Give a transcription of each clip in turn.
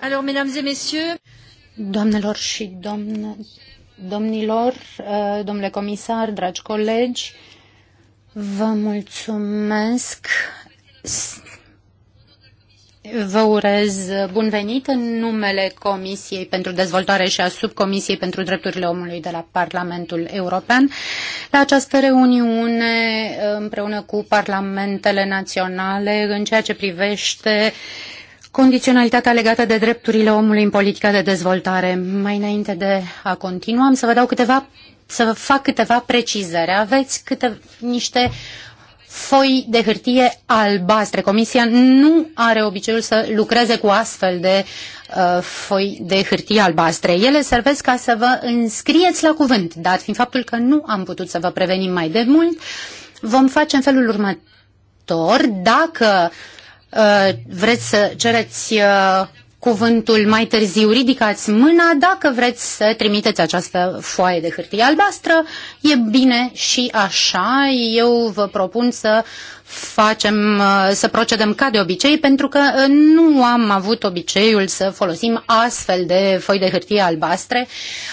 Alors, mesdames et messieurs... Doamnelor și domnilor, uh, domnule comisar, dragi colegi, vă mulțumesc. Vă urez bun venit în numele Comisiei pentru Dezvoltare și a Subcomisiei pentru Drepturile Omului de la Parlamentul European la această reuniune împreună cu parlamentele naționale în ceea ce privește uh, Condiționalitatea legată de drepturile omului în politica de dezvoltare. Mai înainte de a continua, am să vă dau câteva, să vă fac câteva precizări. Aveți câte, niște foi de hârtie albastre. Comisia nu are obiceiul să lucreze cu astfel de uh, foi de hârtie albastre. Ele servesc ca să vă înscrieți la cuvânt, dar fiind faptul că nu am putut să vă prevenim mai de mult. Vom face în felul următor. Dacă uh, Uh, vreți să cereți uh, cuvântul mai târziu, ridicați mâna dacă vreți să trimiteți această foaie de hârtie albastră. E bine și așa. Eu vă propun să facem, uh, să procedăm ca de obicei, pentru că nu am avut obiceiul să folosim astfel de foi de hârtie albastre,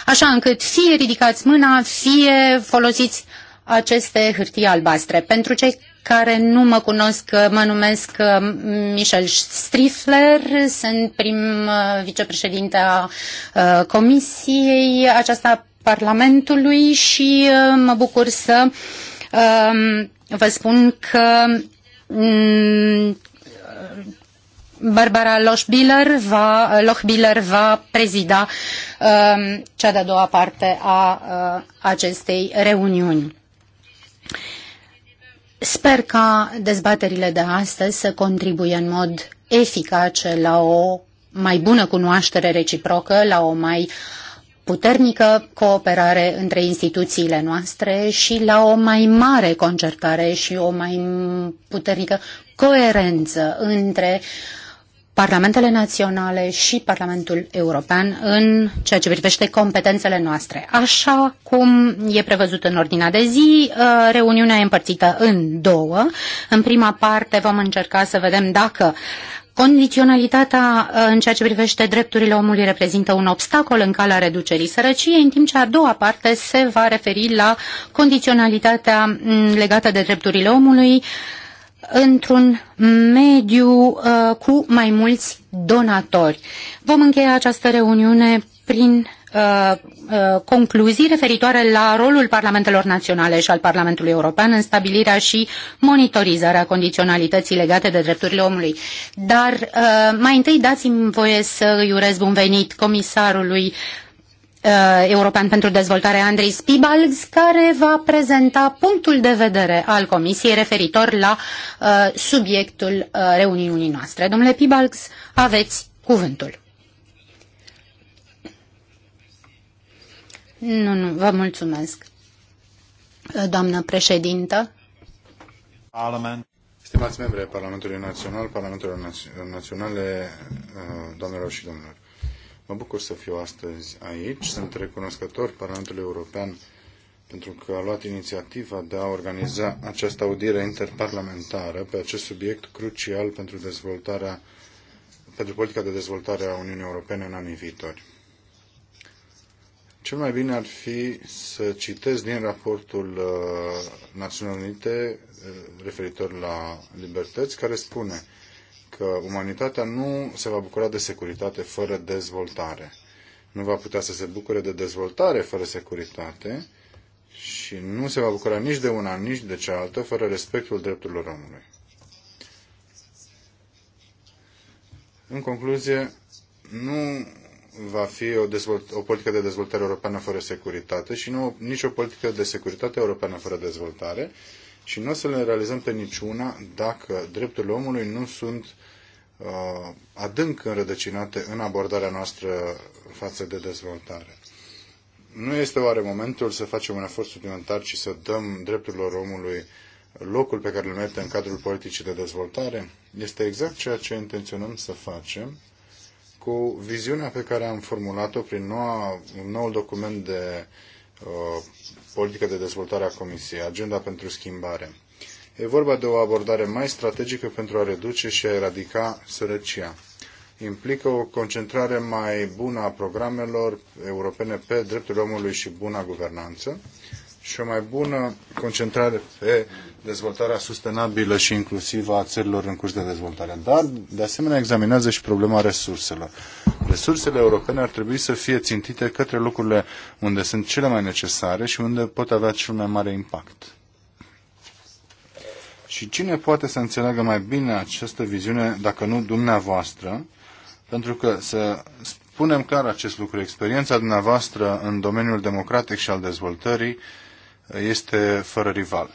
așa încât fie ridicați mâna, fie folosiți aceste hârtii albastre. Pentru cei care nu mă cunosc, mă numesc uh, Michel Strifler, sunt prim uh, vicepreședinte a uh, Comisiei aceasta Parlamentului și mă bucur să um, vă spun că mm, Barbara Lochbiller va, Lochbiller va prezida um, cea de-a doua parte a acestei reuniuni. Sper ca dezbaterile de astăzi să contribuie în mod eficace la o mai bună cunoaștere reciprocă, la o mai puternică cooperare între instituțiile noastre și la o mai mare concertare și o mai puternică coerență între uh, parlamentele naționale și Parlamentul European în ceea ce privește competențele noastre. Așa cum e prevăzut în ordinea de zi, uh, reuniunea e împărțită în două. În prima parte vom încerca să vedem dacă Condiționalitatea uh, în ceea ce privește drepturile omului reprezintă un obstacol în calea reducerii sărăciei, în timp ce a doua parte se va referi la condiționalitatea mm, legată de drepturile omului, într-un mediu uh, cu mai mulți donatori. Vom încheia această reuniune prin uh, uh, concluzii referitoare la rolul parlamentelor naționale și al Parlamentului European în stabilirea și monitorizarea condiționalității legate de drepturile omului. Dar uh, mai întâi dați-mi voie să îi urez bun venit comisarului Uh, european pentru Dezvoltare, Andrei Spibalgs, care va prezenta punctul de vedere al Comisiei referitor la uh, subiectul uh, reuniunii noastre. Domnule Pibalgs, aveți cuvântul. Nu, nu, vă mulțumesc. Doamnă președintă. Parlament. Stimați membri ai Parlamentului Național, parlamentul Naționale, doamnelor și domnilor. Mă bucur să fiu astăzi aici. Sunt recunoscător Parlamentului European pentru că a luat inițiativa de a organiza această audiere interparlamentară pe acest subiect crucial pentru dezvoltarea pentru politica de dezvoltare a Uniunii Europene în anii viitori. Cel mai bine ar fi să citesc din raportul uh, Națiunilor Unite uh, referitor la libertăți, care spune că umanitatea nu se va bucura de securitate fără dezvoltare. Nu va putea să se bucure de dezvoltare fără securitate și nu se va bucura nici de una, nici de cealaltă, fără respectul drepturilor omului. În concluzie, nu va fi o, o politică de dezvoltare europeană fără securitate și nu nici o politică de securitate europeană fără dezvoltare și nu o să le realizăm pe niciuna dacă drepturile omului nu sunt uh, adânc înrădăcinate în abordarea noastră față de dezvoltare. Nu este oare momentul să facem un efort suplimentar și să dăm drepturilor omului locul pe care îl merită în cadrul politicii de dezvoltare? Este exact ceea ce intenționăm să facem cu viziunea pe care am formulat-o prin noua, nou document de uh, politică de dezvoltare a Comisiei, agenda pentru schimbare. E vorba de o abordare mai strategică pentru a reduce și a eradica sărăcia. Implică o concentrare mai bună a programelor europene pe drepturile omului și buna guvernanță și o mai bună concentrare pe dezvoltarea sustenabilă și inclusivă a țărilor în curs de dezvoltare, dar de asemenea examinează și problema resurselor. Resursele europene ar trebui să fie țintite către locurile unde sunt cele mai necesare și unde pot avea cel mai mare impact. Și cine poate să înțeleagă mai bine această viziune, dacă nu dumneavoastră, pentru că să spunem clar acest lucru, experiența dumneavoastră în domeniul democratic și al dezvoltării este fără rival.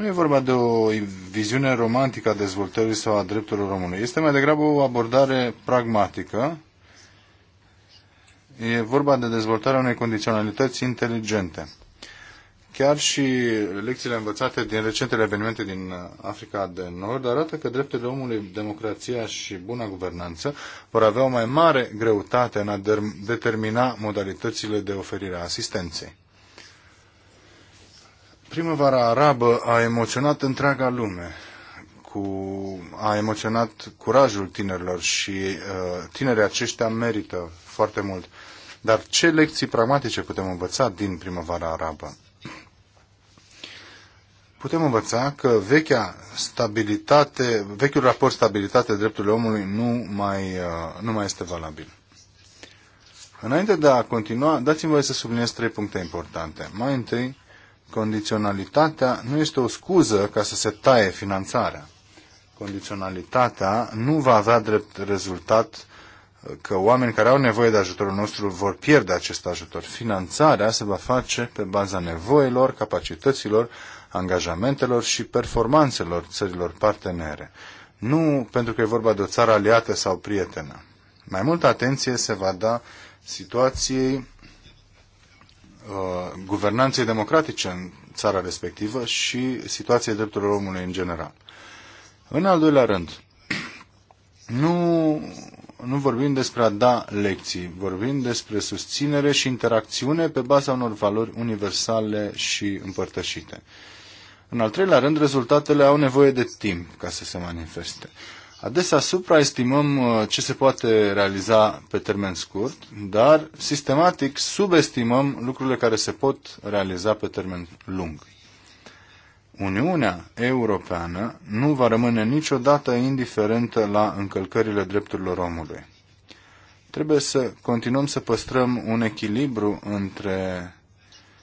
Nu e vorba de o viziune romantică a dezvoltării sau a drepturilor omului. Este mai degrabă o abordare pragmatică. E vorba de dezvoltarea unei condiționalități inteligente. Chiar și lecțiile învățate din recentele evenimente din Africa de Nord arată că drepturile omului, democrația și buna guvernanță vor avea o mai mare greutate în a determina modalitățile de oferire a asistenței. Primăvara arabă a emoționat întreaga lume, cu, a emoționat curajul tinerilor și uh, tinerii aceștia merită foarte mult. Dar ce lecții pragmatice putem învăța din primăvara arabă? Putem învăța că vechea stabilitate, vechiul raport stabilitate-drepturile omului nu mai, uh, nu mai este valabil. Înainte de a continua, dați-mi voie să subliniez trei puncte importante. Mai întâi, Condiționalitatea nu este o scuză ca să se taie finanțarea. Condiționalitatea nu va avea drept rezultat uh, că oameni care au nevoie de ajutorul nostru vor pierde acest ajutor. Finanțarea se va face pe baza nevoilor, capacităților, angajamentelor și performanțelor țărilor partenere. Nu pentru că e vorba de o țară aliată sau prietenă. Mai multă atenție se va da situației Uh, guvernanței democratice în țara respectivă și situației drepturilor omului în general. În al doilea rând, nu, nu vorbim despre a da lecții, vorbim despre susținere și interacțiune pe baza unor valori universale și împărtășite. În al treilea rând, rezultatele au nevoie de timp ca să se manifeste. Adesea supraestimăm uh, ce se poate realiza pe termen scurt, dar sistematic subestimăm lucrurile care se pot realiza pe termen lung. Uniunea Europeană nu va rămâne niciodată indiferentă la încălcările drepturilor omului. Trebuie să continuăm să păstrăm un echilibru între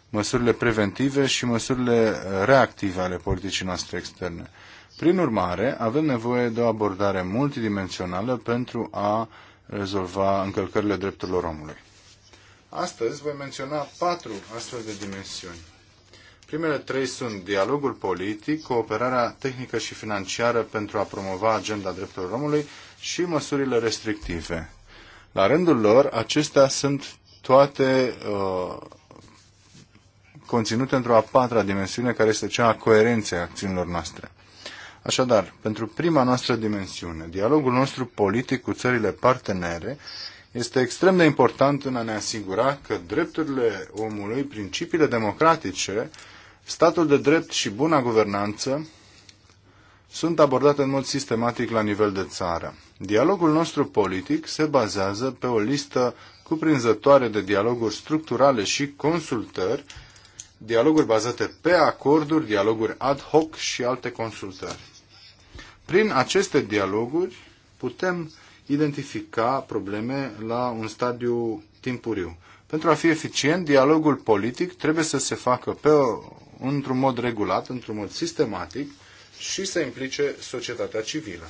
măsurile preventive și măsurile reactive ale politicii noastre externe. Prin urmare, avem nevoie de o abordare multidimensională pentru a rezolva încălcările drepturilor omului. Astăzi voi menționa patru astfel de dimensiuni. Primele trei sunt dialogul politic, cooperarea tehnică și financiară pentru a promova agenda drepturilor omului și măsurile restrictive. La rândul lor, acestea sunt toate uh, conținute într-o a patra dimensiune, care este cea a coerenței acțiunilor noastre. Așadar, pentru prima noastră dimensiune, dialogul nostru politic cu țările partenere este extrem de important în a ne asigura că drepturile omului, principiile democratice, statul de drept și buna guvernanță sunt abordate în mod sistematic la nivel de țară. Dialogul nostru politic se bazează pe o listă cuprinzătoare de dialoguri structurale și consultări, dialoguri bazate pe acorduri, dialoguri ad hoc și alte consultări. Prin aceste dialoguri putem identifica probleme la un stadiu timpuriu. Pentru a fi eficient, dialogul politic trebuie să se facă pe, într-un mod regulat, într-un mod sistematic și să implice societatea civilă.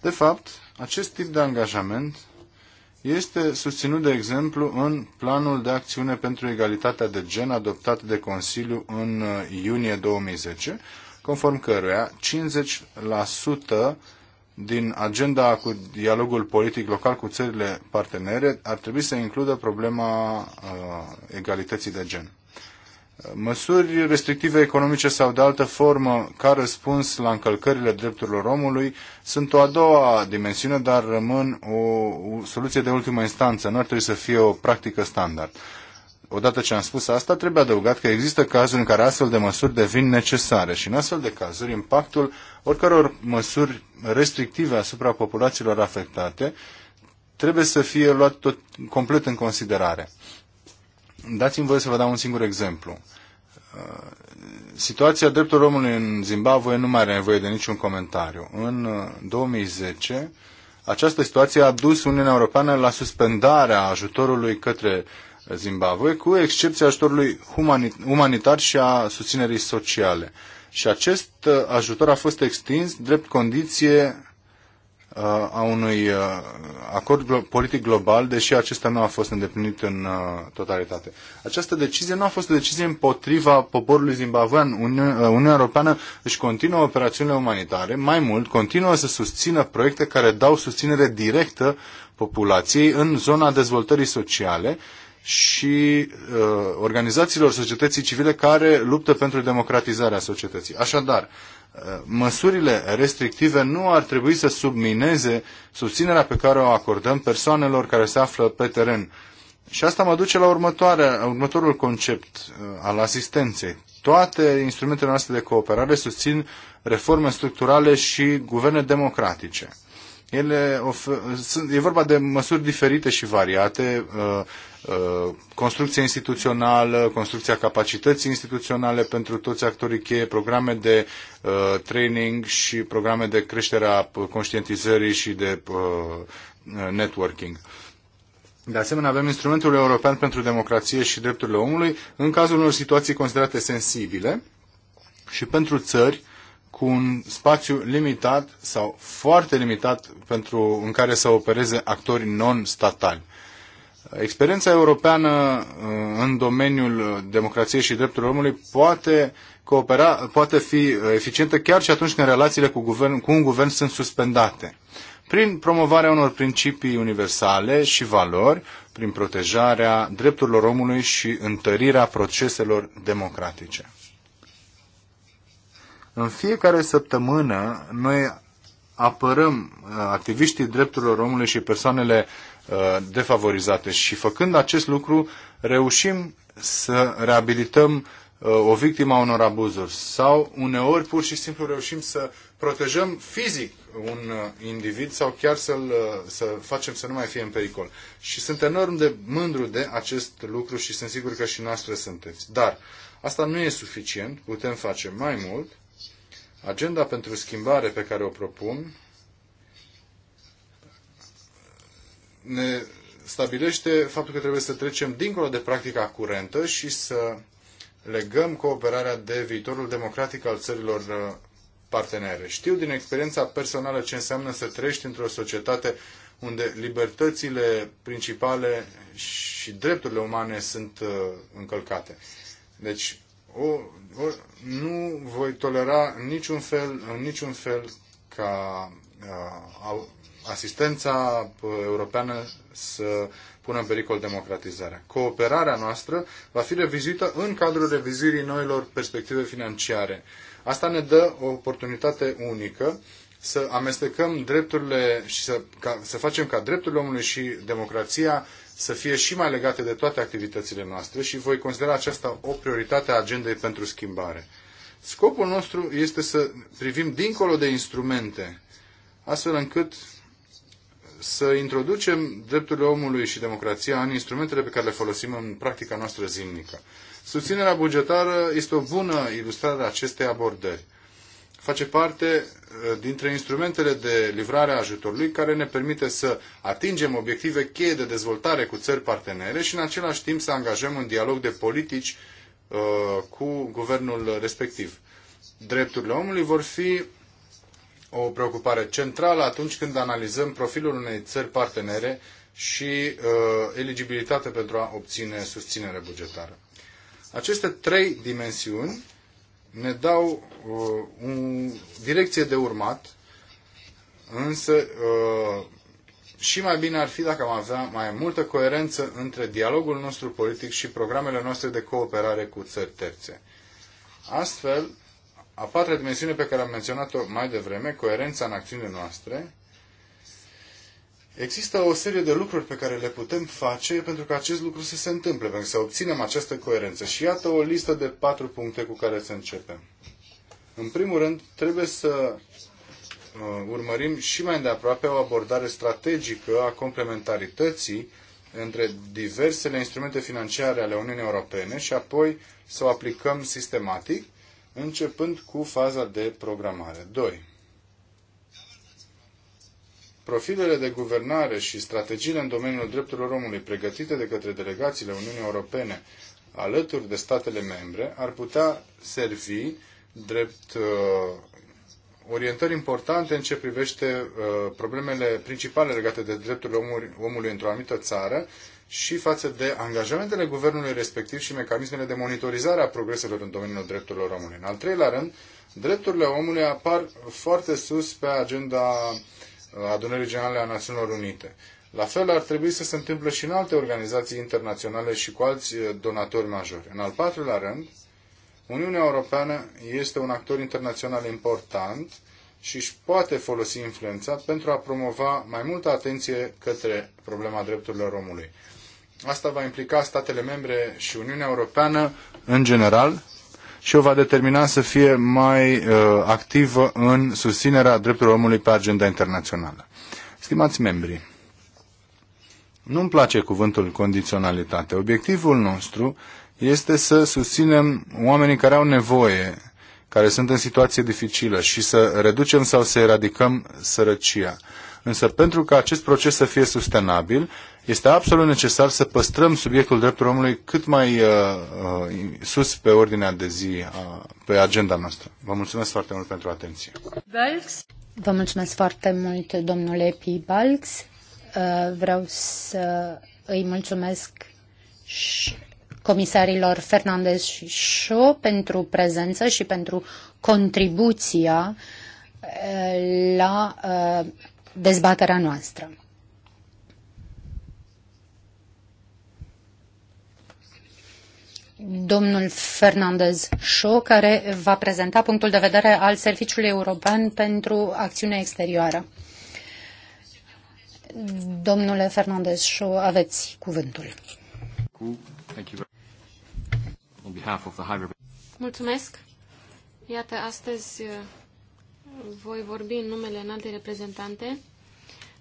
De fapt, acest tip de angajament este susținut, de exemplu, în planul de acțiune pentru egalitatea de gen adoptat de Consiliu în uh, iunie 2010, conform căruia 50% din agenda cu dialogul politic local cu țările partenere ar trebui să includă problema uh, egalității de gen. Măsuri restrictive economice sau de altă formă ca răspuns la încălcările drepturilor omului sunt o a doua dimensiune, dar rămân o, o soluție de ultimă instanță. Nu ar trebui să fie o practică standard odată ce am spus asta, trebuie adăugat că există cazuri în care astfel de măsuri devin necesare și în astfel de cazuri impactul oricăror măsuri restrictive asupra populațiilor afectate trebuie să fie luat tot complet în considerare. Dați-mi voie să vă dau un singur exemplu. Uh, situația dreptului omului în Zimbabwe nu mai are nevoie de niciun comentariu. În 2010, uh, această situație a dus Uniunea Europeană la suspendarea ajutorului către Zimbabwe, cu excepția ajutorului umanitar și a susținerii sociale. Și acest uh, ajutor a fost extins drept condiție uh, a unui uh, acord politic global, deși acesta nu a fost îndeplinit în totalitate. Această decizie nu a fost o decizie împotriva poporului zimbabwean. Uniunea Europeană își continuă operațiunile umanitare, mai mult continuă să susțină proiecte care dau susținere directă populației în zona dezvoltării sociale și uh, organizațiilor societății civile care luptă pentru democratizarea societății. Așadar, uh, măsurile restrictive nu ar trebui să submineze susținerea pe care o acordăm persoanelor care se află pe teren. Și asta mă duce la următorul concept uh, al asistenței. Toate instrumentele noastre de cooperare susțin reforme structurale și guverne democratice. Ele sunt, e vorba de măsuri diferite și variate, uh, Uh, construcție instituțională, construcția capacității instituționale pentru toți actorii cheie, programe de uh, training și programe de creștere a conștientizării și de uh, networking. De asemenea, avem instrumentul european pentru democrație și drepturile omului în cazul unor situații considerate sensibile și pentru țări cu un spațiu limitat sau foarte limitat pentru în care să opereze actori non-statali. Experiența europeană uh, în domeniul democrației și drepturilor omului poate coopera, poate fi eficientă chiar și atunci când relațiile cu, guvern, cu un guvern sunt suspendate. Prin promovarea unor principii universale și valori, prin protejarea drepturilor omului și întărirea proceselor democratice. În fiecare săptămână, noi apărăm uh, activiștii drepturilor omului și persoanele uh, Uh, defavorizate și făcând acest lucru reușim să reabilităm uh, o victimă a unor abuzuri sau uneori pur și simplu reușim să protejăm fizic un uh, individ sau chiar să-l să facem să nu mai fie în pericol. Și sunt enorm de mândru de acest lucru și sunt sigur că și noastre sunteți. Dar asta nu e suficient, putem face mai mult. Agenda pentru schimbare pe care o propun ne stabilește faptul că trebuie să trecem dincolo de practica curentă și să legăm cooperarea de viitorul democratic al țărilor uh, partenere. Știu din experiența personală ce înseamnă să trăiești într-o societate unde libertățile principale și drepturile umane sunt uh, încălcate. Deci, o, o, nu voi tolera niciun fel, în niciun fel ca uh, asistența uh, europeană să pună în pericol democratizarea. Cooperarea noastră va fi revizuită în cadrul revizuirii noilor perspective financiare. Asta ne dă o oportunitate unică să amestecăm drepturile și să, ca, să facem ca drepturile omului și democrația să fie și mai legate de toate activitățile noastre și voi considera aceasta o prioritate a agendei pentru schimbare. Scopul nostru este să privim dincolo de instrumente, astfel încât să introducem drepturile omului și democrația în instrumentele pe care le folosim în practica noastră zilnică. Susținerea bugetară este o bună ilustrare a acestei abordări. Face parte uh, dintre instrumentele de livrare a ajutorului care ne permite să atingem obiective cheie de dezvoltare cu țări partenere și în același timp să angajăm un dialog de politici uh, cu guvernul respectiv. Drepturile omului vor fi o preocupare centrală atunci când analizăm profilul unei țări partenere și uh, eligibilitatea pentru a obține susținere bugetară. Aceste trei dimensiuni ne dau uh, o direcție de urmat, însă uh, și mai bine ar fi dacă am avea mai multă coerență între dialogul nostru politic și programele noastre de cooperare cu țări terțe. Astfel, a patra dimensiune pe care am menționat-o mai devreme, coerența în acțiunile noastre, Există o serie de lucruri pe care le putem face pentru că acest lucru să se întâmple, pentru să obținem această coerență. Și iată o listă de patru puncte cu care să începem. În primul rând, trebuie să uh, urmărim și mai îndeaproape o abordare strategică a complementarității între diversele instrumente financiare ale Uniunii Europene și apoi să o aplicăm sistematic începând cu faza de programare. 2. Profilele de guvernare și strategiile în domeniul drepturilor omului pregătite de către delegațiile Uniunii Europene alături de statele membre ar putea servi drept uh, orientări importante în ce privește uh, problemele principale legate de drepturile omului, omului într-o anumită țară și față de angajamentele guvernului respectiv și mecanismele de monitorizare a progreselor în domeniul drepturilor omului. În al treilea rând, drepturile omului apar foarte sus pe agenda uh, Adunării Generale a Națiunilor Unite. La fel ar trebui să se întâmple și în alte organizații internaționale și cu alți uh, donatori majori. În al patrulea rând, Uniunea Europeană este un actor internațional important și își poate folosi influența pentru a promova mai multă atenție către problema drepturilor omului. Asta va implica statele membre și Uniunea Europeană în general și o va determina să fie mai uh, activă în susținerea drepturilor omului pe agenda internațională. Stimați membri, nu-mi place cuvântul condiționalitate. Obiectivul nostru este să susținem oamenii care au nevoie, care sunt în situație dificilă și să reducem sau să eradicăm sărăcia. Însă pentru ca acest proces să fie sustenabil, este absolut necesar să păstrăm subiectul drepturilor omului cât mai uh, uh, sus pe ordinea de zi, uh, pe agenda noastră. Vă mulțumesc foarte mult pentru atenție. Balks. Vă mulțumesc foarte mult, domnule P. Balks. Uh, vreau să îi mulțumesc și comisarilor Fernandez și Șo pentru prezență și pentru contribuția uh, la uh, dezbaterea noastră. Domnul Fernandez Show, care va prezenta punctul de vedere al Serviciului European pentru Acțiune Exterioară. Domnule Fernandez Show, aveți cuvântul. Mulțumesc. Iată, astăzi voi vorbi în numele înaltei reprezentante,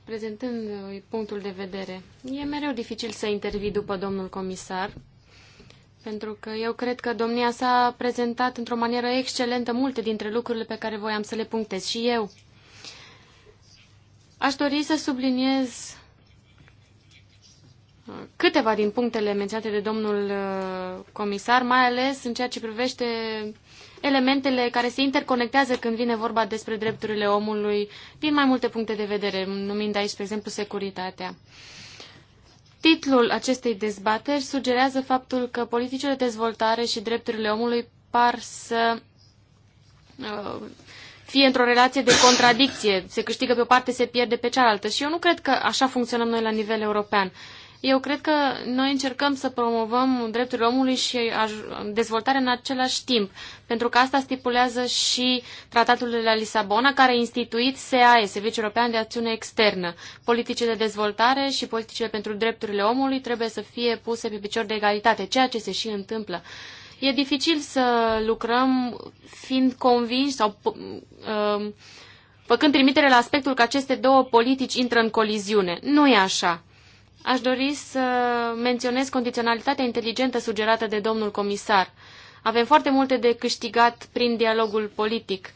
prezentând punctul de vedere. E mereu dificil să intervii după domnul comisar, pentru că eu cred că domnia s-a prezentat într-o manieră excelentă multe dintre lucrurile pe care voiam să le punctez și eu. Aș dori să subliniez uh, câteva din punctele menționate de domnul uh, comisar, mai ales în ceea ce privește elementele care se interconectează când vine vorba despre drepturile omului din mai multe puncte de vedere, numind aici, de exemplu, securitatea. Titlul acestei dezbateri sugerează faptul că politicile de dezvoltare și drepturile omului par să uh, fie într-o relație de contradicție. Se câștigă pe o parte, se pierde pe cealaltă. Și eu nu cred că așa funcționăm noi la nivel european. Uh, eu cred că noi încercăm să promovăm drepturile omului și dezvoltarea în același timp, pentru că asta stipulează și tratatul de la Lisabona, care a instituit SEAE, Serviciul European de Acțiune Externă. Politicile de dezvoltare și politicile pentru drepturile omului trebuie să fie puse pe picior de egalitate, ceea ce se și întâmplă. E dificil să lucrăm fiind convinși sau uh, făcând trimitere la aspectul că aceste două politici intră în coliziune. Nu e așa aș dori să menționez condiționalitatea inteligentă sugerată de domnul comisar. Avem foarte multe de câștigat prin dialogul politic,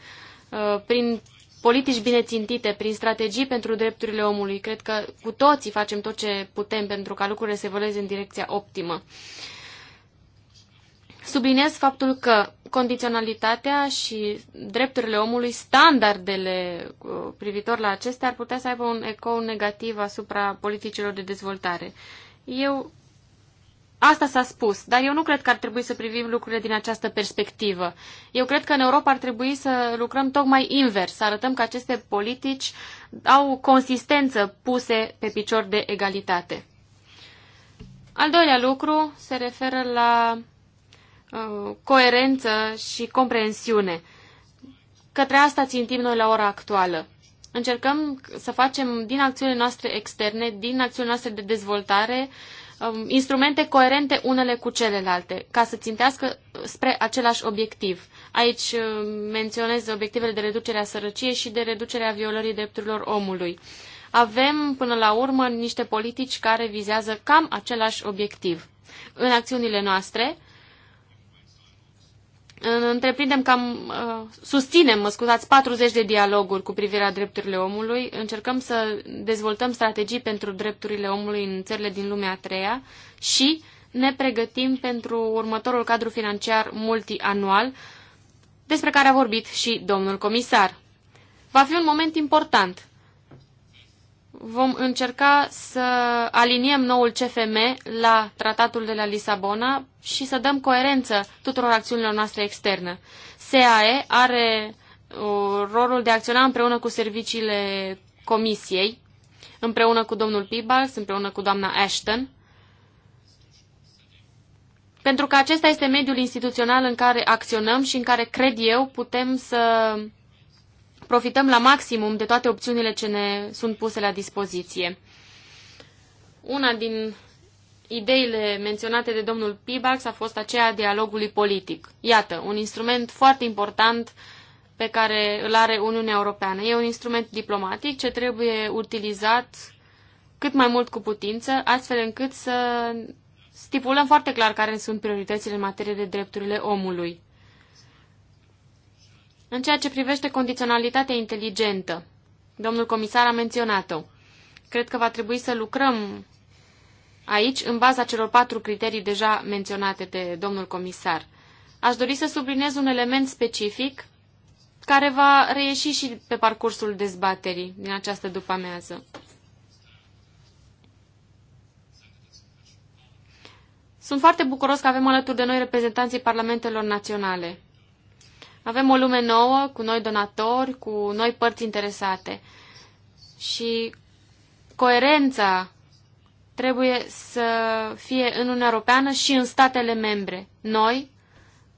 uh, prin politici bine țintite, prin strategii pentru drepturile omului. Cred că cu toții facem tot ce putem pentru ca lucrurile să evolueze în direcția optimă. Subliniez faptul că condiționalitatea și drepturile omului, standardele uh, privitor la acestea ar putea să aibă un ecou negativ asupra politicilor de dezvoltare. Eu Asta s-a spus, dar eu nu cred că ar trebui să privim lucrurile din această perspectivă. Eu cred că în Europa ar trebui să lucrăm tocmai invers, să arătăm că aceste politici au consistență puse pe picior de egalitate. Al doilea lucru se referă la Uh, coerență și comprensiune. Către asta țintim noi la ora actuală. Încercăm să facem din acțiunile noastre externe, din acțiunile noastre de dezvoltare, um, instrumente coerente unele cu celelalte, ca să țintească spre același obiectiv. Aici uh, menționez obiectivele de reducere a sărăciei și de reducere a violării drepturilor omului. Avem, până la urmă, niște politici care vizează cam același obiectiv. În acțiunile noastre, întreprindem cam, uh, susținem, mă scuzați, 40 de dialoguri cu privire la drepturile omului, încercăm să dezvoltăm strategii pentru drepturile omului în țările din lumea a treia și ne pregătim pentru următorul cadru financiar multianual, despre care a vorbit și domnul comisar. Va fi un moment important vom încerca să aliniem noul CFM la tratatul de la Lisabona și să dăm coerență tuturor acțiunilor noastre externe. SAE are uh, rolul de a acționa împreună cu serviciile Comisiei, împreună cu domnul Pibals, împreună cu doamna Ashton, pentru că acesta este mediul instituțional în care acționăm și în care, cred eu, putem să profităm la maximum de toate opțiunile ce ne sunt puse la dispoziție. Una din ideile menționate de domnul Pibax a fost aceea a dialogului politic. Iată, un instrument foarte important pe care îl are Uniunea Europeană. E un instrument diplomatic ce trebuie utilizat cât mai mult cu putință, astfel încât să stipulăm foarte clar care sunt prioritățile în materie de drepturile omului. În ceea ce privește condiționalitatea inteligentă, domnul comisar a menționat-o. Cred că va trebui să lucrăm aici în baza celor patru criterii deja menționate de domnul comisar. Aș dori să subliniez un element specific care va reieși și pe parcursul dezbaterii din această după-amiază. Sunt foarte bucuros că avem alături de noi reprezentanții parlamentelor naționale. Avem o lume nouă, cu noi donatori, cu noi părți interesate. Și coerența trebuie să fie în Uniunea Europeană și în statele membre. Noi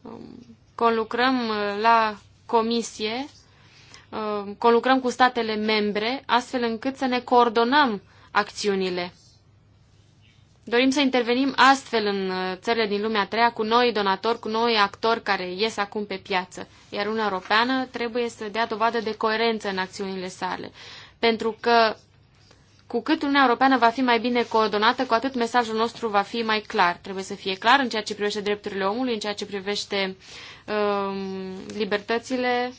um, conlucrăm uh, la comisie, um, conlucrăm cu statele membre, astfel încât să ne coordonăm acțiunile. Dorim să intervenim astfel în uh, țările din lumea a treia cu noi donatori, cu noi actori care ies acum pe piață. Iar Uniunea Europeană trebuie să dea dovadă de coerență în acțiunile sale. Pentru că cu cât Uniunea Europeană va fi mai bine coordonată, cu atât mesajul nostru va fi mai clar. Trebuie să fie clar în ceea ce privește drepturile omului, în ceea ce privește um, libertățile,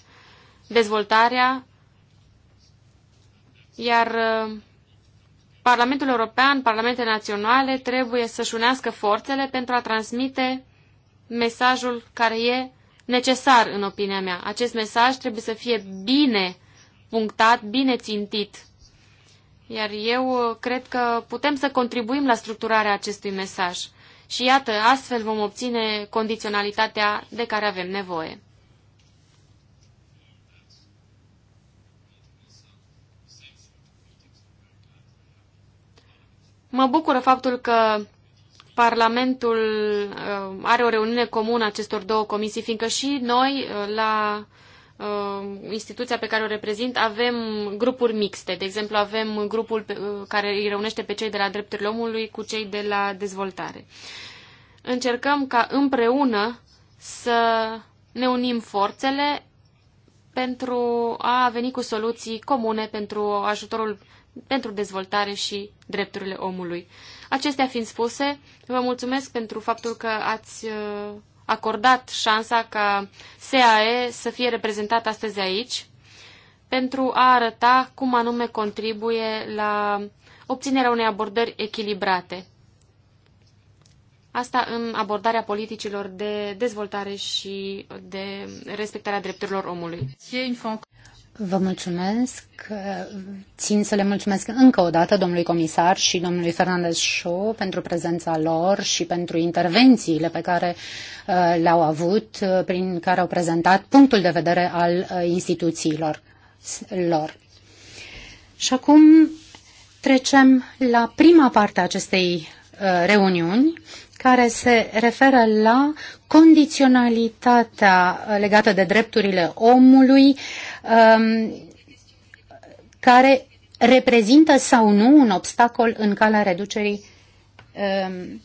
dezvoltarea. Iar uh, Parlamentul European, Parlamentele Naționale trebuie să-și unească forțele pentru a transmite mesajul care e necesar, în opinia mea. Acest mesaj trebuie să fie bine punctat, bine țintit. Iar eu uh, cred că putem să contribuim la structurarea acestui mesaj. Și iată, astfel vom obține condiționalitatea de care avem nevoie. Mă bucură faptul că Parlamentul uh, are o reuniune comună acestor două comisii, fiindcă și noi uh, la uh, instituția pe care o reprezint avem grupuri mixte. De exemplu, avem grupul care îi reunește pe cei de la drepturile omului cu cei de la dezvoltare. Încercăm ca împreună să ne unim forțele pentru a veni cu soluții comune pentru ajutorul pentru dezvoltare și drepturile omului. Acestea fiind spuse, vă mulțumesc pentru faptul că ați uh, acordat șansa ca SAE să fie reprezentat astăzi aici pentru a arăta cum anume contribuie la obținerea unei abordări echilibrate. Asta în abordarea politicilor de dezvoltare și de respectarea drepturilor omului. Vă mulțumesc. Țin să le mulțumesc încă o dată domnului comisar și domnului Fernandez Show pentru prezența lor și pentru intervențiile pe care uh, le-au avut, uh, prin care au prezentat punctul de vedere al uh, instituțiilor lor. Și acum trecem la prima parte a acestei reuniuni, care se referă la condiționalitatea legată de drepturile omului Um, care reprezintă sau nu un obstacol în calea reducerii um,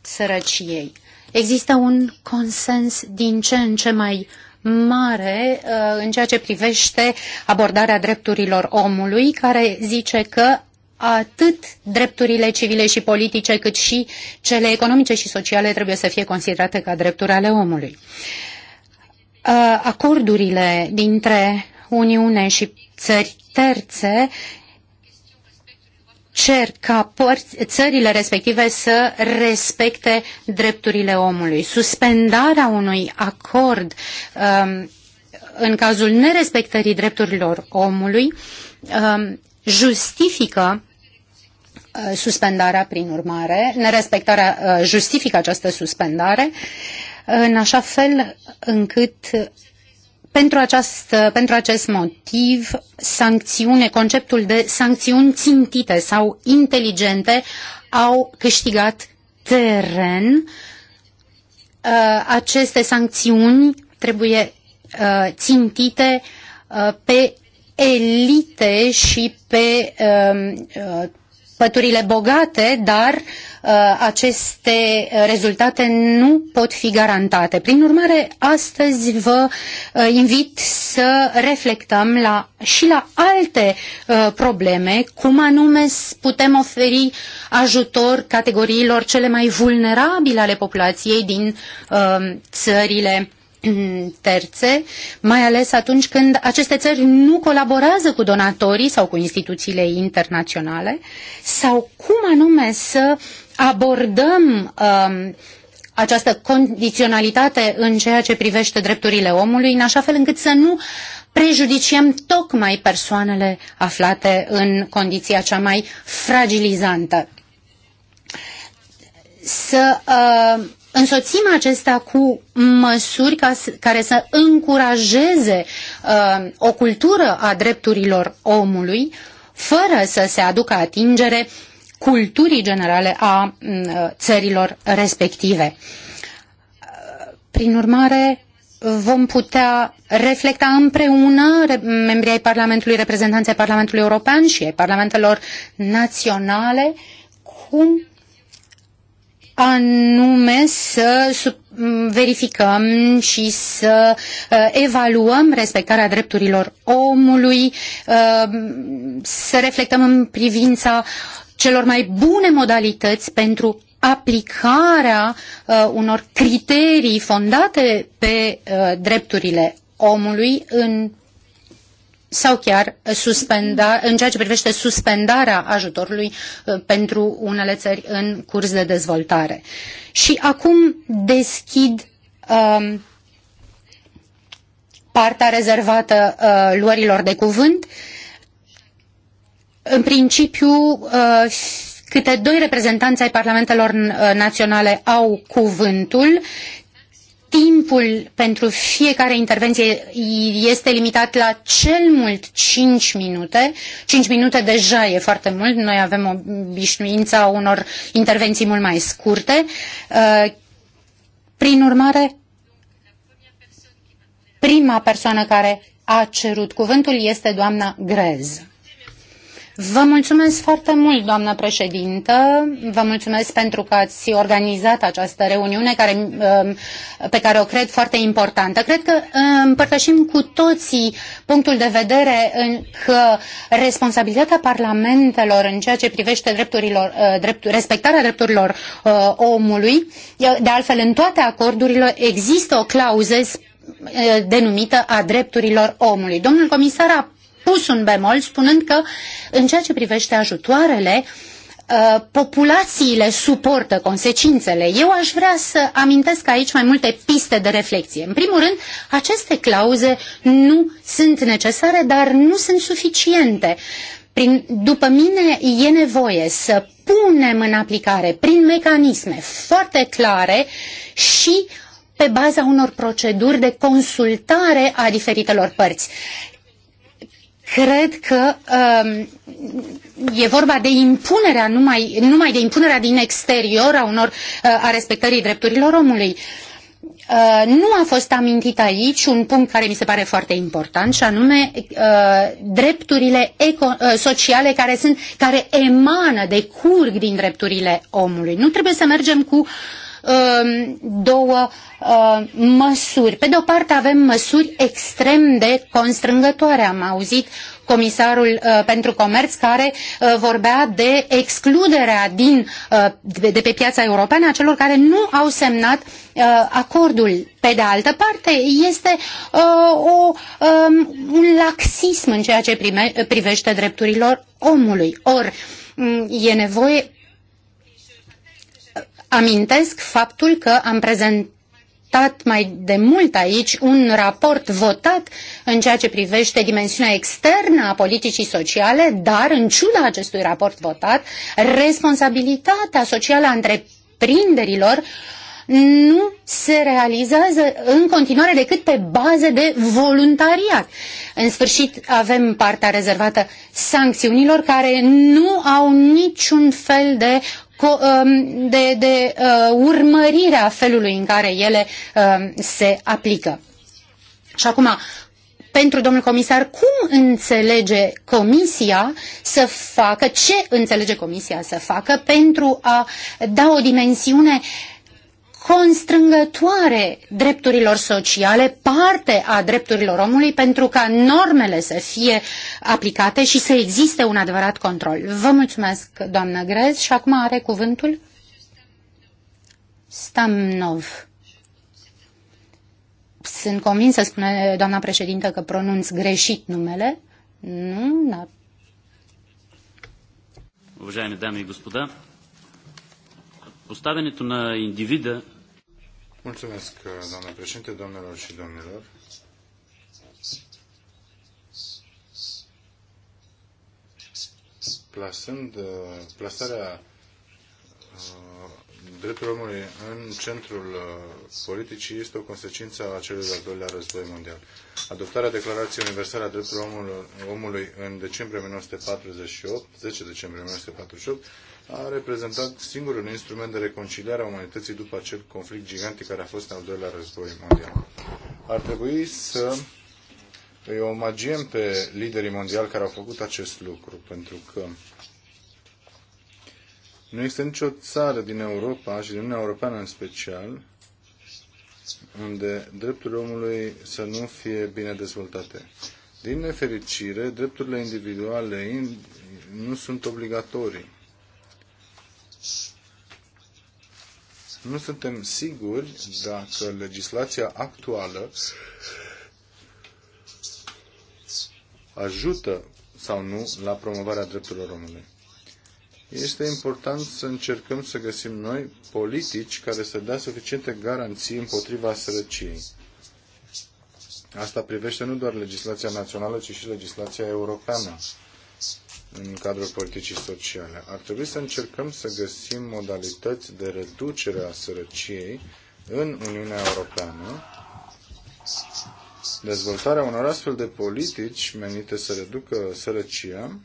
sărăciei. Există un consens din ce în ce mai mare uh, în ceea ce privește abordarea drepturilor omului, care zice că atât drepturile civile și politice, cât și cele economice și sociale trebuie să fie considerate ca drepturi ale omului. Uh, acordurile dintre Uniune și țări terțe cer ca părți, țările respective să respecte drepturile omului. Suspendarea unui acord um, în cazul nerespectării drepturilor omului um, justifică uh, suspendarea prin urmare, nerespectarea uh, justifică această suspendare în așa fel încât pentru, această, pentru acest motiv, sancțiune, conceptul de sancțiuni țintite sau inteligente au câștigat teren. Uh, aceste sancțiuni trebuie uh, țintite uh, pe elite și pe um, păturile bogate, dar uh, aceste uh, rezultate nu pot fi garantate. Prin urmare, astăzi vă uh, invit să reflectăm la, și la alte probleme, cum anume putem oferi ajutor categoriilor cele mai vulnerabile ale populației din țările terțe, mai ales atunci când aceste țări nu colaborează cu donatorii sau cu instituțiile internaționale, sau cum anume să abordăm um, această condiționalitate în ceea ce privește drepturile omului, în așa fel încât să nu prejudiciem tocmai persoanele aflate în condiția cea mai fragilizantă. Să uh, însoțim acesta cu măsuri ca, care să încurajeze uh, o cultură a drepturilor omului, fără să se aducă atingere culturii generale a uh, țărilor respective. Uh, prin urmare, vom putea reflecta împreună membrii ai Parlamentului, reprezentanții Parlamentului European și ai Parlamentelor naționale, cum anume să verificăm și să uh, evaluăm respectarea drepturilor omului, uh, să reflectăm în privința celor mai bune modalități pentru aplicarea uh, unor criterii fondate pe drepturile omului în sau chiar suspenda, în ceea ce privește suspendarea ajutorului uh, pentru unele țări în curs de dezvoltare. Și acum deschid um, partea rezervată uh, luărilor de cuvânt. În principiu, uh, câte doi reprezentanți ai parlamentelor uh, naționale au cuvântul timpul pentru fiecare intervenție este limitat la cel mult 5 minute. 5 minute deja e foarte mult. Noi avem obișnuința unor intervenții mult mai scurte. Uh, prin urmare, prima persoană care a cerut cuvântul este doamna Grez. Vă mulțumesc foarte mult, doamnă președintă. Vă mulțumesc pentru că ați organizat această reuniune care, um, pe care o cred foarte importantă. Cred că um, împărtășim cu toții punctul de vedere în că responsabilitatea parlamentelor în ceea ce privește drepturilor, uh, drept, respectarea drepturilor uh, omului, de altfel în toate acordurile există o clauză uh, denumită a drepturilor omului. Domnul comisar a pus un bemol spunând că în ceea ce privește ajutoarele, uh, populațiile suportă consecințele. Eu aș vrea să amintesc aici mai multe piste de reflexie. În primul rând, aceste clauze nu sunt necesare, dar nu sunt suficiente. Prin, după mine e nevoie să punem în aplicare prin mecanisme foarte clare și pe baza unor proceduri de consultare a diferitelor părți cred că um, e vorba de impunerea numai, numai de impunerea din exterior a unor uh, a respectării drepturilor omului. Uh, nu a fost amintit aici un punct care mi se pare foarte important și anume uh, drepturile eco, uh, sociale care, sunt, care emană, curg din drepturile omului. Nu trebuie să mergem cu uh, Um, două uh, măsuri. Pe de o parte avem măsuri extrem de constrângătoare. Am auzit comisarul uh, pentru comerț care uh, vorbea de excluderea din, uh, de, de pe piața europeană a celor care nu au semnat uh, acordul. Pe de altă parte, este uh, o, um, un laxism în ceea ce prime, privește drepturilor omului. Or, um, e nevoie amintesc faptul că am prezentat mai de mult aici un raport votat în ceea ce privește dimensiunea externă a politicii sociale, dar în ciuda acestui raport votat, responsabilitatea socială a întreprinderilor nu se realizează în continuare decât pe baze de voluntariat. În sfârșit, avem partea rezervată sancțiunilor care nu au niciun fel de Um, de, de uh, urmărirea felului în care ele um, se aplică. Și acum, pentru domnul comisar, cum înțelege comisia să facă, ce înțelege comisia să facă pentru a da o dimensiune uh, constrângătoare drepturilor sociale, parte a drepturilor omului, pentru ca normele să fie aplicate și să existe un adevărat control. Vă mulțumesc, doamnă Grez, și acum are cuvântul Stamnov. Sunt să spune doamna președintă, că pronunț greșit numele. Nu, da. Уважаеми дами и господа, Поставянето на индивида... Mulțumesc, doamnă președinte, domnilor și domnilor. Plasând, uh, plasarea uh, dreptul omului în centrul uh, politicii este o consecință a celui de-al doilea război mondial. Adoptarea Declarației Universale a Drepturilor Omului în decembrie 1948, 10 decembrie 1948, a reprezentat singurul instrument de reconciliare a umanității după acel conflict gigantic care a fost în al doilea război mondial. Ar trebui să îi omagiem pe liderii mondiali care au făcut acest lucru, pentru că nu există nicio țară din Europa și din Uniunea Europeană în special unde drepturile omului să nu fie bine dezvoltate. Din nefericire, drepturile individuale nu sunt obligatorii. Nu suntem siguri dacă legislația actuală ajută sau nu la promovarea drepturilor omului este important să încercăm să găsim noi politici care să dea suficiente garanții împotriva sărăciei. Asta privește nu doar legislația națională, ci și legislația europeană în cadrul politicii sociale. Ar trebui să încercăm să găsim modalități de reducere a sărăciei în Uniunea Europeană. Dezvoltarea unor astfel de politici menite să reducă sărăcia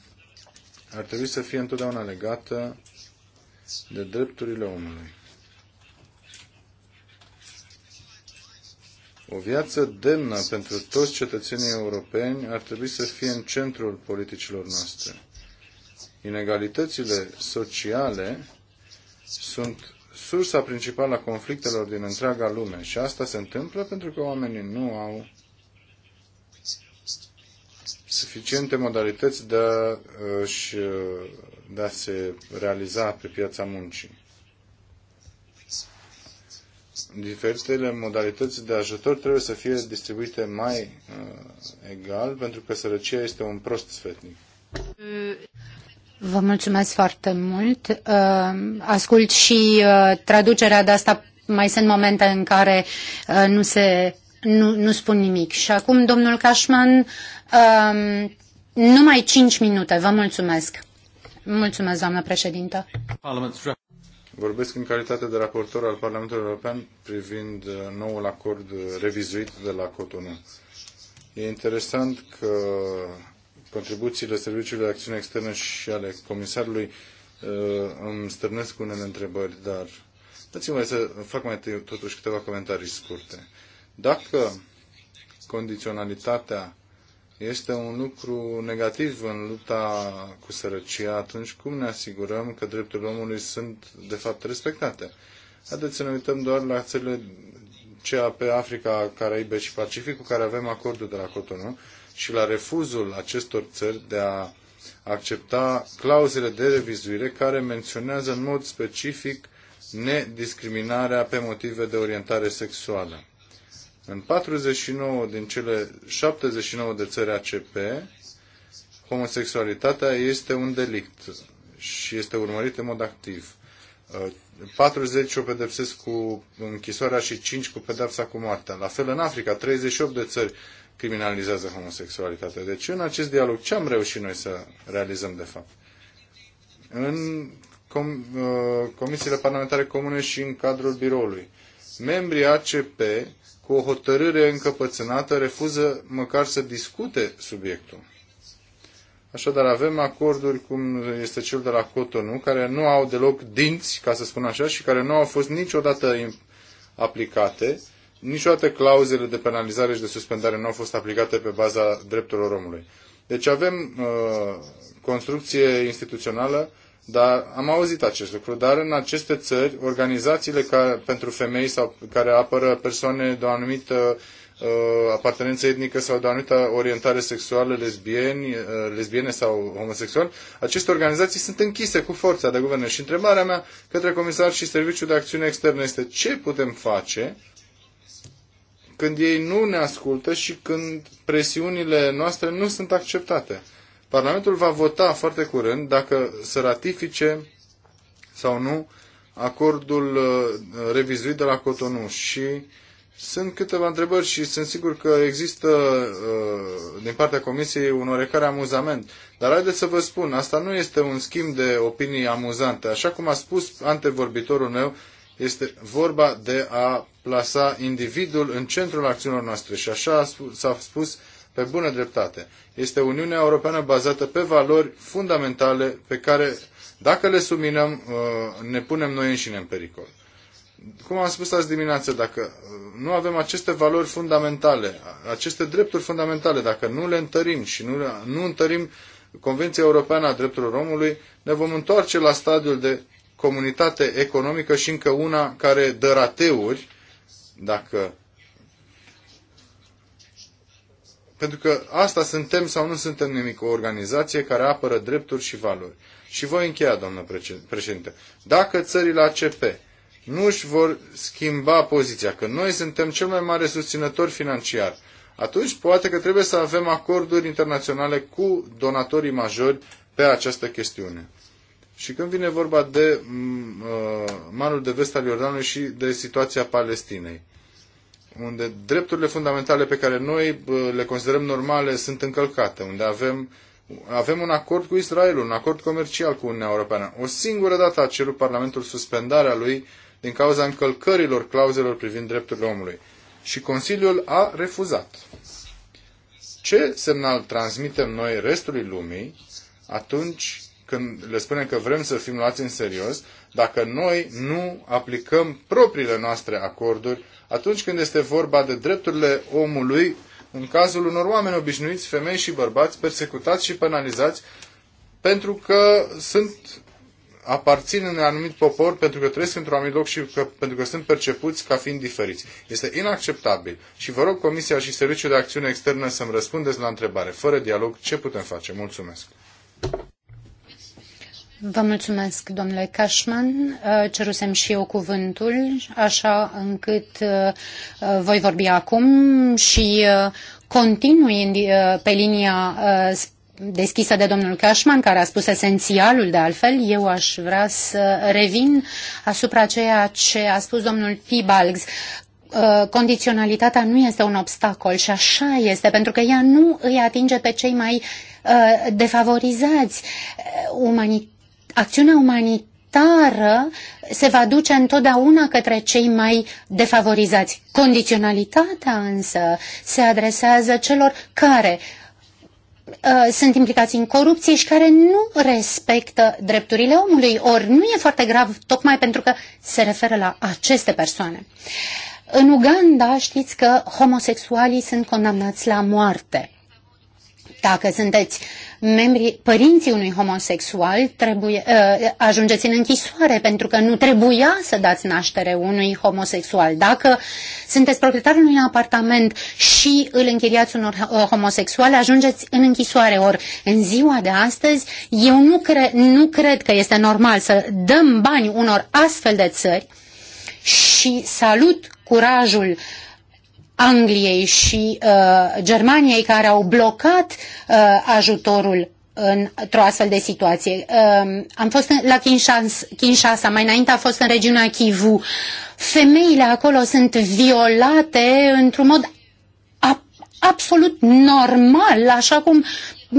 ar trebui să fie întotdeauna legată de drepturile omului. O viață demnă pentru toți cetățenii europeni ar trebui să fie în centrul politicilor noastre. Inegalitățile sociale sunt sursa principală a conflictelor din întreaga lume și asta se întâmplă pentru că oamenii nu au suficiente modalități de a-și de a se realiza pe piața muncii. Diferitele modalități de ajutor trebuie să fie distribuite mai uh, egal, pentru că sărăcia este un prost sfetnic. Vă mulțumesc foarte mult. Uh, ascult și uh, traducerea de asta. Mai sunt momente în care uh, nu se nu, nu spun nimic. Și acum domnul Cashman Um, numai 5 minute, vă mulțumesc. Mulțumesc, doamnă președintă. Vorbesc în calitate de raportor al Parlamentului European privind uh, noul acord revizuit de la Cotonou. E interesant că contribuțiile Serviciului de Acțiune Externă și ale Comisarului uh, îmi stârnesc unele întrebări, dar dați-mi să fac mai întâi totuși câteva comentarii scurte. Dacă condiționalitatea este un lucru negativ în lupta cu sărăcia atunci cum ne asigurăm că drepturile omului sunt de fapt respectate. Haideți să ne uităm doar la țările pe Africa, Caraibe și Pacific, cu care avem acordul de la Cotonou, și la refuzul acestor țări de a accepta clauzele de revizuire care menționează în mod specific nediscriminarea pe motive de orientare sexuală. În 49 din cele 79 de țări ACP, homosexualitatea este un delict și este urmărit în mod activ. 40 uh, o pedepsesc cu închisoarea și 5 cu pedepsa cu moartea. La fel în Africa, 38 de țări criminalizează homosexualitatea. Deci în acest dialog ce am reușit noi să realizăm de fapt? În com uh, comisiile parlamentare comune și în cadrul biroului. Membrii ACP cu o hotărâre încăpățânată, refuză măcar să discute subiectul. Așadar, avem acorduri cum este cel de la Cotonou, care nu au deloc dinți, ca să spun așa, și care nu au fost niciodată aplicate. Niciodată clauzele de penalizare și de suspendare nu au fost aplicate pe baza drepturilor omului. Deci avem uh, construcție instituțională dar am auzit acest lucru, dar în aceste țări, organizațiile care, pentru femei sau care apără persoane de o anumită uh, apartenență etnică sau de o anumită orientare sexuală, lesbieni, uh, lesbiene sau homosexuali, aceste organizații sunt închise cu forța de guvern. Și întrebarea mea către comisar și Serviciul de Acțiune Externă este ce putem face când ei nu ne ascultă și când presiunile noastre nu sunt acceptate. Parlamentul va vota foarte curând dacă să ratifice sau nu acordul uh, revizuit de la Cotonou și sunt câteva întrebări și sunt sigur că există uh, din partea Comisiei un oarecare amuzament. Dar haideți să vă spun, asta nu este un schimb de opinii amuzante. Așa cum a spus antevorbitorul meu, este vorba de a plasa individul în centrul acțiunilor noastre. Și așa s-a spus pe bună dreptate. Este Uniunea Europeană bazată pe valori fundamentale pe care, dacă le subminăm, uh, ne punem noi înșine în pericol. Cum am spus azi dimineață, dacă uh, nu avem aceste valori fundamentale, aceste drepturi fundamentale, dacă nu le întărim și nu, nu întărim Convenția Europeană a Drepturilor Omului, ne vom întoarce la stadiul de comunitate economică și încă una care dă rateuri, dacă pentru că asta suntem sau nu suntem nimic, o organizație care apără drepturi și valori. Și voi încheia, doamnă președinte. Dacă țările ACP nu își vor schimba poziția, că noi suntem cel mai mare susținător financiar, atunci poate că trebuie să avem acorduri internaționale cu donatorii majori pe această chestiune. Și când vine vorba de mm, uh, Marul de vest al Iordanului și de situația Palestinei unde drepturile fundamentale pe care noi le considerăm normale sunt încălcate, unde avem, avem un acord cu Israelul, un acord comercial cu Uniunea Europeană. O singură dată a cerut Parlamentul suspendarea lui din cauza încălcărilor clauzelor privind drepturile omului. Și Consiliul a refuzat. Ce semnal transmitem noi restului lumii atunci când le spunem că vrem să fim luați în serios, dacă noi nu aplicăm propriile noastre acorduri atunci când este vorba de drepturile omului, în cazul unor oameni obișnuiți, femei și bărbați, persecutați și penalizați, pentru că sunt aparțin în anumit popor pentru că trăiesc într-un anumit loc și că, pentru că sunt percepuți ca fiind diferiți. Este inacceptabil și vă rog Comisia și Serviciul de Acțiune Externă să-mi răspundeți la întrebare. Fără dialog, ce putem face? Mulțumesc! Vă mulțumesc, domnule Cashman. Uh, cerusem și eu cuvântul, așa încât uh, uh, voi vorbi acum și continui pe linia deschisă de domnul Cashman, care a spus esențialul de altfel, eu aș vrea să revin asupra ceea ce a spus domnul Pibalgs, condiționalitatea nu este un obstacol și așa este, pentru că ea nu îi atinge pe cei mai defavorizați. Umanitatea acțiunea umanitară se va duce întotdeauna către cei mai defavorizați. Condiționalitatea însă se adresează celor care uh, sunt implicați în corupție și care nu respectă drepturile omului, ori nu e foarte grav tocmai pentru că se referă la aceste persoane. În Uganda știți că homosexualii sunt condamnați la moarte. Dacă sunteți uh, membrii, părinții unui homosexual trebuie, uh, ajungeți în închisoare pentru că nu trebuia să dați naștere unui homosexual. Dacă sunteți proprietarul unui apartament și îl închiriați unor ă, homosexual, ajungeți în închisoare. Ori în ziua de astăzi eu nu, cre- nu cred că este normal să dăm bani unor astfel de țări și salut curajul uh, Angliei și uh, Germaniei care au blocat uh, ajutorul într-o astfel de situație. Uh, am fost în, la Kinshasa, Kinshasa, mai înainte a fost în regiunea Kivu. Femeile acolo sunt violate într-un mod a, absolut normal, așa cum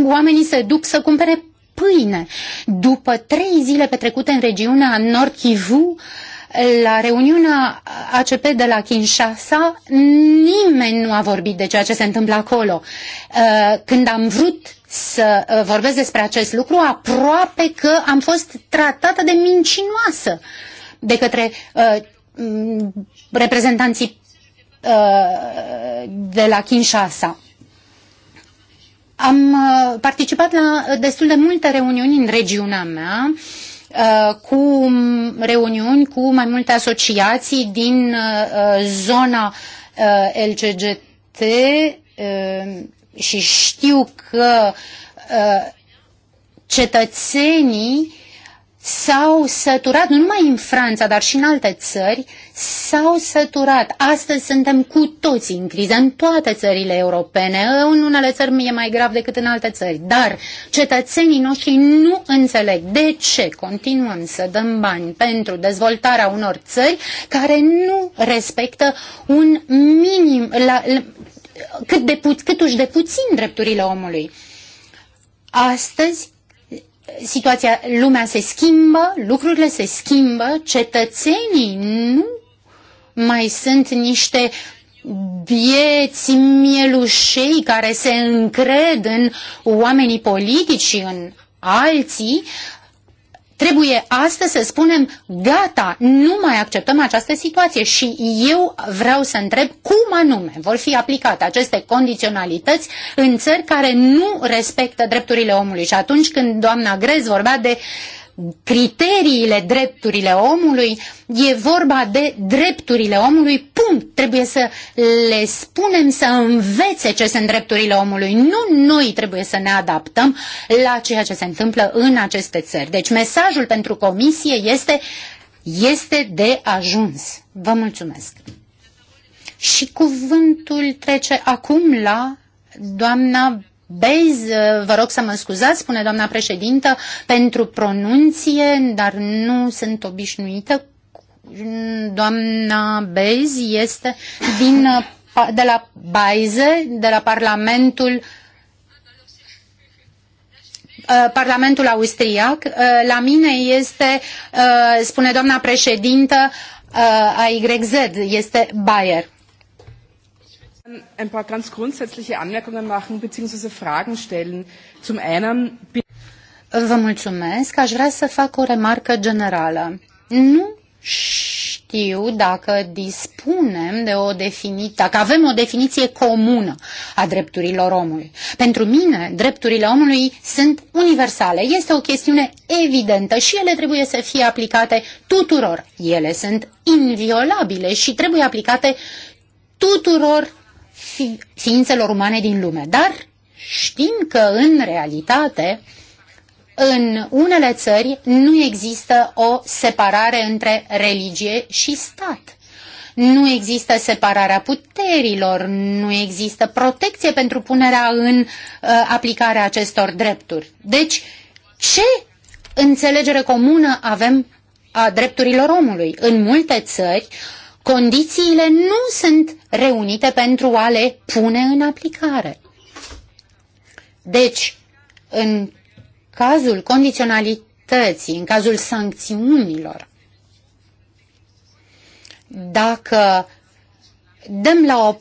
oamenii se duc să cumpere pâine. După trei zile petrecute în regiunea Nord Kivu, la reuniunea ACP de la Kinshasa nimeni nu a vorbit de ceea ce se întâmplă acolo. Uh, când am vrut să uh, vorbesc despre acest lucru, aproape că am fost tratată de mincinoasă de către uh, reprezentanții de la Kinshasa. Am participat la destul de multe reuniuni în regiunea mea Uh, cu reuniuni cu mai multe asociații din uh, uh, zona LGGT și știu că cetățenii s-au săturat, nu numai în Franța, dar și în alte țări, s-au săturat. Astăzi suntem cu toții în criză, în toate țările europene. În unele țări e mai grav decât în alte țări. Dar cetățenii noștri nu înțeleg de ce continuăm să dăm bani pentru dezvoltarea unor țări care nu respectă un minim, la, la, cât de, cât uși de puțin drepturile omului. Astăzi situația, lumea se schimbă, lucrurile se schimbă, cetățenii nu mai sunt niște bieți mielușei care se încred în oamenii politici și în alții, Trebuie astăzi să spunem, gata, nu mai acceptăm această situație și eu vreau să întreb cum anume vor fi aplicate aceste condiționalități în țări care nu respectă drepturile omului. Și atunci când doamna Grez vorbea de uh, criteriile drepturile omului, e vorba de drepturile omului, punct. Trebuie să le spunem să învețe ce sunt drepturile omului. Nu noi trebuie să ne adaptăm la ceea ce se întâmplă în aceste țări. Deci mesajul pentru comisie este, este de ajuns. Vă mulțumesc. Și cuvântul trece acum la doamna Bez, eh, vă rog să mă scuzați, spune doamna președintă, pentru pronunție, dar nu sunt obișnuită. Doamna Bez este din, eh, de la Baize, de la Parlamentul eh, Parlamentul austriac. La mine este, spune doamna președintă, AYZ, este Bayer. Ein paar ganz grundsätzliche Anmerkungen machen bzw. Fragen stellen. Zum einen Vă mulțumesc. Aș vrea să fac o remarcă generală. Nu știu dacă dispunem de o definiție, dacă avem o definiție comună a drepturilor omului. Pentru mine, drepturile omului sunt universale. Este o chestiune evidentă și ele trebuie să fie aplicate tuturor. Ele sunt inviolabile și trebuie aplicate tuturor fi, ființelor umane din lume. Dar știm că în realitate în unele țări nu există o separare între religie și stat. Nu există separarea puterilor, nu există protecție pentru punerea în uh, aplicare acestor drepturi. Deci, ce înțelegere comună avem a drepturilor omului? În multe țări, uh, condițiile nu sunt reunite pentru a le pune în aplicare. Deci, în cazul condiționalității, în cazul sancțiunilor, dacă dăm la o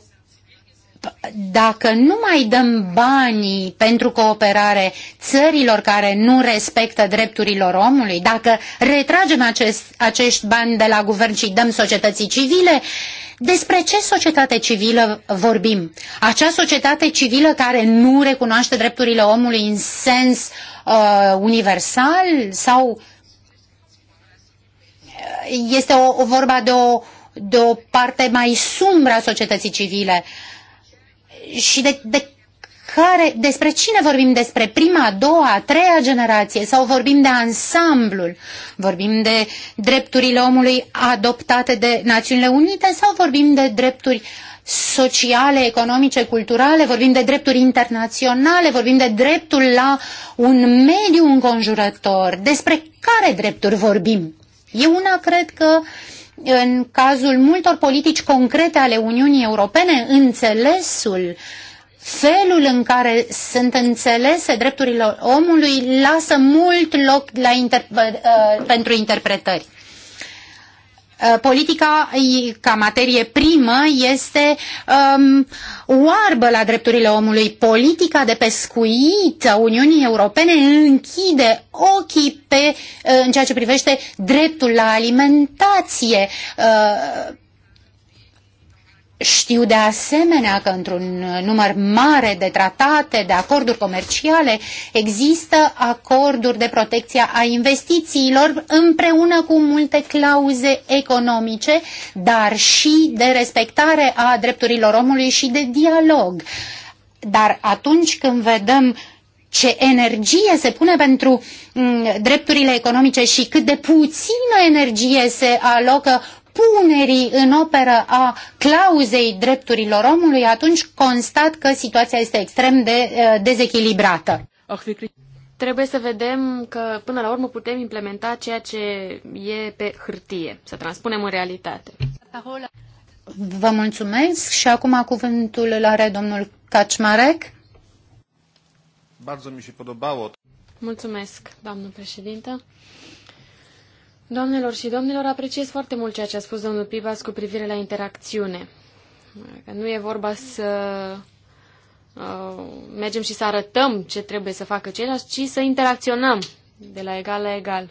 dacă nu mai dăm banii pentru cooperare țărilor care nu respectă drepturilor omului, dacă retragem acest, acești bani de la guvern și dăm societății civile, despre ce societate civilă vorbim? Acea societate civilă care nu recunoaște drepturile omului în sens uh, universal sau uh, este o, o vorba de o, de o parte mai sumbră a societății civile? Uh, și de, de care, despre cine vorbim? Despre prima, a doua, a treia generație? Sau vorbim de ansamblul? Vorbim de drepturile omului adoptate de Națiunile Unite sau vorbim de drepturi sociale, economice, culturale, vorbim de drepturi internaționale, vorbim de dreptul la un mediu înconjurător. Despre care drepturi vorbim? Eu una cred că uh, în cazul multor politici concrete ale Uniunii Europene, înțelesul felul în care sunt înțelese drepturile omului lasă mult loc la inter- pentru interpretări. Uh, politica ca materie primă este um, oarbă la drepturile omului. Politica de pescuit a Uniunii Europene închide ochii pe, uh, în ceea ce privește dreptul la alimentație. Uh, știu de asemenea că într-un număr mare de tratate, de acorduri comerciale, există acorduri de protecție a investițiilor împreună cu multe clauze economice, dar și de respectare a drepturilor omului și de dialog. Dar atunci când vedem ce energie se pune pentru mm, drepturile economice și cât de puțină energie se alocă punerii în operă a clauzei drepturilor omului, atunci constat că situația este extrem de uh, dezechilibrată. Trebuie să vedem că până la urmă putem implementa ceea ce e pe hârtie, să transpunem în realitate. Vă mulțumesc și acum cuvântul îl are domnul Kaczmarek. Mulțumesc, doamnă președintă. Doamnelor și domnilor, apreciez foarte mult ceea ce a spus domnul Pibas cu privire la interacțiune. Că nu e vorba să uh, mergem și să arătăm ce trebuie să facă ceilalți, ci să interacționăm de la egal la egal.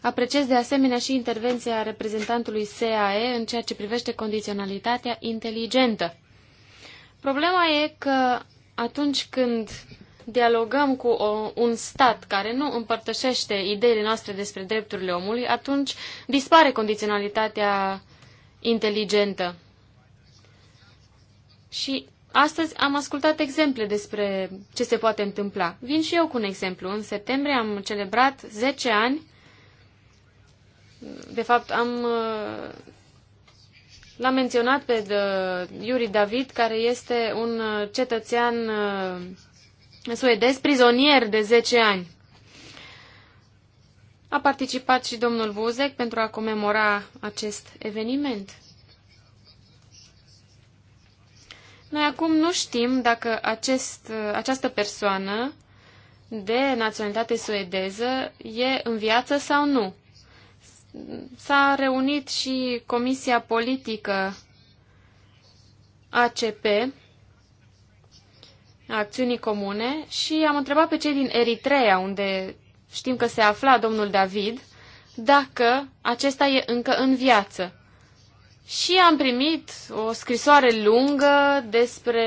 Apreciez de asemenea și intervenția reprezentantului SAE în ceea ce privește condiționalitatea inteligentă. Problema e că atunci când dialogăm cu o, un stat care nu împărtășește ideile noastre despre drepturile omului, atunci dispare condiționalitatea inteligentă. Și astăzi am ascultat exemple despre ce se poate întâmpla. Vin și eu cu un exemplu. În septembrie am celebrat 10 ani. De fapt, am uh, L-am menționat pe uh, Iuri Yuri David, care este un uh, cetățean suedez prizonier de 10 ani. A participat și domnul Vuzek pentru a comemora acest eveniment. Noi acum nu știm dacă acest, această persoană de naționalitate suedeză e în viață sau nu. S-a reunit și Comisia Politică ACP acțiunii comune și am întrebat pe cei din Eritrea, unde știm că se afla domnul David, dacă acesta e încă în viață. Și am primit o scrisoare lungă despre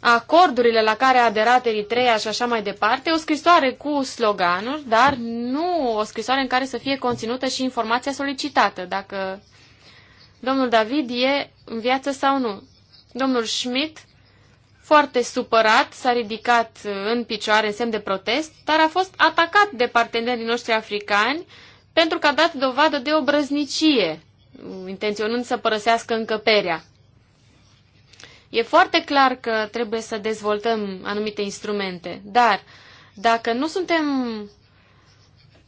acordurile la care a aderat Eritrea și așa mai departe, o scrisoare cu sloganuri, dar nu o scrisoare în care să fie conținută și informația solicitată, dacă domnul David e în viață sau nu. Domnul Schmidt foarte supărat, s-a ridicat în picioare în semn de protest, dar a fost atacat de partenerii noștri africani pentru că a dat dovadă de obrăznicie, intenționând să părăsească încăperea. E foarte clar că trebuie să dezvoltăm anumite instrumente, dar dacă nu suntem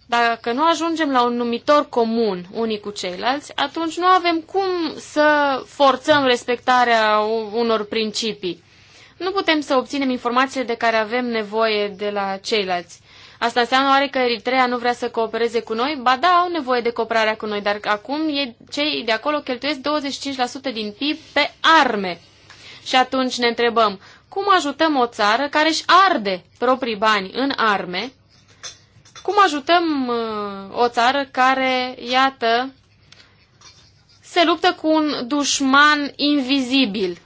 dacă nu ajungem la un numitor comun unii cu ceilalți, atunci nu avem cum să forțăm respectarea unor principii nu putem să obținem informațiile de care avem nevoie de la ceilalți. Asta înseamnă oare că Eritrea nu vrea să coopereze cu noi? Ba da, au nevoie de cooperarea cu noi, dar acum ei, cei de acolo cheltuiesc 25% din PIB pe arme. Și atunci ne întrebăm, cum ajutăm o țară care își arde proprii bani în arme? Cum ajutăm uh, o țară care, iată, se luptă cu un dușman invizibil?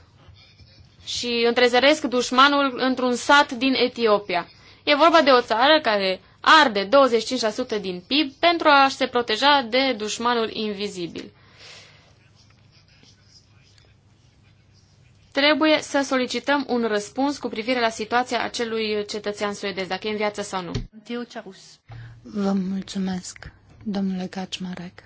și întrezăresc dușmanul într-un sat din Etiopia. E vorba de o țară care arde 25% din PIB pentru a se proteja de dușmanul invizibil. Trebuie să solicităm un răspuns cu privire la situația acelui cetățean suedez, dacă e în viață sau nu. Vă mulțumesc, domnule Kaczmarek.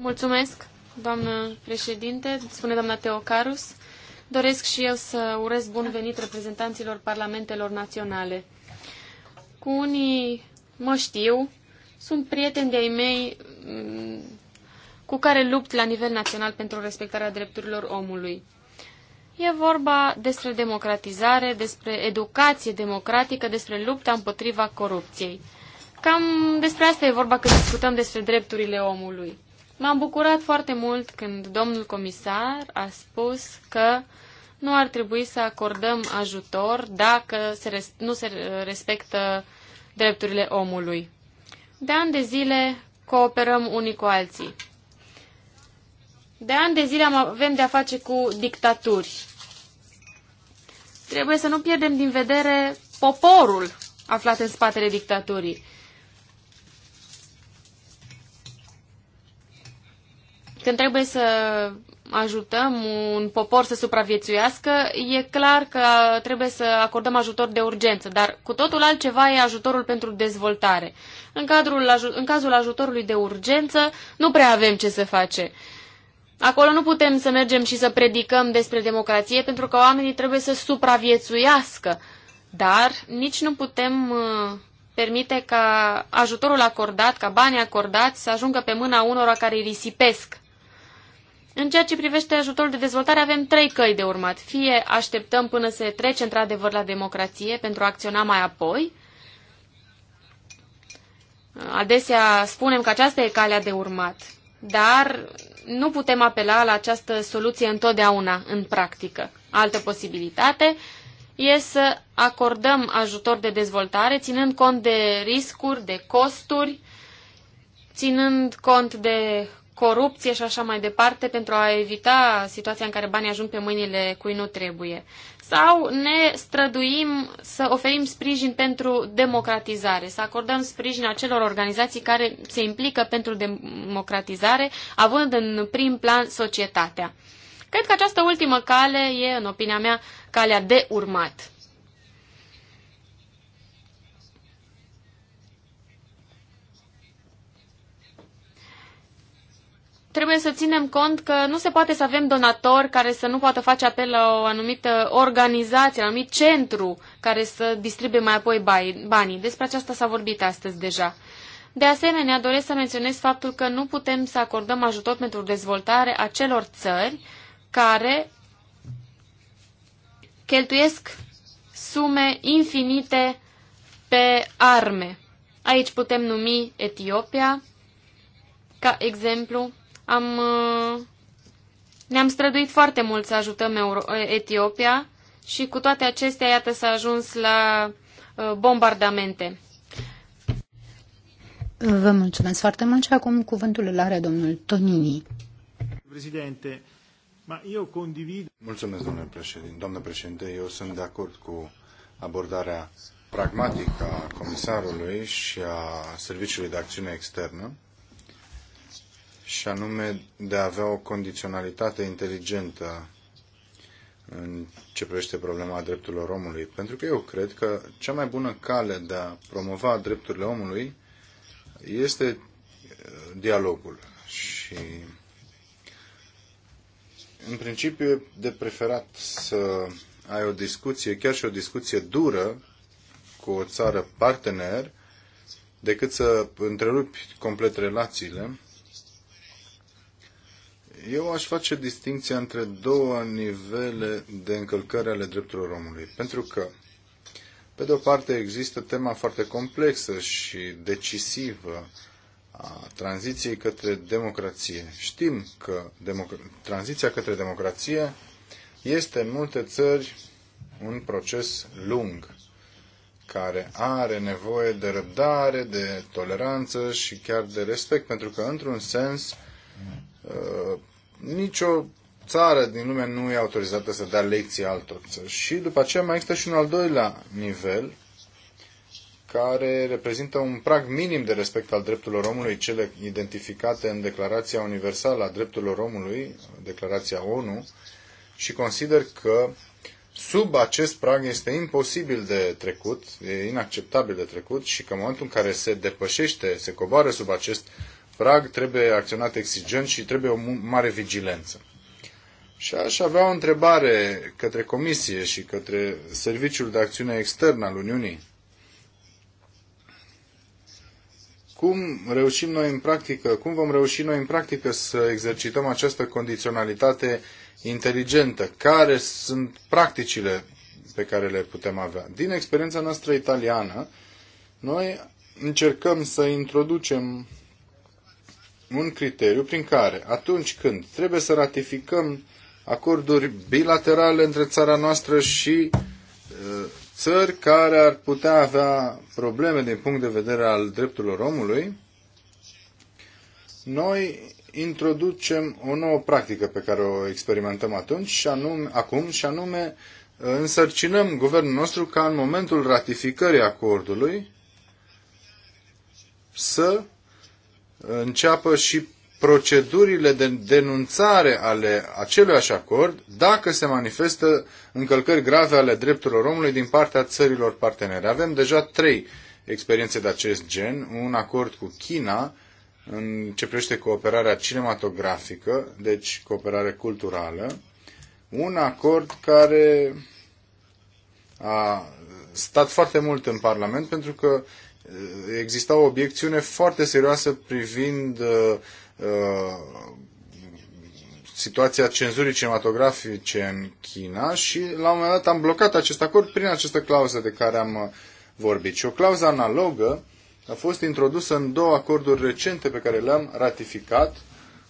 Mulțumesc, doamnă președinte, spune doamna Teocarus. Doresc și eu să urez bun venit reprezentanților parlamentelor naționale. Cu unii mă știu, sunt prieteni de-ai mei mm, cu care lupt la nivel național pentru respectarea drepturilor omului. E vorba despre democratizare, despre educație democratică, despre lupta împotriva corupției. Cam despre asta e vorba când discutăm despre drepturile omului. M-am bucurat foarte mult când domnul comisar a spus că nu ar trebui să acordăm ajutor dacă se nu se respectă drepturile omului. De ani de zile cooperăm unii cu alții. De ani de zile avem de-a face cu dictaturi. Trebuie să nu pierdem din vedere poporul aflat în spatele dictaturii. când trebuie să ajutăm un popor să supraviețuiască, e clar că trebuie să acordăm ajutor de urgență, dar cu totul altceva e ajutorul pentru dezvoltare. În, cadrul, în cazul ajutorului de urgență, nu prea avem ce să face. Acolo nu putem să mergem și să predicăm despre democrație, pentru că oamenii trebuie să supraviețuiască. Dar nici nu putem uh, permite ca ajutorul acordat, ca banii acordați să ajungă pe mâna unora care îi risipesc în ceea ce privește ajutorul de dezvoltare, avem trei căi de urmat. Fie așteptăm până se trece într-adevăr la democrație pentru a acționa mai apoi. Adesea spunem că aceasta e calea de urmat, dar nu putem apela la această soluție întotdeauna în practică. Altă posibilitate e să acordăm ajutor de dezvoltare ținând cont de riscuri, de costuri, ținând cont de corupție și așa mai departe pentru a evita situația în care banii ajung pe mâinile cui nu trebuie. Sau ne străduim să oferim sprijin pentru democratizare, să acordăm sprijin acelor organizații care se implică pentru democratizare, având în prim plan societatea. Cred că această ultimă cale e, în opinia mea, calea de urmat. trebuie să ținem cont că nu se poate să avem donatori care să nu poată face apel la o anumită organizație, la un anumit centru care să distribuie mai apoi banii. Despre aceasta s-a vorbit astăzi deja. De asemenea, doresc să menționez faptul că nu putem să acordăm ajutor pentru dezvoltare acelor țări care cheltuiesc sume infinite pe arme. Aici putem numi Etiopia ca exemplu am, uh, ne-am străduit foarte mult să ajutăm Euro- uh, Etiopia și cu toate acestea, iată, s-a ajuns la uh, bombardamente. Vă mulțumesc foarte mult și acum cuvântul îl are domnul Tonini. Președinte, ma eu condivid... Mulțumesc, domnule președinte. Doamnă președinte, eu sunt de acord cu abordarea pragmatică a comisarului și a Serviciului de Acțiune Externă și anume de a avea o condiționalitate inteligentă în ce privește problema drepturilor omului. Pentru că eu cred că cea mai bună cale de a promova drepturile omului este uh, dialogul. Și în principiu e de preferat să ai o discuție, chiar și o discuție dură cu o țară partener, decât să întrerupi complet relațiile eu aș face distinția între două nivele de încălcări ale drepturilor omului. Pentru că, pe de o parte, există tema foarte complexă și decisivă a tranziției către democrație. Știm că democ- tranziția către democrație este în multe țări un proces lung care are nevoie de răbdare, de toleranță și chiar de respect, pentru că, într-un sens, Uh, nicio țară din lume nu e autorizată să dea lecții altor țări. Și după aceea mai există și un al doilea nivel care reprezintă un prag minim de respect al drepturilor omului, cele identificate în Declarația Universală a Drepturilor Omului, Declarația ONU, și consider că sub acest prag este imposibil de trecut, e inacceptabil de trecut și că în momentul în care se depășește, se coboară sub acest prag, trebuie acționat exigent și trebuie o mare vigilență. Și aș avea o întrebare către Comisie și către Serviciul de Acțiune Externă al Uniunii. Cum reușim noi în practică, cum vom reuși noi în practică să exercităm această condiționalitate inteligentă? Care sunt practicile pe care le putem avea? Din experiența noastră italiană, noi încercăm să introducem un criteriu prin care, atunci când trebuie să ratificăm acorduri bilaterale între țara noastră și uh, țări care ar putea avea probleme din punct de vedere al drepturilor omului, noi introducem o nouă practică pe care o experimentăm atunci și anume, acum și anume uh, însărcinăm guvernul nostru ca în momentul ratificării acordului să înceapă și procedurile de denunțare ale aceluiași acord dacă se manifestă încălcări grave ale drepturilor omului din partea țărilor partenere. Avem deja trei experiențe de acest gen, un acord cu China în ce privește cooperarea cinematografică, deci cooperare culturală, un acord care a stat foarte mult în Parlament pentru că exista o obiecțiune foarte serioasă privind uh, uh, situația cenzurii cinematografice în China și la un moment dat am blocat acest acord prin această clauză de care am uh, vorbit. Și o clauză analogă a fost introdusă în două acorduri recente pe care le-am ratificat,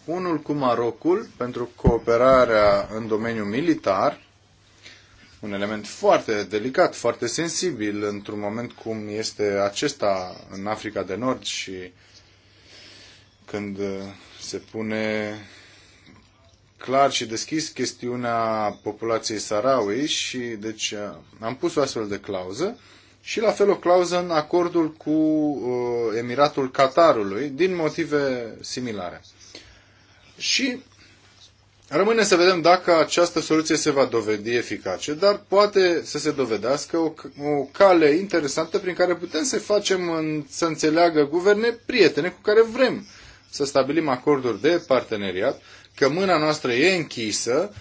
unul cu Marocul pentru cooperarea în domeniul militar un element foarte delicat, foarte sensibil într-un moment cum este acesta în Africa de Nord și când uh, se pune clar și deschis chestiunea populației Sarawi și deci uh, am pus o astfel de clauză și la fel o clauză în acordul cu uh, Emiratul Qatarului din motive similare. Și Rămâne să vedem dacă această soluție se va dovedi eficace, dar poate să se dovedească o, o cale interesantă prin care putem să facem în, să înțeleagă guverne prietene cu care vrem să stabilim acorduri de parteneriat, că mâna noastră e închisă,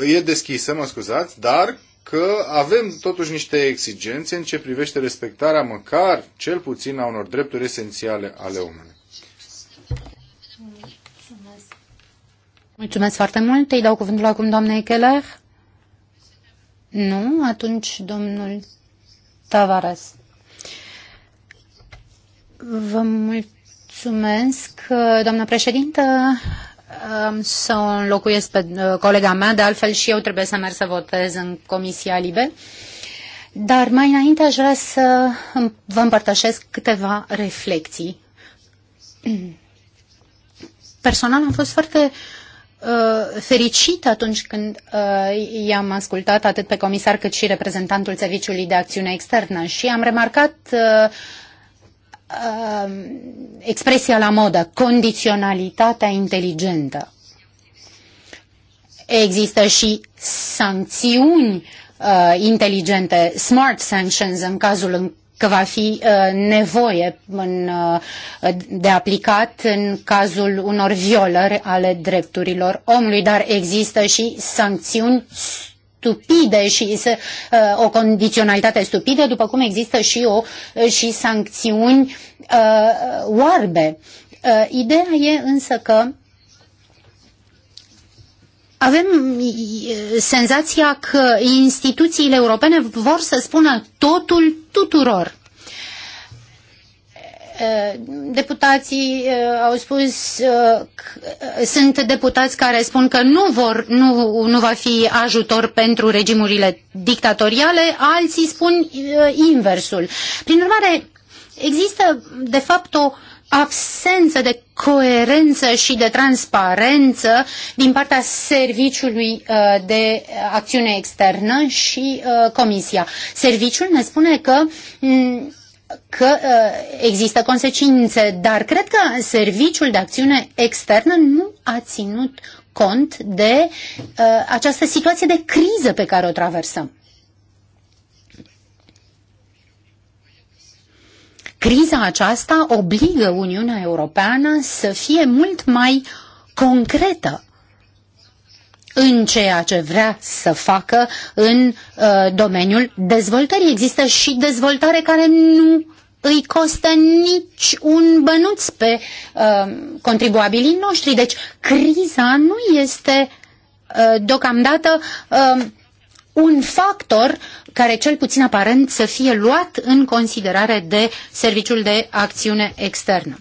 e deschisă, mă scuzați, dar că avem totuși niște exigențe în ce privește respectarea măcar cel puțin a unor drepturi esențiale ale omului. Mulțumesc foarte mult. Îi dau cuvântul acum doamne Keller. Nu? Atunci domnul Tavares. Vă mulțumesc, doamna președintă. Să o înlocuiesc pe uh, colega mea, de altfel și eu trebuie să merg să votez în Comisia Libe. Dar mai înainte aș vrea să vă împărtășesc câteva reflexii. Personal am fost foarte uh, Uh, fericit atunci când uh, i-am ascultat atât pe comisar cât și reprezentantul Serviciului de Acțiune Externă și am remarcat uh, uh, expresia la modă, condiționalitatea inteligentă. Există și sancțiuni uh, inteligente, smart sanctions, în cazul în că va fi uh, nevoie în, uh, de aplicat în cazul unor violări ale drepturilor omului, dar există și sancțiuni stupide și uh, o condiționalitate stupidă, după cum există și, o, și sancțiuni uh, oarbe. Uh, ideea e însă că avem mm, senzația că instituțiile europene vor să spună totul tuturor. Deputații au spus sunt deputați care spun că nu, vor, nu, nu va fi ajutor pentru regimurile dictatoriale, alții spun inversul. Prin urmare, există de fapt o uh, absență de coerență și de transparență din partea Serviciului uh, de Acțiune Externă și uh, Comisia. Serviciul ne spune că mm, că uh, există consecințe, dar cred că Serviciul de Acțiune Externă nu a ținut cont de această situație de criză pe care o traversăm. Criza aceasta obligă Uniunea Europeană să fie mult mai concretă în ceea ce vrea să facă în uh, domeniul dezvoltării. Există și dezvoltare care nu îi costă nici un bănuț pe uh, contribuabilii noștri. Deci criza nu este uh, deocamdată uh, un factor care cel puțin aparent să fie luat în considerare de Serviciul de Acțiune Externă.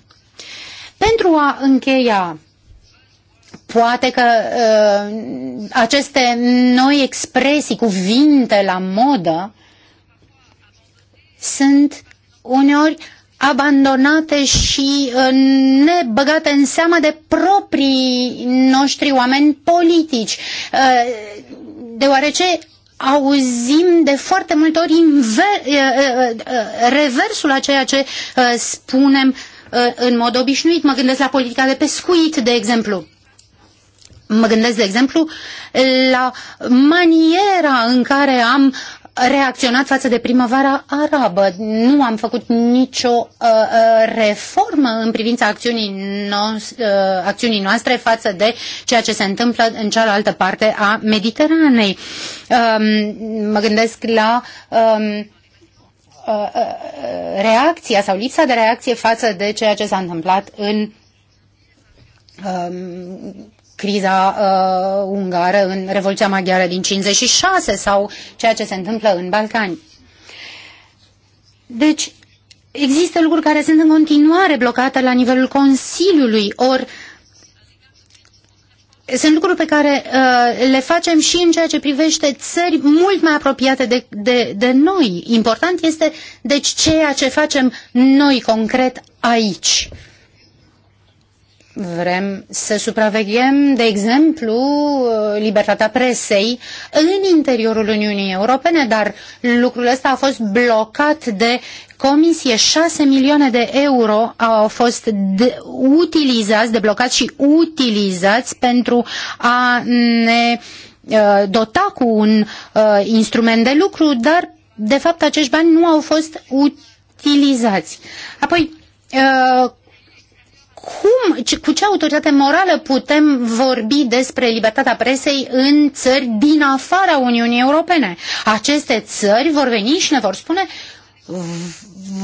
Pentru a încheia poate că uh, aceste noi expresii, cuvinte la modă, sunt uneori abandonate și uh, nebăgate în seamă de proprii noștri oameni politici, uh, deoarece auzim de foarte multe ori reversul a ceea ce spunem în mod obișnuit. Mă gândesc la politica de pescuit, de exemplu. Mă gândesc, de exemplu, la maniera în care am reacționat față de primăvara arabă. Nu am făcut nicio uh, uh reformă în privința acțiunii, no- uh, acțiunii noastre față de ceea ce se întâmplă în cealaltă parte a Mediteranei. Um, mă gândesc la um, uh, uh, uh reacția sau lipsa de reacție față de ceea ce s-a întâmplat în um, criza uh, ungară în Revoluția Maghiară din 56 sau ceea ce se întâmplă în Balcani. Deci, există lucruri care sunt în continuare blocate la nivelul Consiliului, ori sunt lucruri pe care uh, le facem și în ceea ce privește țări mult mai apropiate de, de, de noi. Important este, deci, ceea ce facem noi concret aici. Vrem să supraveghem, de exemplu, uh, libertatea presei în interiorul Uniunii Europene, dar lucrul ăsta a fost blocat de comisie. 6 milioane de euro au fost de, utilizați, deblocați și utilizați pentru a ne uh, dota cu un uh, instrument de lucru, dar de fapt acești bani nu au fost utilizați. Apoi, cum, cu ce autoritate morală putem vorbi despre libertatea presei în țări din afara Uniunii Europene? Aceste țări vor veni și ne vor spune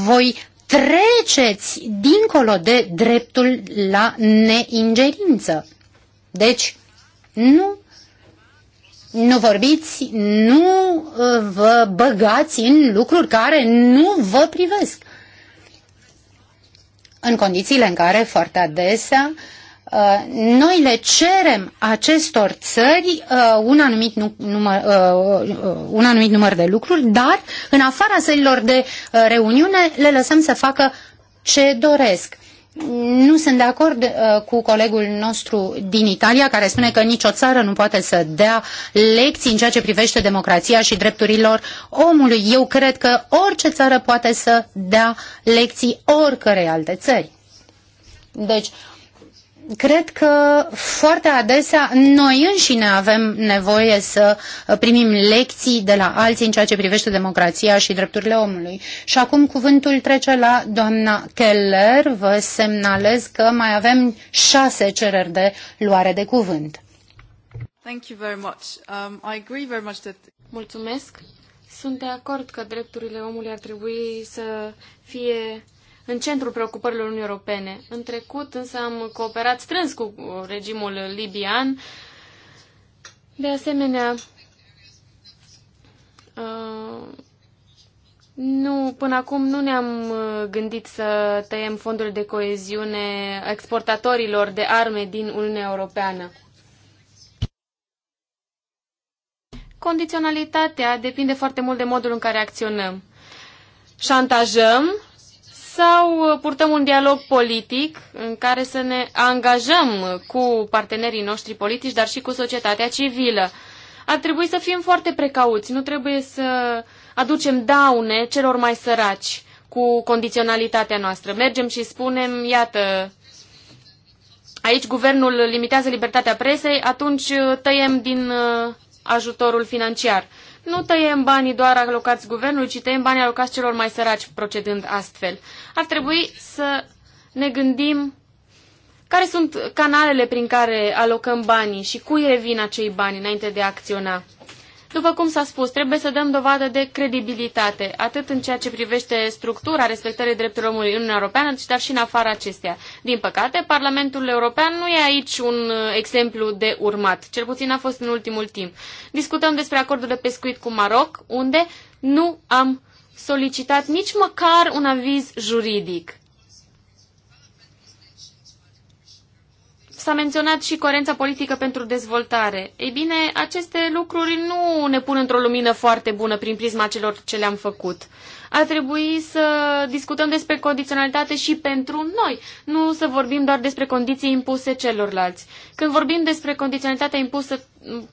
voi treceți dincolo de dreptul la neingerință. Deci, nu nu vorbiți, nu uh, vă băgați în lucruri care nu vă privesc în condițiile în care foarte adesea uh, noi le cerem acestor țări uh, un, anumit număr, uh, uh, un anumit număr de lucruri, dar în afara țărilor de uh, reuniune le lăsăm să facă ce doresc nu sunt de acord uh, cu colegul nostru din Italia care spune că nicio țară nu poate să dea lecții în ceea ce privește democrația și drepturilor omului. Eu cred că orice țară poate să dea lecții oricărei alte țări. Deci, cred că foarte adesea noi înșine avem nevoie să primim lecții de la alții în ceea ce privește democrația și drepturile omului. Și acum cuvântul trece la doamna Keller. Vă semnalez că mai avem șase cereri de luare de cuvânt. Thank you very much. Um, I agree very much that... Mulțumesc. Sunt de acord că drepturile omului ar trebui să fie în centrul preocupărilor Uniunii Europene. În trecut însă am cooperat strâns cu regimul libian. De asemenea, uh, nu, până acum nu ne-am uh, gândit să tăiem fondurile de coeziune exportatorilor de arme din Uniunea Europeană. Condiționalitatea depinde foarte mult de modul în care acționăm. Șantajăm sau uh, purtăm un dialog politic în care să ne angajăm cu partenerii noștri politici, dar și cu societatea civilă. Ar trebui să fim foarte precauți, nu trebuie să aducem daune celor mai săraci cu condiționalitatea noastră. Mergem și spunem, iată, aici guvernul limitează libertatea presei, atunci uh, tăiem din uh, ajutorul financiar. Nu tăiem banii doar alocați guvernului, ci tăiem banii alocați celor mai săraci procedând astfel. Ar trebui să ne gândim care sunt canalele prin care alocăm banii și cui revin acei bani înainte de a acționa. După cum s-a spus, trebuie să dăm dovadă de credibilitate, atât în ceea ce privește structura respectării drepturilor omului în Uniunea Europeană, dar și în afara acesteia. Din păcate, Parlamentul European nu e aici un uh, exemplu de urmat, cel puțin a fost în ultimul timp. Discutăm despre acordul de pescuit cu Maroc, unde nu am solicitat nici măcar un aviz juridic. S-a menționat și coerența politică pentru dezvoltare. Ei bine, aceste lucruri nu ne pun într-o lumină foarte bună prin prisma celor ce le-am făcut. A trebui să discutăm despre condiționalitate și pentru noi, nu să vorbim doar despre condiții impuse celorlalți. Când vorbim despre condiționalitatea impusă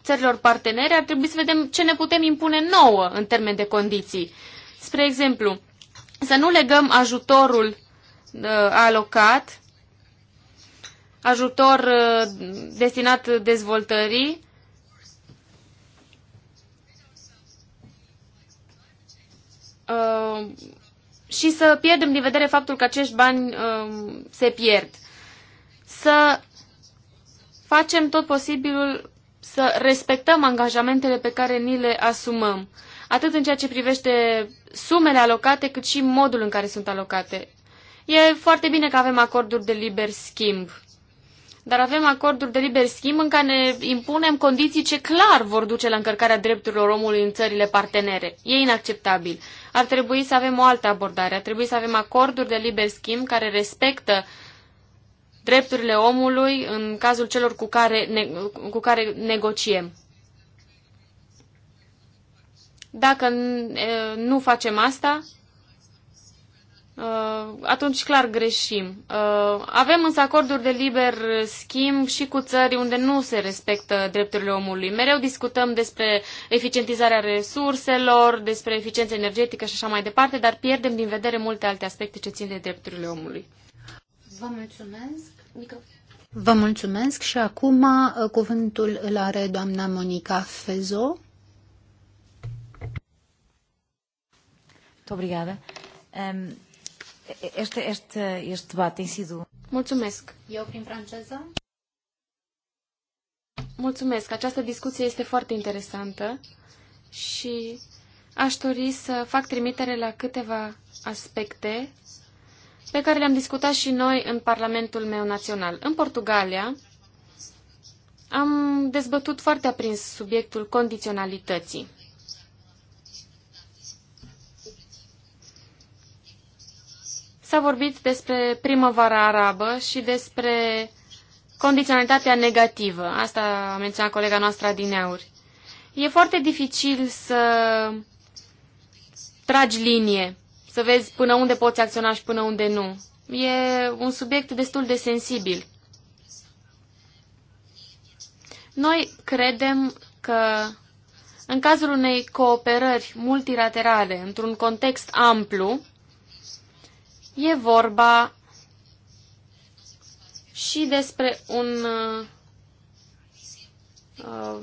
țărilor partenere, ar trebui să vedem ce ne putem impune nouă în termen de condiții. Spre exemplu, să nu legăm ajutorul uh, alocat ajutor uh, destinat dezvoltării. Uh, și să pierdem din vedere faptul că acești bani uh, se pierd. Să facem tot posibilul să respectăm angajamentele pe care ni le asumăm, atât în ceea ce privește sumele alocate, cât și modul în care sunt alocate. E foarte bine că avem acorduri de liber schimb dar avem acorduri de liber schimb în care ne impunem condiții ce clar vor duce la încărcarea drepturilor omului în țările partenere. E inacceptabil. Ar trebui să avem o altă abordare. Ar trebui să avem acorduri de liber schimb care respectă drepturile omului în cazul celor cu care, ne, cu care negociem. Dacă nu facem asta, Uh, atunci clar greșim. Uh, avem însă acorduri de liber schimb și cu țări unde nu se respectă drepturile omului. Mereu discutăm despre eficientizarea resurselor, despre eficiență energetică și așa mai departe, dar pierdem din vedere multe alte aspecte ce țin de drepturile omului. Vă mulțumesc. Nică. Vă mulțumesc și acum uh, cuvântul îl are doamna Monica Fezo. Obrigada. Um este, este, este debate tem sido... Mulțumesc. Eu prin franceză? Mulțumesc. Această discuție este foarte interesantă și aș dori să fac trimitere la câteva aspecte pe care le-am discutat și noi în Parlamentul meu național. În Portugalia am dezbătut foarte aprins subiectul condiționalității. S-a vorbit despre primăvara arabă și despre condiționalitatea negativă. Asta a menționat colega noastră Adineauri. E foarte dificil să tragi linie, să vezi până unde poți acționa și până unde nu. E un subiect destul de sensibil. Noi credem că în cazul unei cooperări multilaterale, într-un context amplu, E vorba și despre un uh,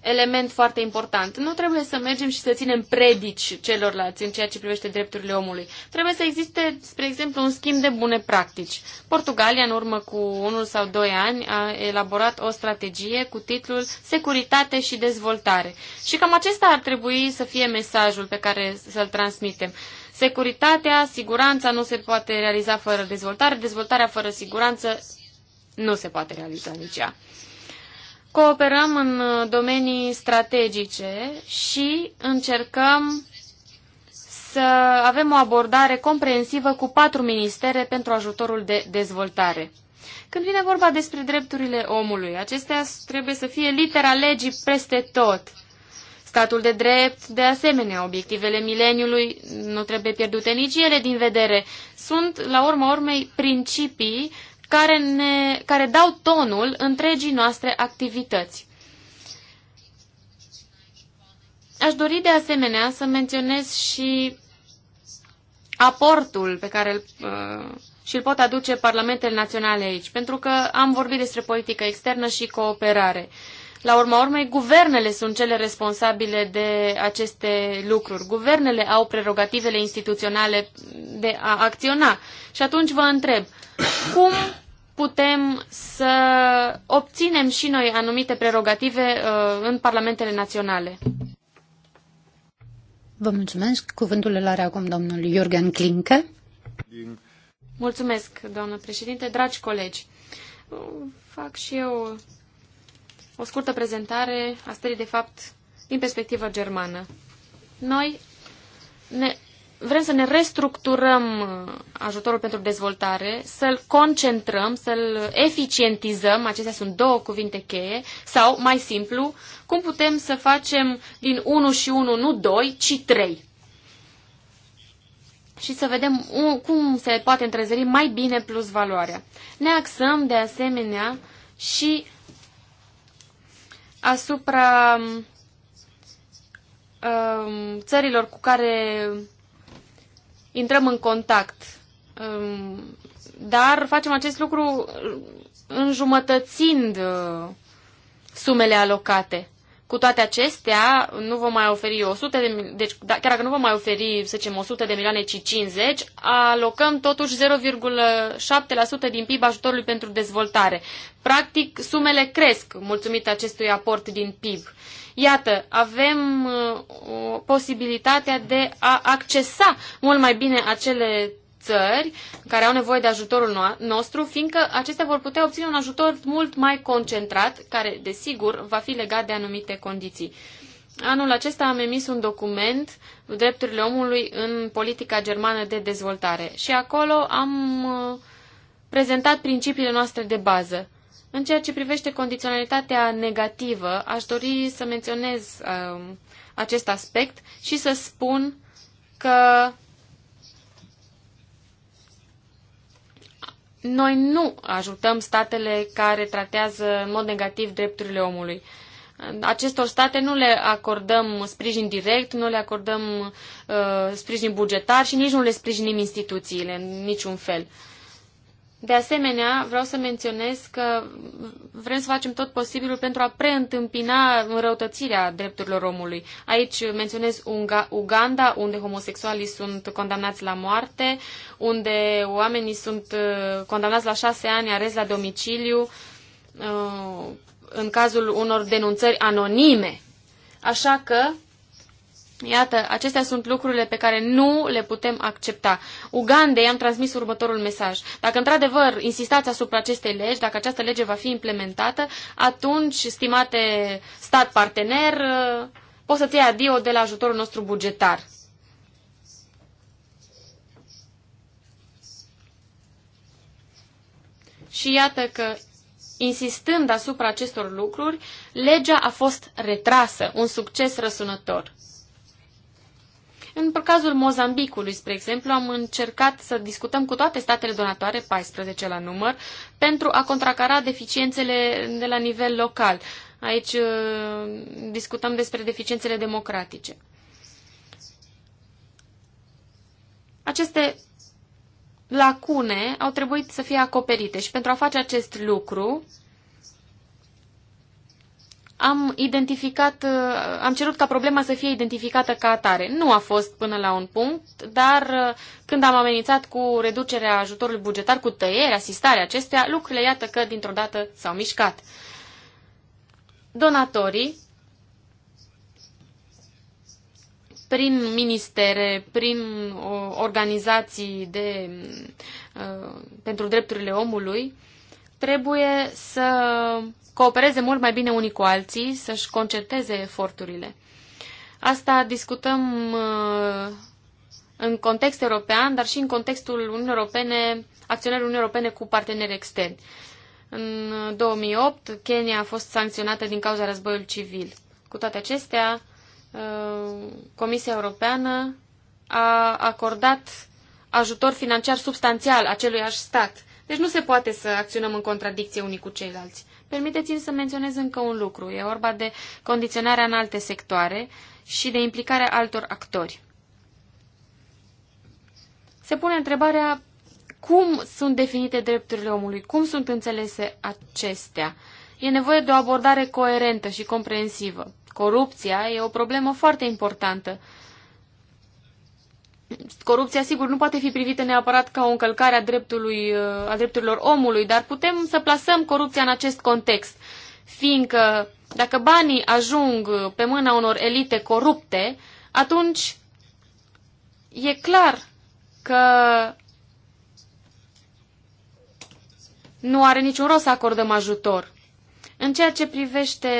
element foarte important. Nu trebuie să mergem și să ținem predici celorlalți în ceea ce privește drepturile omului. Trebuie să existe, spre exemplu, un schimb de bune practici. Portugalia, în urmă cu unul sau doi ani, a elaborat o strategie cu titlul Securitate și dezvoltare. Și cam acesta ar trebui să fie mesajul pe care să-l transmitem. Uh, Securitatea, siguranța nu se poate realiza fără dezvoltare, dezvoltarea fără siguranță nu se poate realiza nici ea. Cooperăm în domenii strategice și încercăm să avem o abordare comprehensivă cu patru ministere pentru ajutorul de dezvoltare. Când vine vorba despre drepturile omului, acestea trebuie să fie litera legii peste tot – Statul de drept, de asemenea, obiectivele mileniului nu trebuie pierdute nici ele din vedere. Sunt, la urma urmei, principii care, ne, care dau tonul întregii noastre activități. Aș dori de asemenea să menționez și aportul pe care îl, uh, și îl pot aduce parlamentele naționale aici, pentru că am vorbit despre politică externă și cooperare. Uh, la urma urmei, guvernele sunt cele responsabile de aceste lucruri. Guvernele au prerogativele instituționale de a acționa. Și atunci vă întreb, cum putem să obținem și noi anumite prerogative uh, în parlamentele naționale? Vă mulțumesc. Cuvântul îl are acum domnul Jürgen Klinke. Mulțumesc, doamnă președinte, dragi colegi. Uh, fac și eu o scurtă prezentare a stării de fapt din perspectivă germană. Noi ne, vrem să ne restructurăm uh, ajutorul pentru dezvoltare, să-l concentrăm, să-l eficientizăm, acestea sunt două cuvinte cheie, sau, mai simplu, cum putem să facem din 1 și 1 nu 2, ci 3. Și să vedem cum se poate întrezări mai bine plus valoarea. Ne axăm, de asemenea, și asupra um, țărilor cu care intrăm în contact. Um, dar facem acest lucru înjumătățind uh, sumele alocate. Cu toate acestea, nu vom mai oferi 100 de, deci da, chiar dacă nu vom mai oferi, să zicem, 100 de milioane, ci 50, alocăm totuși 0,7% din PIB ajutorului pentru dezvoltare. Practic, sumele cresc mulțumită acestui aport din PIB. Iată, avem uh, posibilitatea de a accesa mult mai bine acele țări care au nevoie de ajutorul nostru, fiindcă acestea vor putea obține un ajutor mult mai concentrat, care, desigur, va fi legat de anumite condiții. Anul acesta am emis un document, Drepturile omului în politica germană de dezvoltare, și acolo am uh, prezentat principiile noastre de bază. În ceea ce privește condiționalitatea negativă, aș dori să menționez uh, acest aspect și să spun că Noi nu ajutăm statele care tratează în mod negativ drepturile omului. Acestor state nu le acordăm sprijin direct, nu le acordăm uh, sprijin bugetar și nici nu le sprijinim instituțiile în niciun fel. Uh, de asemenea, vreau să menționez că vrem să facem tot posibilul pentru a preîntâmpina înrăutățirea drepturilor omului. Aici menționez Unga, Uganda, unde homosexualii sunt condamnați la moarte, unde oamenii sunt uh, condamnați la șase ani arez la domiciliu, uh, în cazul unor denunțări anonime. Așa că Iată, acestea sunt lucrurile pe care nu le putem accepta. Ugandei am transmis următorul mesaj. Dacă într-adevăr insistați asupra acestei legi, dacă această lege va fi implementată, atunci, stimate stat partener, poți să-ți iei adio de la ajutorul nostru bugetar. Și iată că, insistând asupra acestor lucruri, legea a fost retrasă, un succes răsunător. În cazul Mozambicului, spre exemplu, am încercat să discutăm cu toate statele donatoare, 14 la număr, pentru a contracara deficiențele de la nivel local. Aici uh, discutăm despre deficiențele democratice. Aceste lacune au trebuit să fie acoperite și pentru a face acest lucru, am identificat, uh, am cerut ca problema să fie identificată ca atare. Nu a fost până la un punct, dar uh, când am amenințat cu reducerea ajutorului bugetar, cu tăierea, asistarea acestea, lucrurile iată că dintr-o dată s-au mișcat. Donatorii, prin ministere, prin uh, organizații de, pentru drepturile omului, trebuie să coopereze mult mai bine unii cu alții, să-și concerteze eforturile. Asta discutăm uh, în context european, dar și în contextul Uniunii Europene, acționării Uniunii Europene cu parteneri externi. În 2008, uh, Kenya a fost sancționată din cauza războiului civil. Cu toate acestea, uh, Comisia Europeană a acordat ajutor financiar substanțial acelui stat. Deci nu se poate să acționăm în contradicție unii cu ceilalți. Permiteți-mi să menționez încă un lucru. E vorba de condiționarea în alte sectoare și de implicarea altor actori. Se pune întrebarea cum sunt definite drepturile omului, cum sunt înțelese acestea. E nevoie de o abordare coerentă și comprehensivă. Corupția e o problemă foarte importantă corupția, sigur, nu poate fi privită neapărat ca o încălcare a, dreptului, uh, a drepturilor omului, dar putem să plasăm corupția în acest context, fiindcă dacă banii ajung pe mâna unor elite corupte, atunci e clar că nu are niciun rost să acordăm ajutor. În ceea ce privește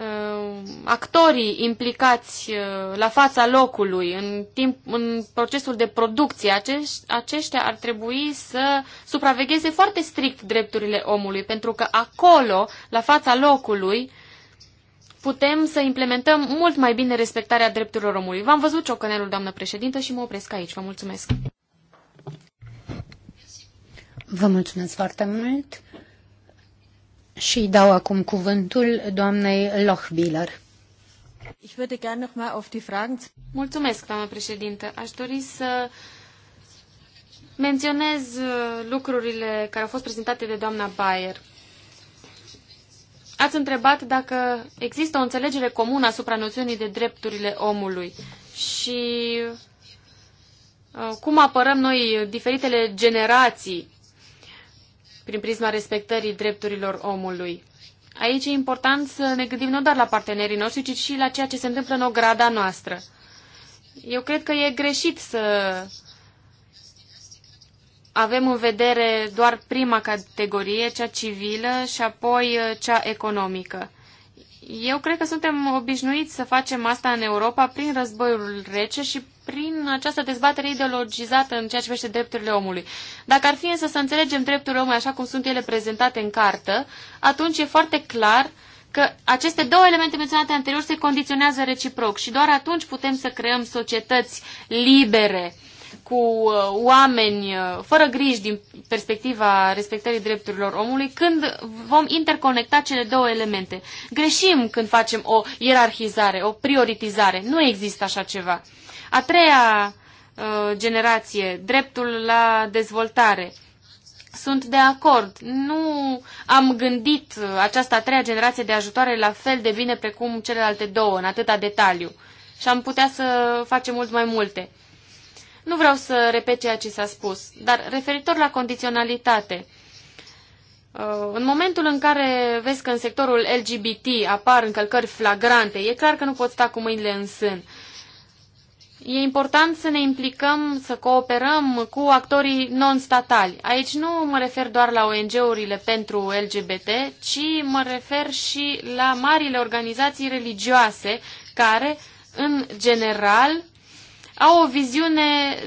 Uh, actorii implicați uh, la fața locului în, timp, în procesul de producție, acești, aceștia ar trebui să supravegheze foarte strict drepturile omului, pentru că acolo, la fața locului, putem să implementăm mult mai bine respectarea drepturilor omului. V-am văzut ciocănelul, doamnă președintă, și mă opresc aici. Vă mulțumesc! Vă mulțumesc foarte mult! și dau acum cuvântul doamnei Lochbiller. Mulțumesc, doamnă președintă. Aș dori să menționez uh, lucrurile care au fost prezentate de doamna Bayer. Ați întrebat dacă există o înțelegere comună asupra noțiunii de drepturile omului și uh, cum apărăm noi diferitele generații prin prisma respectării drepturilor omului. Aici e important să ne gândim nu doar la partenerii noștri, ci și la ceea ce se întâmplă în ograda noastră. Eu cred că e greșit să avem în vedere doar prima categorie, cea civilă și apoi uh, cea economică. Eu cred că suntem obișnuiți să facem asta în Europa prin războiul rece și prin această dezbatere ideologizată în ceea ce privește drepturile omului. Dacă ar fi însă să înțelegem drepturile omului așa cum sunt ele prezentate în cartă, atunci e foarte clar că aceste două elemente menționate anterior se condiționează reciproc și doar atunci putem să creăm societăți libere cu uh, oameni uh, fără griji din perspectiva respectării drepturilor omului când vom interconecta cele două elemente. Greșim când facem o ierarhizare, o prioritizare. Nu există așa ceva. A treia uh, generație, dreptul la dezvoltare. Sunt de acord. Nu am gândit uh, această a treia generație de ajutoare la fel de bine precum celelalte două, în atâta detaliu. Și am putea să facem mult mai multe. Nu vreau să repet ceea ce s-a spus, dar referitor la condiționalitate, uh, în momentul în care vezi că în sectorul LGBT apar încălcări flagrante, e clar că nu poți sta cu mâinile în sân. E important să ne implicăm, să cooperăm cu actorii non-statali. Aici nu mă refer doar la ONG-urile pentru LGBT, ci mă refer și la marile organizații religioase care, în general, au o viziune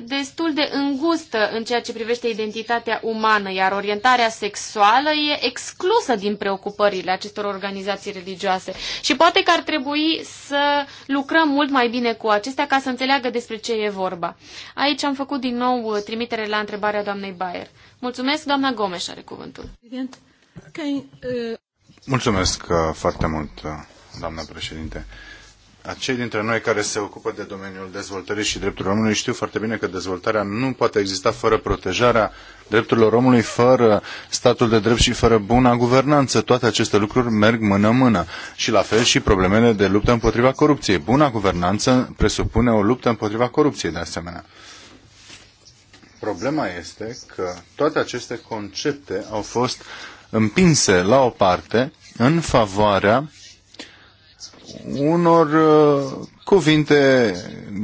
destul de îngustă în ceea ce privește identitatea umană, iar orientarea sexuală e exclusă din preocupările acestor organizații religioase. Și poate că ar trebui să lucrăm mult mai bine cu acestea ca să înțeleagă despre ce e vorba. Aici am făcut din nou trimitere la întrebarea doamnei Bayer. Mulțumesc, doamna Gomes are cuvântul. Uh, Mulțumesc uh, foarte mult, uh, doamna președinte acei dintre noi care se ocupă de domeniul dezvoltării și drepturilor omului știu foarte bine că dezvoltarea nu poate exista fără protejarea drepturilor omului, fără statul de drept și fără buna guvernanță. Toate aceste lucruri merg mână-mână. Și la fel și problemele de luptă împotriva corupției. Buna guvernanță presupune o luptă împotriva corupției de asemenea. Problema este că toate aceste concepte au fost împinse la o parte în favoarea unor uh, cuvinte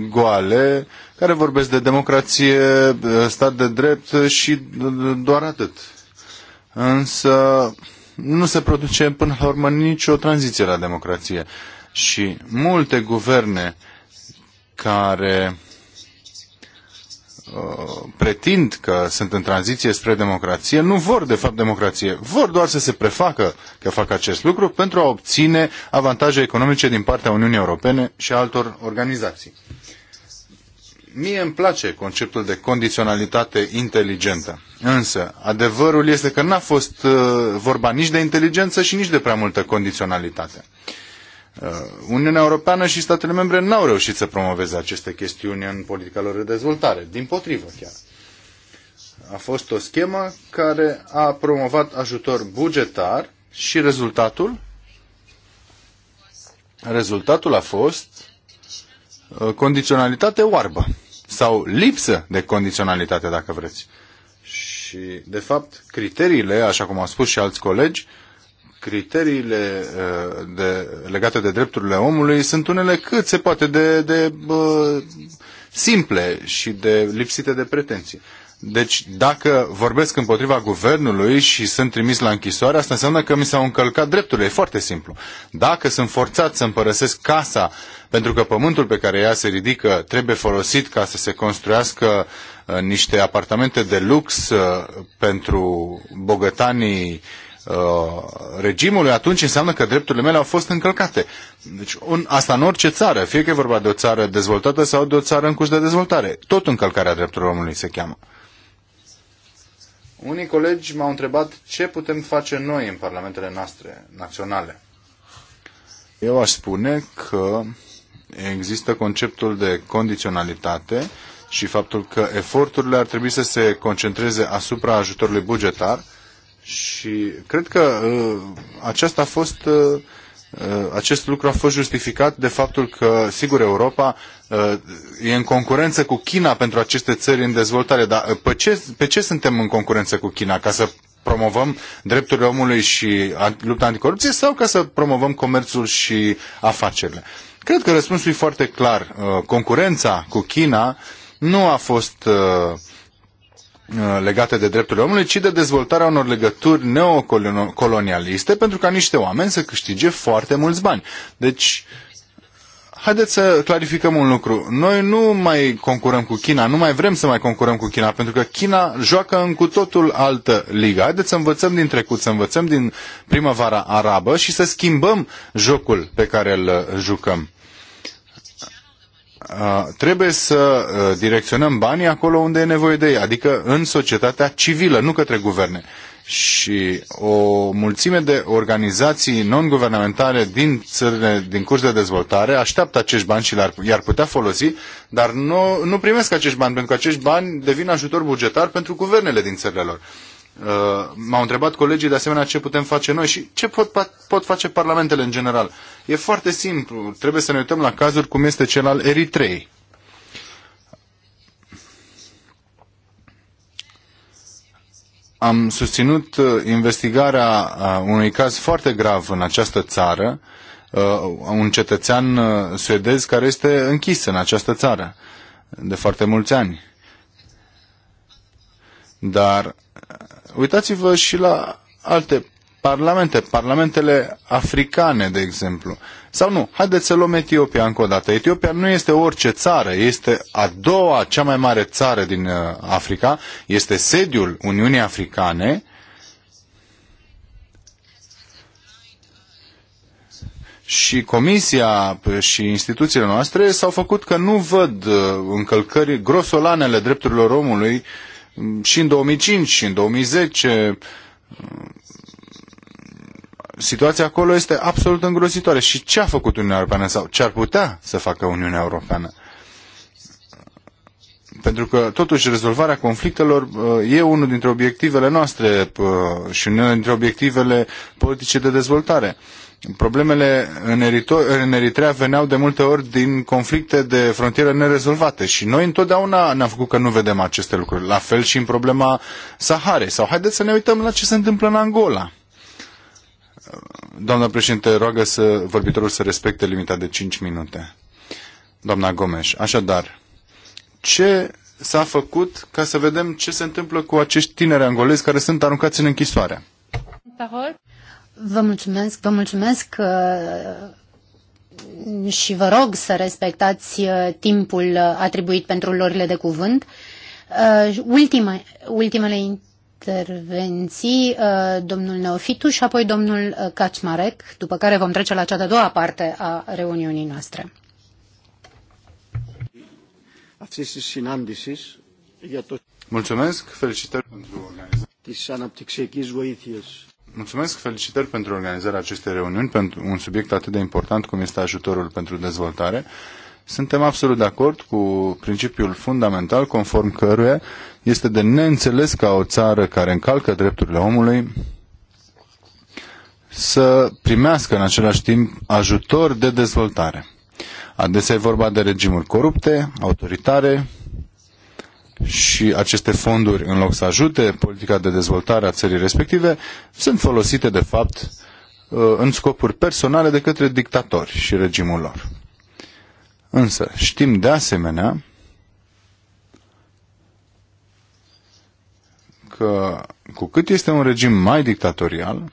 goale care vorbesc de democrație, uh, stat de drept și uh, doar atât. Însă nu se produce până la urmă nicio tranziție la democrație. Și multe guverne care Uh, pretind că sunt în tranziție spre democrație, nu vor de fapt democrație, vor doar să se prefacă că fac acest lucru pentru a obține avantaje economice din partea Uniunii Europene și altor organizații. Mie îmi place conceptul de condiționalitate inteligentă, însă adevărul este că n-a fost uh, vorba nici de inteligență și nici de prea multă condiționalitate. Uh, Uh, Uniunea Europeană și statele membre n-au reușit să promoveze aceste chestiuni în politica lor de dezvoltare, din potrivă chiar. A fost o schemă care a promovat ajutor bugetar și rezultatul? Rezultatul a fost uh, condiționalitate oarbă sau lipsă de condiționalitate, dacă vreți. Și, de fapt, criteriile, așa cum au spus și alți colegi, uh, criteriile uh, de, legate de drepturile omului sunt unele cât se poate de, de bă, simple și de lipsite de pretenții. Deci dacă vorbesc împotriva guvernului și sunt trimis la închisoare, asta înseamnă că mi s-au încălcat drepturile. E foarte simplu. Dacă sunt forțat să împărăsesc casa pentru că pământul pe care ea se ridică trebuie folosit ca să se construiască uh, niște apartamente de lux uh, pentru bogătanii Uh, regimului, atunci înseamnă că drepturile mele au fost încălcate. Deci un, asta în orice țară, fie că e vorba de o țară dezvoltată sau de o țară în curs de dezvoltare. Tot încălcarea drepturilor omului se cheamă. Unii colegi m-au întrebat ce putem face noi în parlamentele noastre naționale. Eu aș spune că există conceptul de condiționalitate și faptul că eforturile ar trebui să se concentreze asupra ajutorului bugetar, și cred că uh, aceasta a fost uh, uh, acest lucru a fost justificat de faptul că, sigur, Europa e în concurență cu China pentru aceste țări în dezvoltare, dar pe ce, pe ce suntem în concurență cu China? Ca să promovăm drepturile omului și lupta anticorupție sau ca să promovăm comerțul și afacerile? Cred că răspunsul e foarte clar. Concurența cu China nu a fost uh, Uh, legate de drepturile omului, ci de dezvoltarea unor legături neocolonialiste pentru ca niște oameni să câștige foarte mulți bani. Deci, haideți să clarificăm un lucru. Noi nu mai concurăm cu China, nu mai vrem să mai concurăm cu China, pentru că China joacă în cu totul altă ligă. Haideți să învățăm din trecut, să învățăm din primăvara arabă și să schimbăm jocul pe care îl jucăm trebuie să direcționăm banii acolo unde e nevoie de ei, adică în societatea civilă, nu către guverne. Și o mulțime de organizații non-guvernamentale din țările din curs de dezvoltare așteaptă acești bani și i-ar putea folosi, dar nu, nu primesc acești bani, pentru că acești bani devin ajutor bugetar pentru guvernele din țările lor. Uh, m-au întrebat colegii de asemenea ce putem face noi și ce pot, pot face parlamentele în general. E foarte simplu. Trebuie să ne uităm la cazuri cum este cel al Eritrei. Am susținut uh, investigarea uh, unui caz foarte grav în această țară, un cetățean suedez care este închis în această țară de foarte mulți ani. Dar Uitați-vă și la alte parlamente, parlamentele africane, de exemplu. Sau nu, haideți să luăm Etiopia încă o dată. Etiopia nu este orice țară, este a doua cea mai mare țară din uh, Africa, este sediul Uniunii Africane și Comisia și instituțiile noastre s-au făcut că nu văd uh, încălcări grosolanele drepturilor omului uh, și în 2005 și în 2010. Situația acolo este absolut îngrozitoare. Și ce a făcut Uniunea Europeană sau ce ar putea să facă Uniunea Europeană? Pentru că, totuși, rezolvarea conflictelor uh, e unul dintre obiectivele noastre uh, și unul dintre obiectivele politice de dezvoltare. Problemele în, Erito- în Eritrea veneau de multe ori din conflicte de frontieră nerezolvate și noi întotdeauna ne-am făcut că nu vedem aceste lucruri. La fel și în problema Saharei. Sau haideți să ne uităm la ce se întâmplă în Angola. Doamna președinte, roagă să vorbitorul să respecte limita de 5 minute. Doamna Gomes, așadar, ce s-a făcut ca să vedem ce se întâmplă cu acești tineri angolezi care sunt aruncați în închisoare? Vă mulțumesc, vă mulțumesc uh, și vă rog să respectați uh, timpul uh, atribuit pentru lorile de cuvânt. Ultima, ultimele intervenții, domnul Neofitu și apoi domnul Kaczmarek, după care vom trece la cea de-a doua parte a reuniunii noastre. Mulțumesc, felicitări pentru organizare. Mulțumesc, felicitări pentru organizarea acestei reuniuni, pentru un subiect atât de important cum este ajutorul pentru dezvoltare. Suntem absolut de acord cu principiul fundamental conform căruia este de neînțeles ca o țară care încalcă drepturile omului să primească în același timp ajutor de dezvoltare. Adesea e vorba de regimuri corupte, autoritare, și aceste fonduri, în loc să ajute politica de dezvoltare a țării respective, sunt folosite, de fapt, uh, în scopuri personale de către dictatori și regimul lor. Însă, știm de asemenea că cu cât este un regim mai dictatorial,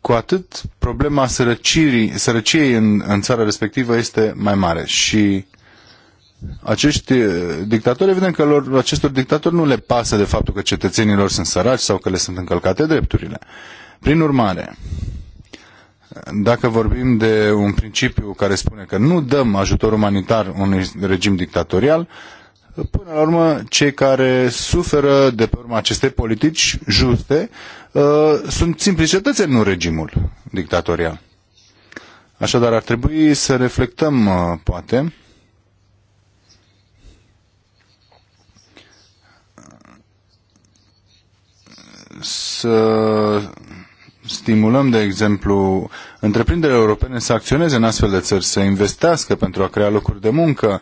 cu atât problema sărăcirii, sărăciei în, în țara respectivă este mai mare și acești eh, dictatori, evident că lor, acestor dictatori nu le pasă de faptul că cetățenilor sunt săraci sau că le sunt încălcate drepturile. Prin urmare, dacă vorbim de un principiu care spune că nu dăm ajutor umanitar unui regim dictatorial, Până la urmă, cei care suferă de pe urma acestei politici juste uh, sunt simpli cetățeni, nu regimul dictatorial. Așadar, ar trebui să reflectăm, uh, poate, să stimulăm, de exemplu, întreprinderile europene să acționeze în astfel de țări, să investească pentru a crea locuri de muncă,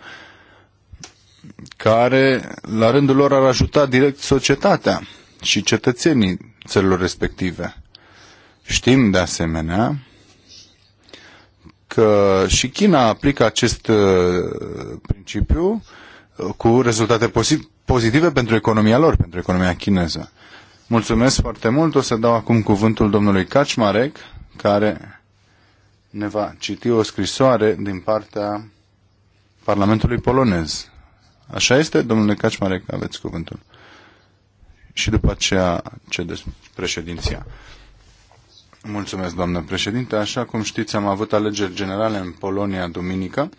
care, la rândul lor, ar ajuta direct societatea și cetățenii țărilor respective. Știm, de asemenea, că și China aplică acest uh, principiu uh, cu rezultate pozitive pentru economia lor, pentru economia chineză. Mulțumesc foarte mult. O să dau acum cuvântul domnului Kaczmarek, care ne va citi o scrisoare din partea Parlamentului polonez. Așa este? Domnule Kaczmarek, aveți cuvântul. Și după aceea cedeți președinția. Mulțumesc, doamnă președinte. Așa cum știți, am avut alegeri generale în Polonia duminică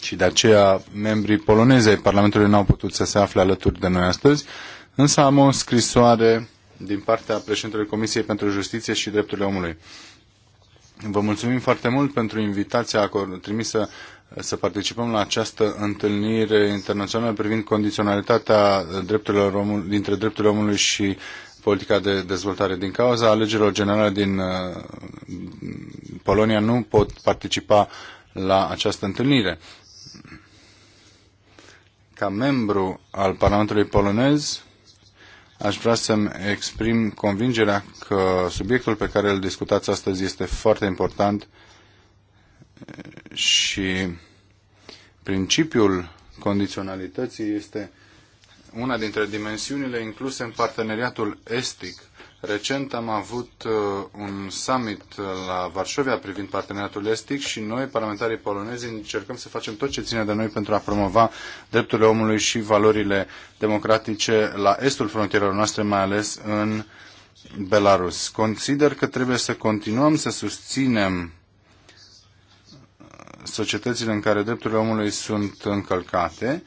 și de aceea membrii polonezei Parlamentului n-au putut să se afle alături de noi astăzi. Însă am o scrisoare din partea președintelui Comisiei pentru Justiție și Drepturile Omului. Vă mulțumim foarte mult pentru invitația trimisă să participăm la această întâlnire internațională privind condiționalitatea drepturilor omului, dintre drepturile omului și politica de dezvoltare. Din cauza alegerilor generale din uh, Polonia nu pot participa la această întâlnire. Ca membru al Parlamentului polonez, Aș vrea să-mi exprim convingerea că subiectul pe care îl discutați astăzi este foarte important și principiul condiționalității este una dintre dimensiunile incluse în parteneriatul estic Recent am avut uh, un summit uh, la Varșovia privind parteneriatul estic și noi, parlamentarii polonezi, încercăm să facem tot ce ține de noi pentru a promova drepturile omului și valorile democratice la estul frontierelor noastre, mai ales în Belarus. Consider că trebuie să continuăm să susținem uh, societățile în care drepturile omului sunt încălcate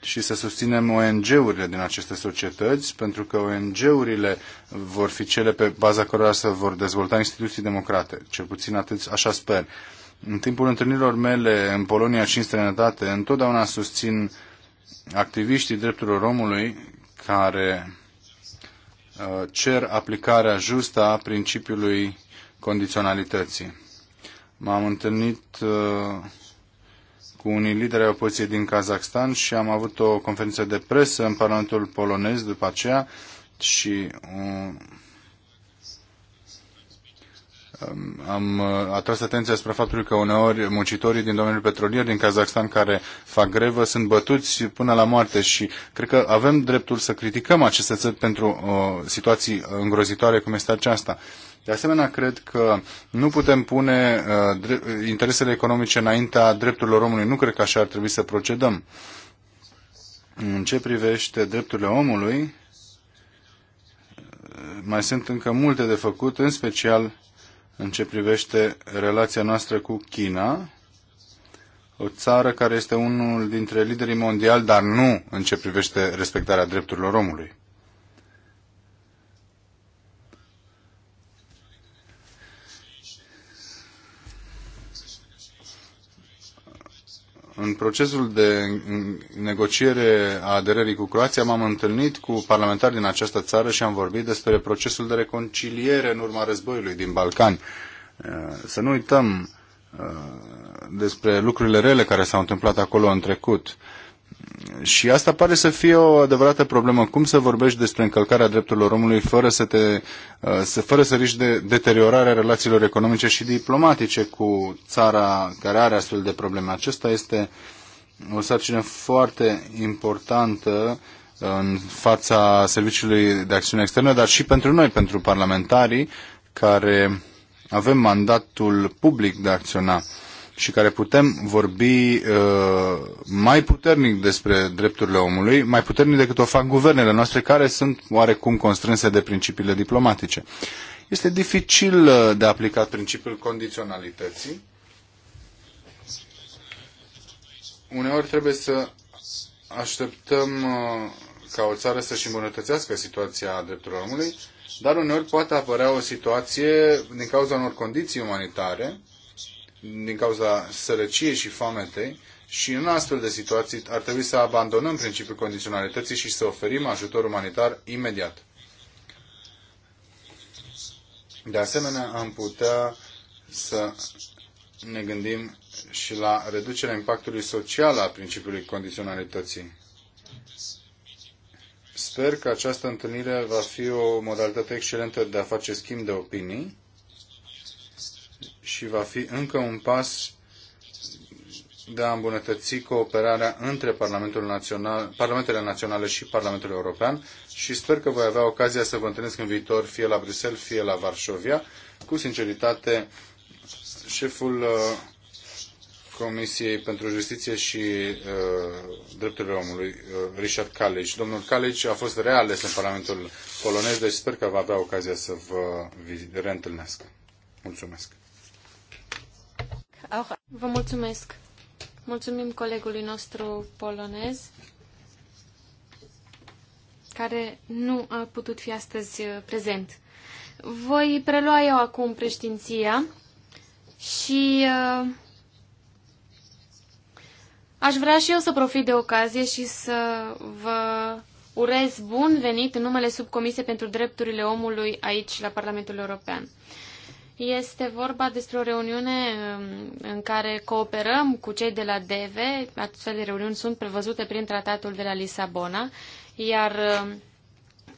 și să susținem ONG-urile din aceste societăți, pentru că ONG-urile vor fi cele pe baza cărora se vor dezvolta instituții democrate, cel puțin atât, așa sper. În timpul întâlnirilor mele în Polonia și în străinătate, întotdeauna susțin activiștii drepturilor omului care uh, cer aplicarea justă a principiului condiționalității. M-am întâlnit uh, cu unii lideri ai opoziției din Kazakhstan și am avut o conferință de presă în Parlamentul polonez după aceea și um, um am uh, atras atenția spre faptul că uneori muncitorii din domeniul petrolier din Kazakhstan care fac grevă sunt bătuți până la moarte și cred că avem dreptul să criticăm aceste țări pentru uh, situații îngrozitoare cum este aceasta. Uh, de asemenea, cred că nu putem pune uh, interesele economice înaintea drepturilor omului. Nu cred că așa ar trebui să procedăm. În ce privește drepturile omului, uh, mai sunt încă multe de făcut, în special în ce privește relația noastră cu China, o țară care este unul dintre liderii mondiali, dar nu în ce privește respectarea drepturilor omului. În procesul de negociere a aderării cu Croația m-am întâlnit cu parlamentari din această țară și am vorbit despre procesul de reconciliere în urma războiului din Balcani. Uh, să nu uităm uh, despre lucrurile rele care s-au întâmplat acolo în trecut și asta pare să fie o adevărată problemă. Cum să vorbești despre încălcarea drepturilor omului fără să, te, uh, să, fără să riști de deteriorarea relațiilor economice și diplomatice cu țara care are astfel de probleme? Acesta este o sarcină foarte importantă uh, în fața Serviciului de Acțiune Externă, dar și pentru noi, pentru parlamentarii care avem mandatul public de a acționa și care putem vorbi uh, mai puternic despre drepturile omului, mai puternic decât o fac guvernele noastre, care sunt oarecum constrânse de principiile diplomatice. Este dificil uh, de aplicat principiul condiționalității. Uneori trebuie să așteptăm uh, ca o țară să-și îmbunătățească situația drepturilor omului, dar uneori poate apărea o situație din cauza unor condiții umanitare din cauza sărăciei și foametei și în astfel de situații ar trebui să abandonăm principiul condiționalității și să oferim ajutor umanitar imediat. De asemenea, am putea să ne gândim și la reducerea impactului social a principiului condiționalității. Sper că această întâlnire va fi o modalitate excelentă de a face schimb de opinii și va fi încă un pas de a îmbunătăți cooperarea între Parlamentul Național, Parlamentele Naționale și Parlamentul European și sper că voi avea ocazia să vă întâlnesc în viitor fie la Bruxelles, fie la Varșovia. Cu sinceritate, șeful uh, Comisiei pentru Justiție și uh, Drepturile Omului, uh, Richard Kalic. Domnul Kalic a fost reales în Parlamentul polonez, deci sper că va avea ocazia să vă reîntâlnească. Mulțumesc! Vă mulțumesc. Mulțumim colegului nostru polonez care nu a putut fi astăzi uh, prezent. Voi prelua eu acum preștinția și uh, aș vrea și eu să profit de ocazie și să vă urez bun venit în numele Subcomisiei pentru Drepturile Omului aici la Parlamentul European. Uh, este vorba despre o reuniune um, în care cooperăm cu cei de la DEVE. Astfel de reuniuni sunt prevăzute prin tratatul de la Lisabona, iar um,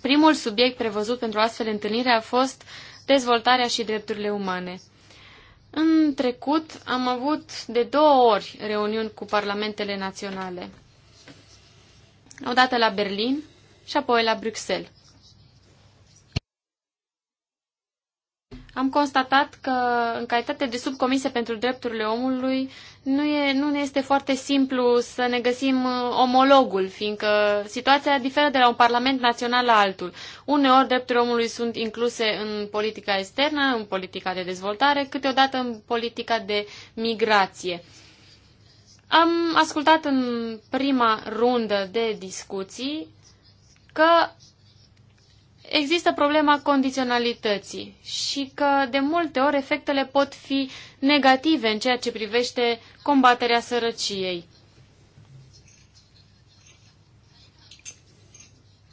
primul subiect prevăzut pentru astfel de întâlnire a fost dezvoltarea și drepturile umane. În trecut am avut de două ori reuniuni cu parlamentele naționale. Odată la Berlin și apoi la Bruxelles. am constatat că, în calitate de subcomisie pentru drepturile omului, nu, e, nu ne este foarte simplu să ne găsim uh, omologul, fiindcă situația diferă de la un parlament național la altul. Uneori drepturile omului sunt incluse în politica externă, în politica de dezvoltare, câteodată în politica de migrație. Am ascultat în prima rundă de discuții că există problema condiționalității și că de multe ori efectele pot fi negative în ceea ce privește combaterea sărăciei.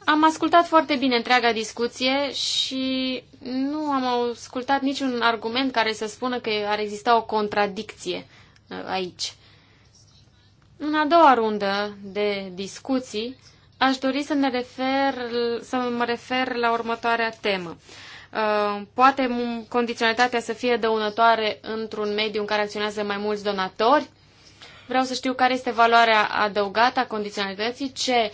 Am ascultat foarte bine întreaga discuție și nu am ascultat niciun argument care să spună că ar exista o contradicție uh, aici. În a doua rundă de discuții, aș dori să, ne refer, să mă refer la următoarea temă. Uh, poate condiționalitatea să fie dăunătoare într-un mediu în care acționează mai mulți donatori? Vreau să știu care este valoarea adăugată a condiționalității, ce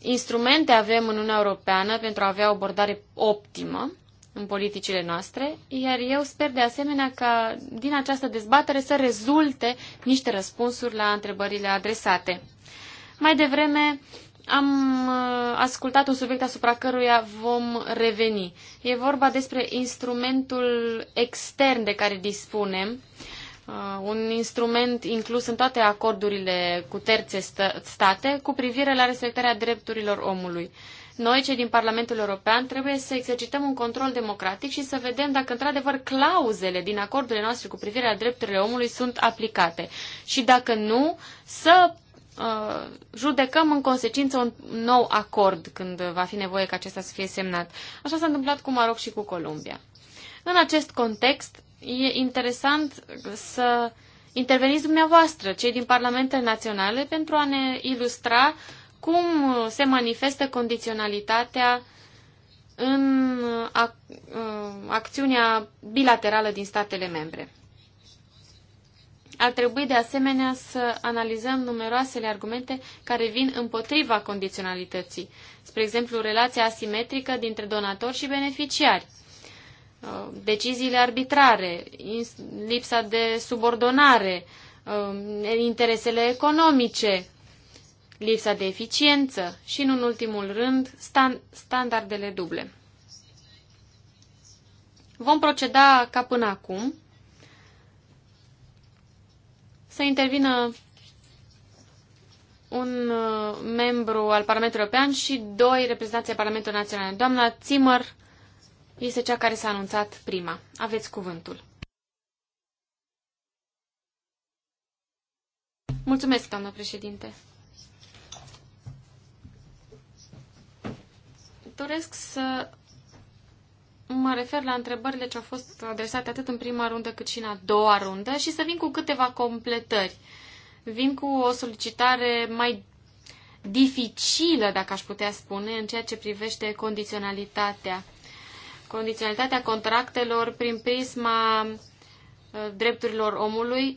instrumente avem în Uniunea Europeană pentru a avea o abordare optimă în politicile noastre, iar eu sper de asemenea ca din această dezbatere să rezulte niște răspunsuri la întrebările adresate. Mai devreme, uh, am uh, ascultat un subiect asupra căruia vom reveni. E vorba despre instrumentul extern de care dispunem, uh, un instrument inclus în toate acordurile cu terțe state cu privire la respectarea drepturilor omului. Noi, cei din Parlamentul European, trebuie să exercităm un control democratic și să vedem dacă, într-adevăr, clauzele din acordurile noastre cu privire la drepturile omului sunt aplicate. Și dacă nu, să Uh, judecăm în consecință un nou acord când va fi nevoie ca acesta să fie semnat. Așa s-a întâmplat cu Maroc și cu Columbia. În acest context, e interesant să interveniți dumneavoastră, cei din Parlamentele Naționale, pentru a ne ilustra cum se manifestă condiționalitatea în ac uh, acțiunea bilaterală din statele membre. Ar trebui de asemenea să analizăm numeroasele argumente care vin împotriva condiționalității, spre exemplu relația asimetrică dintre donatori și beneficiari, uh, deciziile arbitrare, lipsa de subordonare, uh, interesele economice, lipsa de eficiență și, în ultimul rând, stand standardele duble. Vom proceda ca până acum, să intervină un uh, membru al Parlamentului European și doi reprezentanți ai Parlamentului Național. Doamna Zimmer este cea care s-a anunțat prima. Aveți cuvântul. Mulțumesc, doamnă președinte. Doresc să mă refer la întrebările ce au fost adresate atât în prima rundă cât și în a doua rundă și să vin cu câteva completări. Vin cu o solicitare mai dificilă, dacă aș putea spune, în ceea ce privește condiționalitatea. Condiționalitatea contractelor prin prisma uh, drepturilor omului,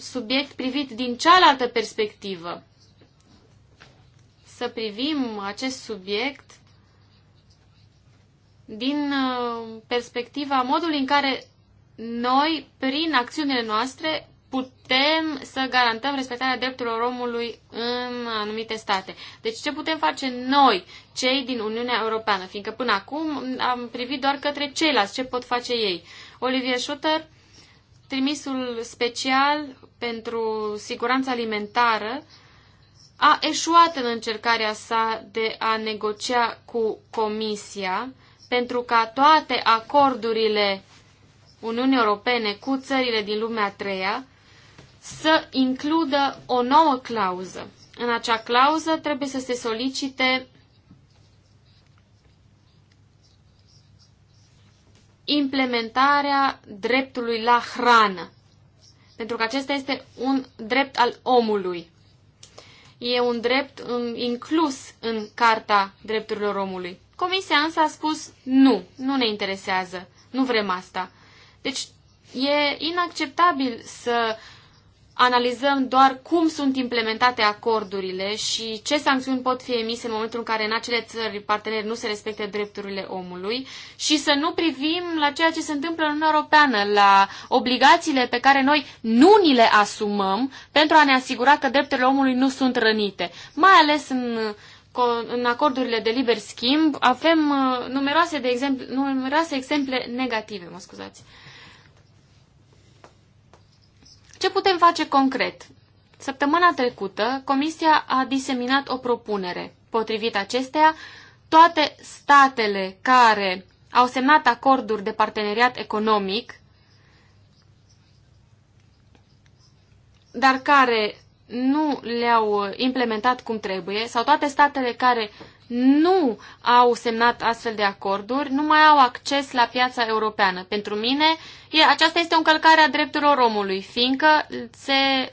subiect privit din cealaltă perspectivă. Să privim acest subiect din uh, perspectiva modului în care noi, prin acțiunile noastre, putem să garantăm respectarea drepturilor omului în anumite state. Deci ce putem face noi, cei din Uniunea Europeană? Fiindcă până acum am privit doar către ceilalți, ce pot face ei. Olivier Schutter, trimisul special pentru siguranța alimentară, a eșuat în încercarea sa de a negocia cu Comisia pentru ca toate acordurile Uniunii Europene cu țările din lumea a treia să includă o nouă clauză. În acea clauză trebuie să se solicite implementarea dreptului la hrană, pentru că acesta este un drept al omului. E un drept inclus în Carta Drepturilor Omului. Comisia însă a spus nu, nu ne interesează, nu vrem asta. Deci e inacceptabil să analizăm doar cum sunt implementate acordurile și ce sancțiuni pot fi emise în momentul în care în acele țări parteneri nu se respectă drepturile omului și să nu privim la ceea ce se întâmplă în Uniunea Europeană, la obligațiile pe care noi nu ni le asumăm pentru a ne asigura că drepturile omului nu sunt rănite, mai ales în în acordurile de liber schimb avem uh, numeroase, de exemple, numeroase exemple negative, mă scuzați. Ce putem face concret? Săptămâna trecută, Comisia a diseminat o propunere. Potrivit acesteia, toate statele care au semnat acorduri de parteneriat economic, dar care nu le-au uh, implementat cum trebuie sau toate statele care nu au semnat astfel de acorduri, nu mai au acces la piața europeană. Pentru mine, e, aceasta este o încălcare a drepturilor omului, fiindcă se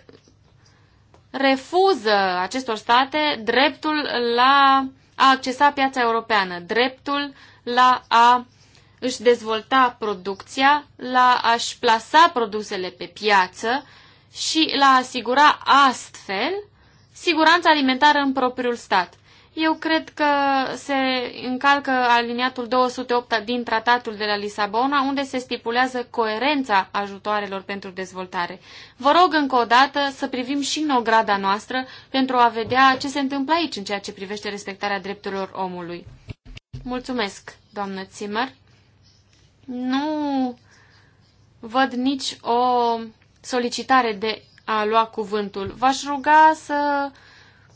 refuză acestor state dreptul la a accesa piața europeană, dreptul la a își dezvolta producția, la a-și plasa produsele pe piață, și la a asigura astfel siguranța alimentară în propriul stat. Eu cred că se încalcă aliniatul 208 din tratatul de la Lisabona, unde se stipulează coerența ajutoarelor pentru dezvoltare. Vă rog încă o dată să privim și în ograda noastră pentru a vedea ce se întâmplă aici în ceea ce privește respectarea drepturilor omului. Mulțumesc, doamnă Zimmer. Nu văd nici o solicitare de a lua cuvântul. V-aș ruga să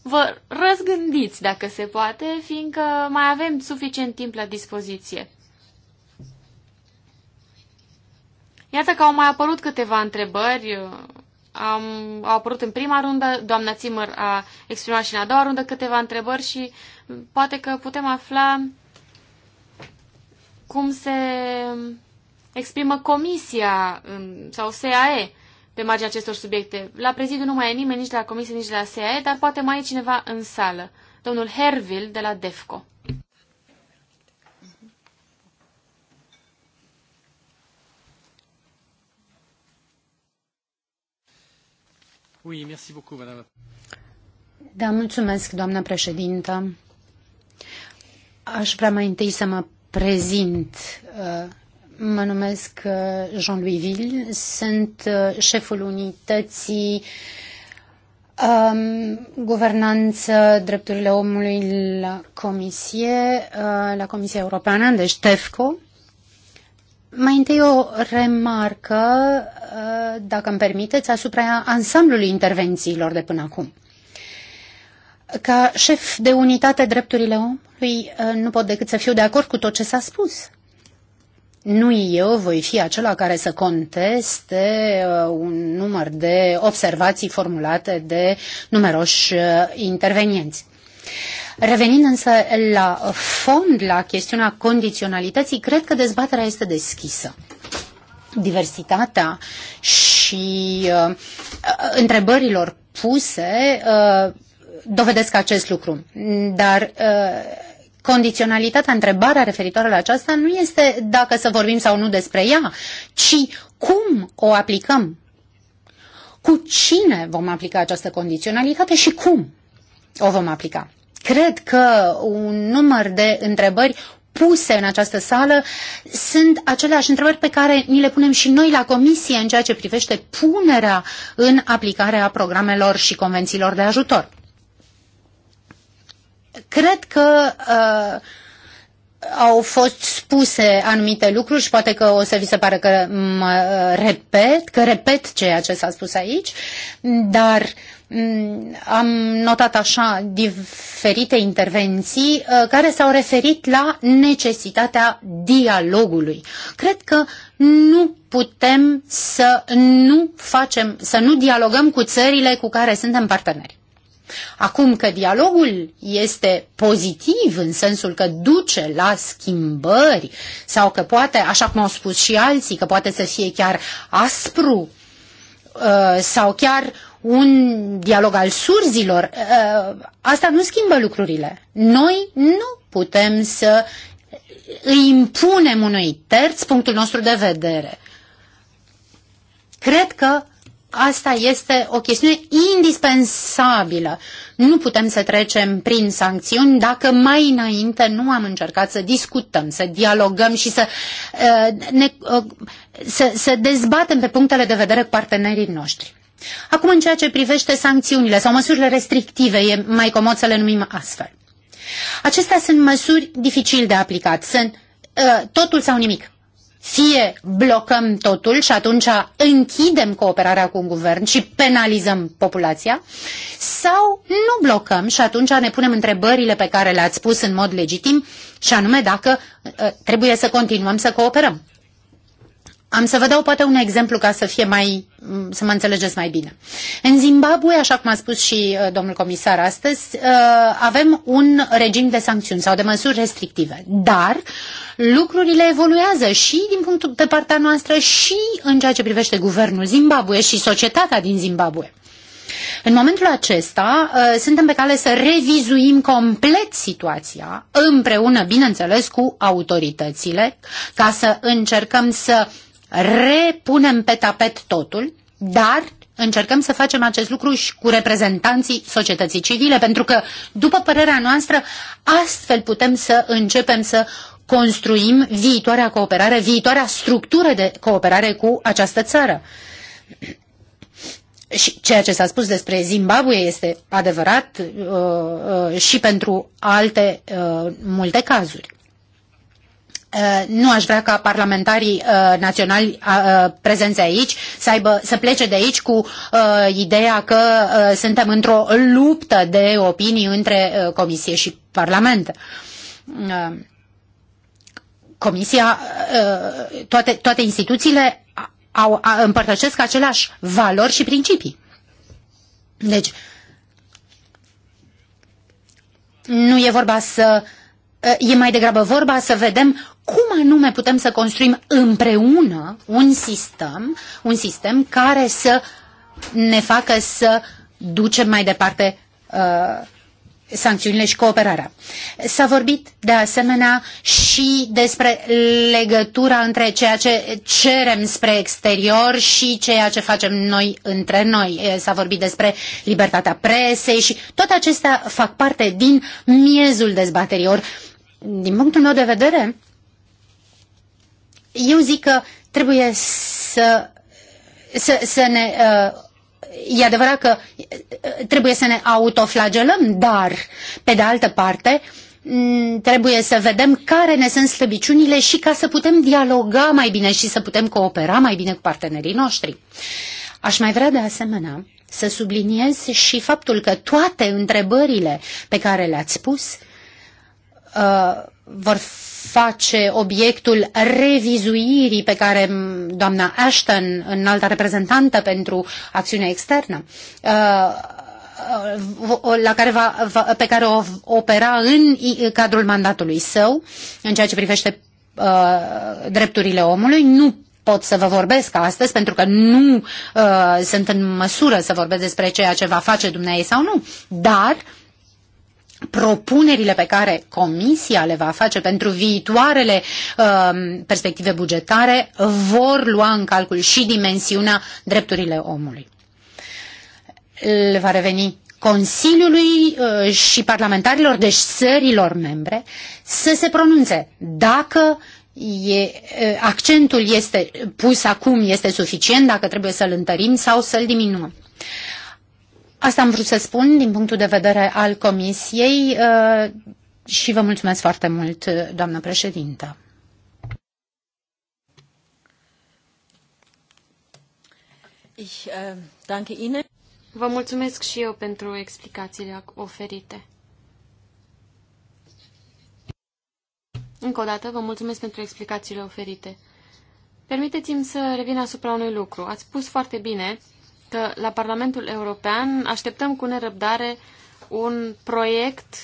vă răzgândiți, dacă se poate, fiindcă mai avem suficient timp la dispoziție. Iată că au mai apărut câteva întrebări. Am, au apărut în prima rundă, doamna Țimăr a exprimat și în a doua rundă câteva întrebări și poate că putem afla cum se exprimă comisia sau SAE pe marginea acestor subiecte. La prezidiu nu mai e nimeni, nici de la comisie, nici de la SEAE, dar poate mai e cineva în sală. Domnul Hervil de la DEFCO. Oui, merci beaucoup, madame. Da, mulțumesc, doamna președintă. Aș vrea mai întâi să mă prezint uh, Mă numesc uh, Jean-Louis Ville, sunt uh, șeful unității um, Guvernanță Drepturile Omului la Comisie, uh, la Comisia Europeană, deci TEFCO. Mai întâi o remarcă, uh, dacă îmi permiteți, asupra ansamblului intervențiilor de până acum. Ca șef de unitate drepturile omului, uh, nu pot decât să fiu de acord cu tot ce s-a spus nu eu voi fi acela care să conteste uh, un număr de observații formulate de numeroși uh, intervenienți. Revenind însă la fond, la chestiunea condiționalității, cred că dezbaterea este deschisă. Diversitatea și uh, întrebărilor puse uh, dovedesc acest lucru. Dar uh, condiționalitatea, întrebarea referitoare la aceasta nu este dacă să vorbim sau nu despre ea, ci cum o aplicăm. Cu cine vom aplica această condiționalitate și cum o vom aplica. Cred că un număr de întrebări puse în această sală sunt aceleași întrebări pe care ni le punem și noi la comisie în ceea ce privește punerea în aplicare a programelor și convențiilor de ajutor cred că uh, au fost spuse anumite lucruri și poate că o să vi se pare că mă uh, repet, că repet ceea ce s-a spus aici, dar mm, am notat așa diferite intervenții uh, care s-au referit la necesitatea dialogului. Cred că nu putem să nu facem, să nu dialogăm cu țările cu care suntem parteneri. Acum că dialogul este pozitiv în sensul că duce la schimbări sau că poate, așa cum au spus și alții, că poate să fie chiar aspru uh, sau chiar un dialog al surzilor, uh, asta nu schimbă lucrurile. Noi nu putem să îi impunem unui terț punctul nostru de vedere. Cred că asta este o chestiune indispensabilă. Nu putem să trecem prin sancțiuni dacă mai înainte nu am încercat să discutăm, să dialogăm și să, uh, ne, uh, să, să dezbatem pe punctele de vedere cu partenerii noștri. Acum, în ceea ce privește sancțiunile sau măsurile restrictive, e mai comod să le numim astfel. Acestea sunt măsuri dificil de aplicat, sunt uh, totul sau nimic. Fie blocăm totul și atunci închidem cooperarea cu un guvern și penalizăm populația, sau nu blocăm și atunci ne punem întrebările pe care le-ați pus în mod legitim, și anume dacă ă, trebuie să continuăm să cooperăm. Am să vă dau poate un exemplu ca să fie mai, să mă înțelegeți mai bine. În Zimbabwe, așa cum a spus și uh, domnul comisar astăzi, uh, avem un regim de sancțiuni sau de măsuri restrictive, dar lucrurile evoluează și din punctul de partea noastră și în ceea ce privește guvernul Zimbabwe și societatea din Zimbabwe. În momentul acesta, uh, suntem pe cale să revizuim complet situația, împreună, bineînțeles, cu autoritățile, ca să încercăm să repunem pe tapet totul, dar încercăm să facem acest lucru și cu reprezentanții societății civile, pentru că, după părerea noastră, astfel putem să începem să construim viitoarea cooperare, viitoarea structură de cooperare cu această țară. Și ceea ce s-a spus despre Zimbabwe este adevărat uh, uh, și pentru alte uh, multe cazuri. Uh, nu aș vrea ca parlamentarii uh, naționali uh, prezenți aici să, aibă, să plece de aici cu ideea că suntem într-o luptă de opinii între Comisie și Parlament. Comisia, toate, toate instituțiile au, împărtășesc aceleași valori și principii. Deci, nu e vorba să e mai degrabă vorba să vedem cum anume putem să construim împreună un sistem, un sistem care să ne facă să ducem mai departe uh, sancțiunile și cooperarea. S-a vorbit de asemenea și despre legătura între ceea ce cerem spre exterior și ceea ce facem noi între noi. Uh, s-a vorbit despre libertatea presei și toate acestea fac parte din miezul dezbaterilor. din punctul meu de vedere, eu zic că trebuie să, să, să ne... Uh, e adevărat că uh, trebuie să ne autoflagelăm, dar, pe de altă parte, mm, trebuie să vedem care ne sunt slăbiciunile și ca să putem dialoga mai bine și să putem coopera mai bine cu partenerii noștri. Aș mai vrea de asemenea să subliniez și faptul că toate întrebările pe care le-ați pus uh, vor face obiectul revizuirii pe care doamna Ashton, înalta reprezentantă pentru acțiunea externă, uh, uh, la care va, pe care o opera în cadrul mandatului său, în ceea ce privește uh, drepturile omului, nu pot să vă vorbesc astăzi pentru că nu uh, sunt în măsură să vorbesc despre ceea ce va face dumneavoastră sau nu, dar uh, propunerile pe care Comisia le va face pentru viitoarele uh, perspective bugetare vor lua în calcul și dimensiunea drepturile omului. Le va reveni Consiliului uh, și parlamentarilor, deci țărilor membre, să se pronunțe dacă e, uh, accentul este pus acum este suficient, dacă trebuie să-l întărim sau să-l diminuăm. Asta am vrut să spun din punctul de vedere al Comisiei uh, și vă mulțumesc foarte mult, uh, doamnă președintă. Ich, uh, danke Ihnen. Vă mulțumesc și eu pentru explicațiile oferite. Încă o dată, vă mulțumesc pentru explicațiile oferite. Permiteți-mi să revin asupra unui lucru. Ați spus foarte bine că la Parlamentul European așteptăm cu nerăbdare un proiect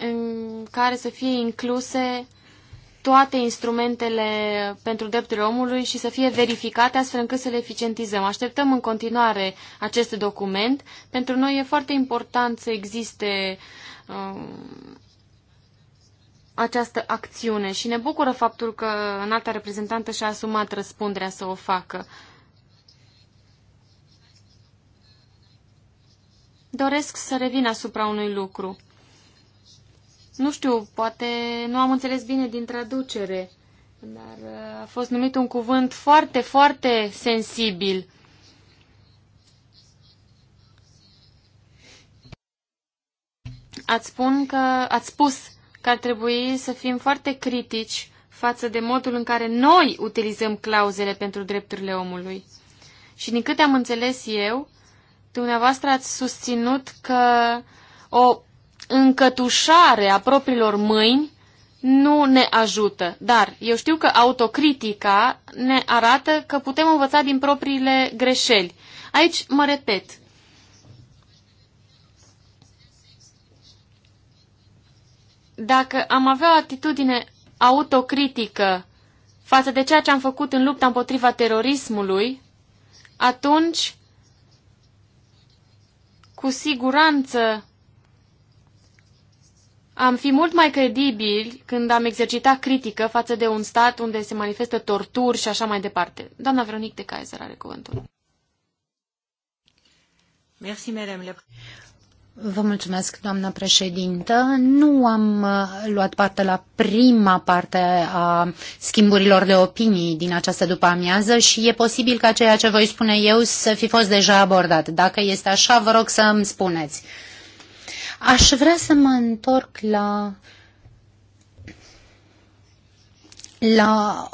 în care să fie incluse toate instrumentele pentru drepturile omului și să fie verificate astfel încât să le eficientizăm. Așteptăm în continuare acest document. Pentru noi e foarte important să existe um, această acțiune și ne bucură faptul că înalta reprezentantă și-a asumat răspunderea să o facă. Doresc să revin asupra unui lucru. Nu știu, poate nu am înțeles bine din traducere, dar uh, a fost numit un cuvânt foarte, foarte sensibil. Ați, spun că, ați spus că ar trebui să fim foarte critici față de modul în care noi utilizăm clauzele pentru drepturile omului. Și din câte am înțeles eu, dumneavoastră ați susținut că o încătușare a propriilor mâini nu ne ajută. Dar eu știu că autocritica ne arată că putem învăța din propriile greșeli. Aici mă repet, Dacă am avea o atitudine autocritică față de ceea ce am făcut în lupta împotriva terorismului, atunci, cu siguranță, am fi mult mai credibili când am exercitat critică față de un stat unde se manifestă torturi și așa mai departe. Doamna Veronique de Kaiser are cuvântul. Merci, madame. Vă mulțumesc, doamnă președintă. Nu am uh, luat parte la prima parte a schimburilor de opinii din această după-amiază și e posibil ca ceea ce voi spune eu să fi fost deja abordat. Dacă este așa, vă rog să îmi spuneți. Aș vrea să mă întorc la la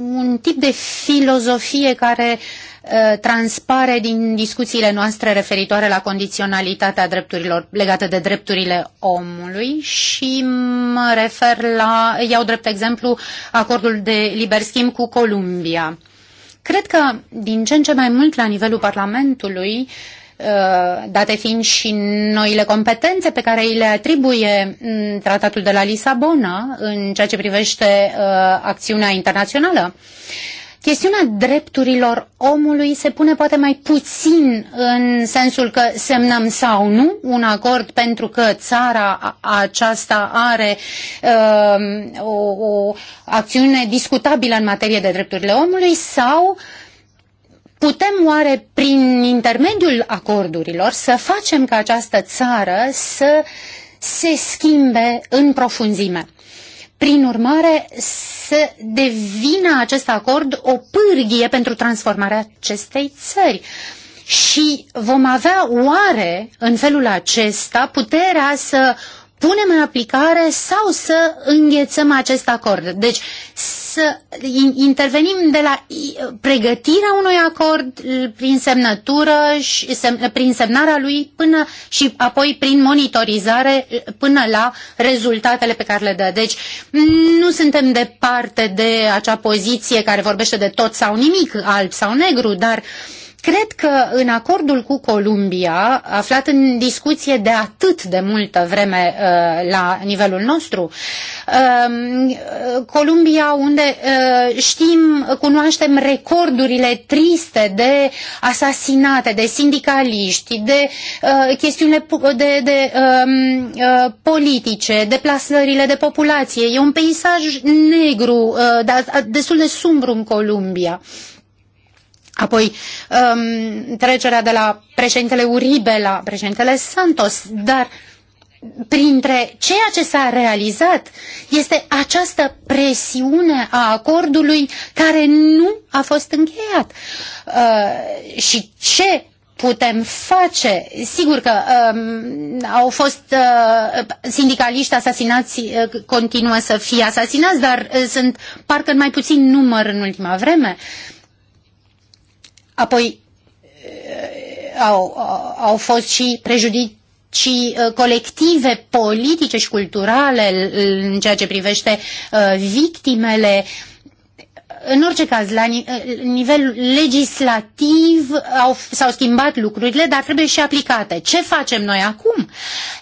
un tip de filozofie care uh, transpare din discuțiile noastre referitoare la condiționalitatea drepturilor legate de drepturile omului și mă refer la, iau drept exemplu, acordul de liber schimb cu Columbia. Cred că din ce în ce mai mult la nivelul Parlamentului uh, Uh, date fiind și noile competențe pe care îi le atribuie mm, tratatul de la Lisabona în ceea ce privește uh, acțiunea internațională. Chestiunea drepturilor omului se pune poate mai puțin în sensul că semnăm sau nu un acord pentru că țara aceasta are uh, o, o acțiune discutabilă în materie de drepturile omului sau uh, Putem oare prin intermediul acordurilor să facem ca această țară să se schimbe în profunzime? Prin urmare, să devină acest acord o pârghie pentru transformarea acestei țări. Și vom avea oare în felul acesta puterea să punem în aplicare sau să înghețăm acest acord. Deci să intervenim de la pregătirea unui acord prin semnătură și sem, prin semnarea lui până și apoi prin monitorizare până la rezultatele pe care le dă. Deci nu suntem departe de acea poziție care vorbește de tot sau nimic, alb sau negru, dar uh, Cred că în acordul cu Columbia, aflat în discuție de atât de multă vreme uh, la nivelul nostru, um, Columbia, unde uh, știm, cunoaștem recordurile triste de asasinate, de sindicaliști, de uh, chestiunile de, de um, politice, plasările de populație. E un peisaj negru, dar destul de sumbru în Columbia. Apoi um, trecerea de la președintele Uribe la președintele Santos, dar printre ceea ce s-a realizat este această presiune a acordului care nu a fost încheiat. Uh, și ce putem face. Sigur că um, au fost uh, sindicaliști asasinați, uh, continuă să fie asasinați, dar uh, sunt parcă în mai puțin număr în ultima vreme. Uh, Apoi au, au fost și prejudicii ci colective politice și culturale în ceea ce privește victimele în orice caz, la eh, nivel legislativ s-au schimbat lucrurile, dar trebuie și aplicate. Ce facem noi acum?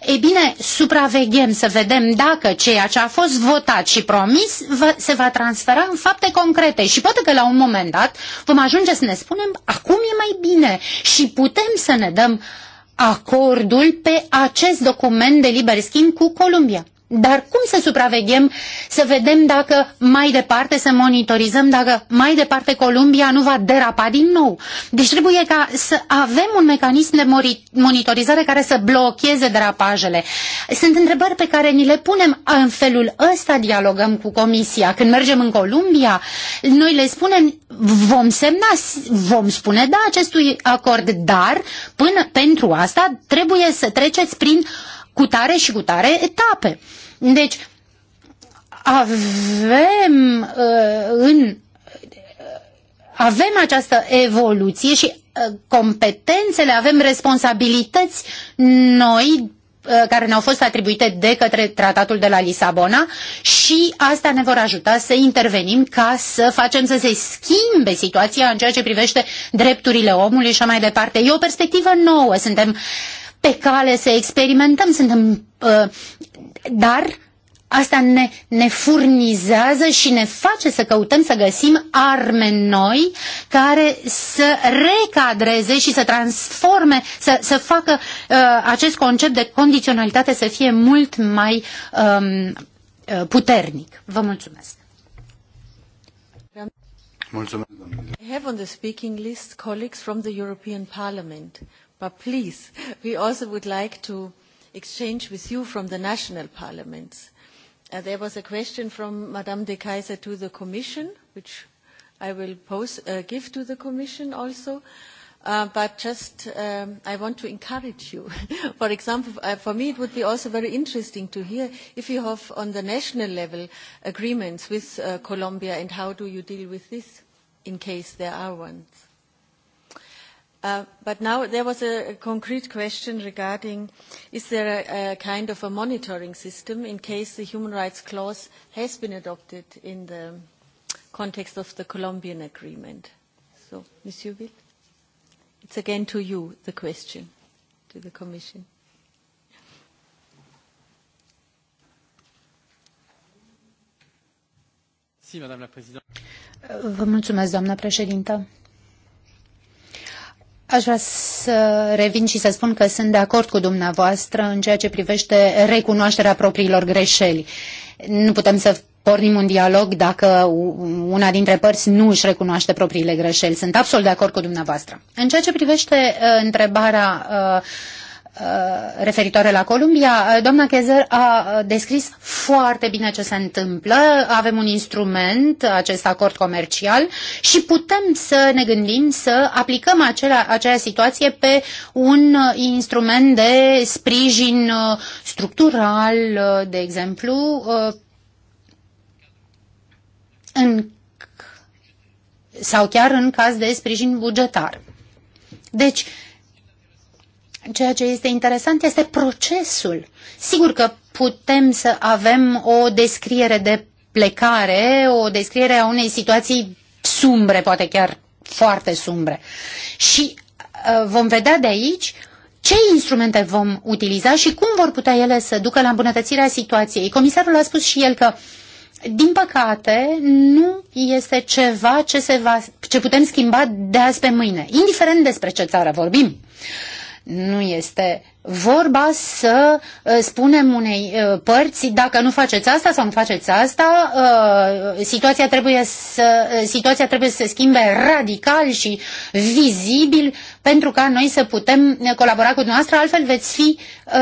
E bine, supraveghem să vedem dacă ceea ce a fost votat și promis se va transfera în fapte concrete și poate că la un moment dat vom ajunge să ne spunem acum e mai bine și putem să ne dăm acordul pe acest document de liber schimb cu Columbia. Dar cum să supraveghem, să vedem dacă mai departe, să monitorizăm dacă mai departe Columbia nu va derapa din nou? Deci trebuie ca să avem un mecanism de monitorizare care să blocheze derapajele. Sunt întrebări pe care ni le punem în felul ăsta, dialogăm cu Comisia. Când mergem în Columbia, noi le spunem, vom semna, vom spune da acestui acord, dar până pentru asta trebuie să treceți prin uh, cu tare și cu tare etape. Deci avem uh, în uh, avem această evoluție și uh, competențele, avem responsabilități noi uh, care ne-au fost atribuite de către tratatul de la Lisabona și asta ne vor ajuta să intervenim ca să facem să se schimbe situația în ceea ce privește drepturile omului și mai departe. E o perspectivă nouă, suntem pe cale să experimentăm, suntem, uh, dar asta ne, ne furnizează și ne face să căutăm să găsim arme noi care să recadreze și să transforme, să, să facă uh, acest concept de condiționalitate să fie mult mai um, uh, puternic. Vă mulțumesc! Mulțumesc, I have on the speaking list colleagues from the European Parliament But please, we also would like to exchange with you from the national parliaments. Uh, there was a question from Madame de Kaiser to the Commission, which I will post, uh, give to the Commission also. Uh, but just um, I want to encourage you. for example, uh, for me it would be also very interesting to hear if you have on the national level agreements with uh, Colombia and how do you deal with this in case there are ones. Uh, but now there was a, concrete question regarding is there a, a kind of a monitoring system in case the human rights clause has been adopted in the context of the Colombian agreement? So, Monsieur Witt, it's again to you the question, to the Commission. Vă mulțumesc, doamnă președintă. Aș vrea să revin și să spun că sunt de acord cu dumneavoastră în ceea ce privește recunoașterea propriilor greșeli. Nu putem să pornim un dialog dacă una dintre părți nu își recunoaște propriile greșeli. Sunt absolut de acord cu dumneavoastră. În ceea ce privește uh, întrebarea uh, Uh, referitoare la Columbia, uh, doamna Kezer a uh, descris foarte bine ce se întâmplă. Avem un instrument, acest acord comercial, și putem să ne gândim să aplicăm acelea, acea situație pe un instrument de sprijin structural, de exemplu, în, sau chiar în caz de sprijin bugetar. Deci, uh, ceea ce este interesant este procesul. Sigur că putem să avem o descriere de plecare, o descriere a unei situații sumbre, poate chiar foarte sumbre. Și uh, vom vedea de aici ce instrumente vom utiliza și cum vor putea ele să ducă la îmbunătățirea situației. Comisarul a spus și el că din păcate, nu este ceva ce, se va, ce putem schimba de azi pe mâine, indiferent despre ce țară vorbim. Uh, nu este vorba să uh, spunem unei uh, părți, dacă nu faceți asta sau nu faceți asta, uh, situația trebuie să, situația trebuie să se schimbe radical și vizibil pentru ca noi să putem colabora cu dumneavoastră, altfel veți fi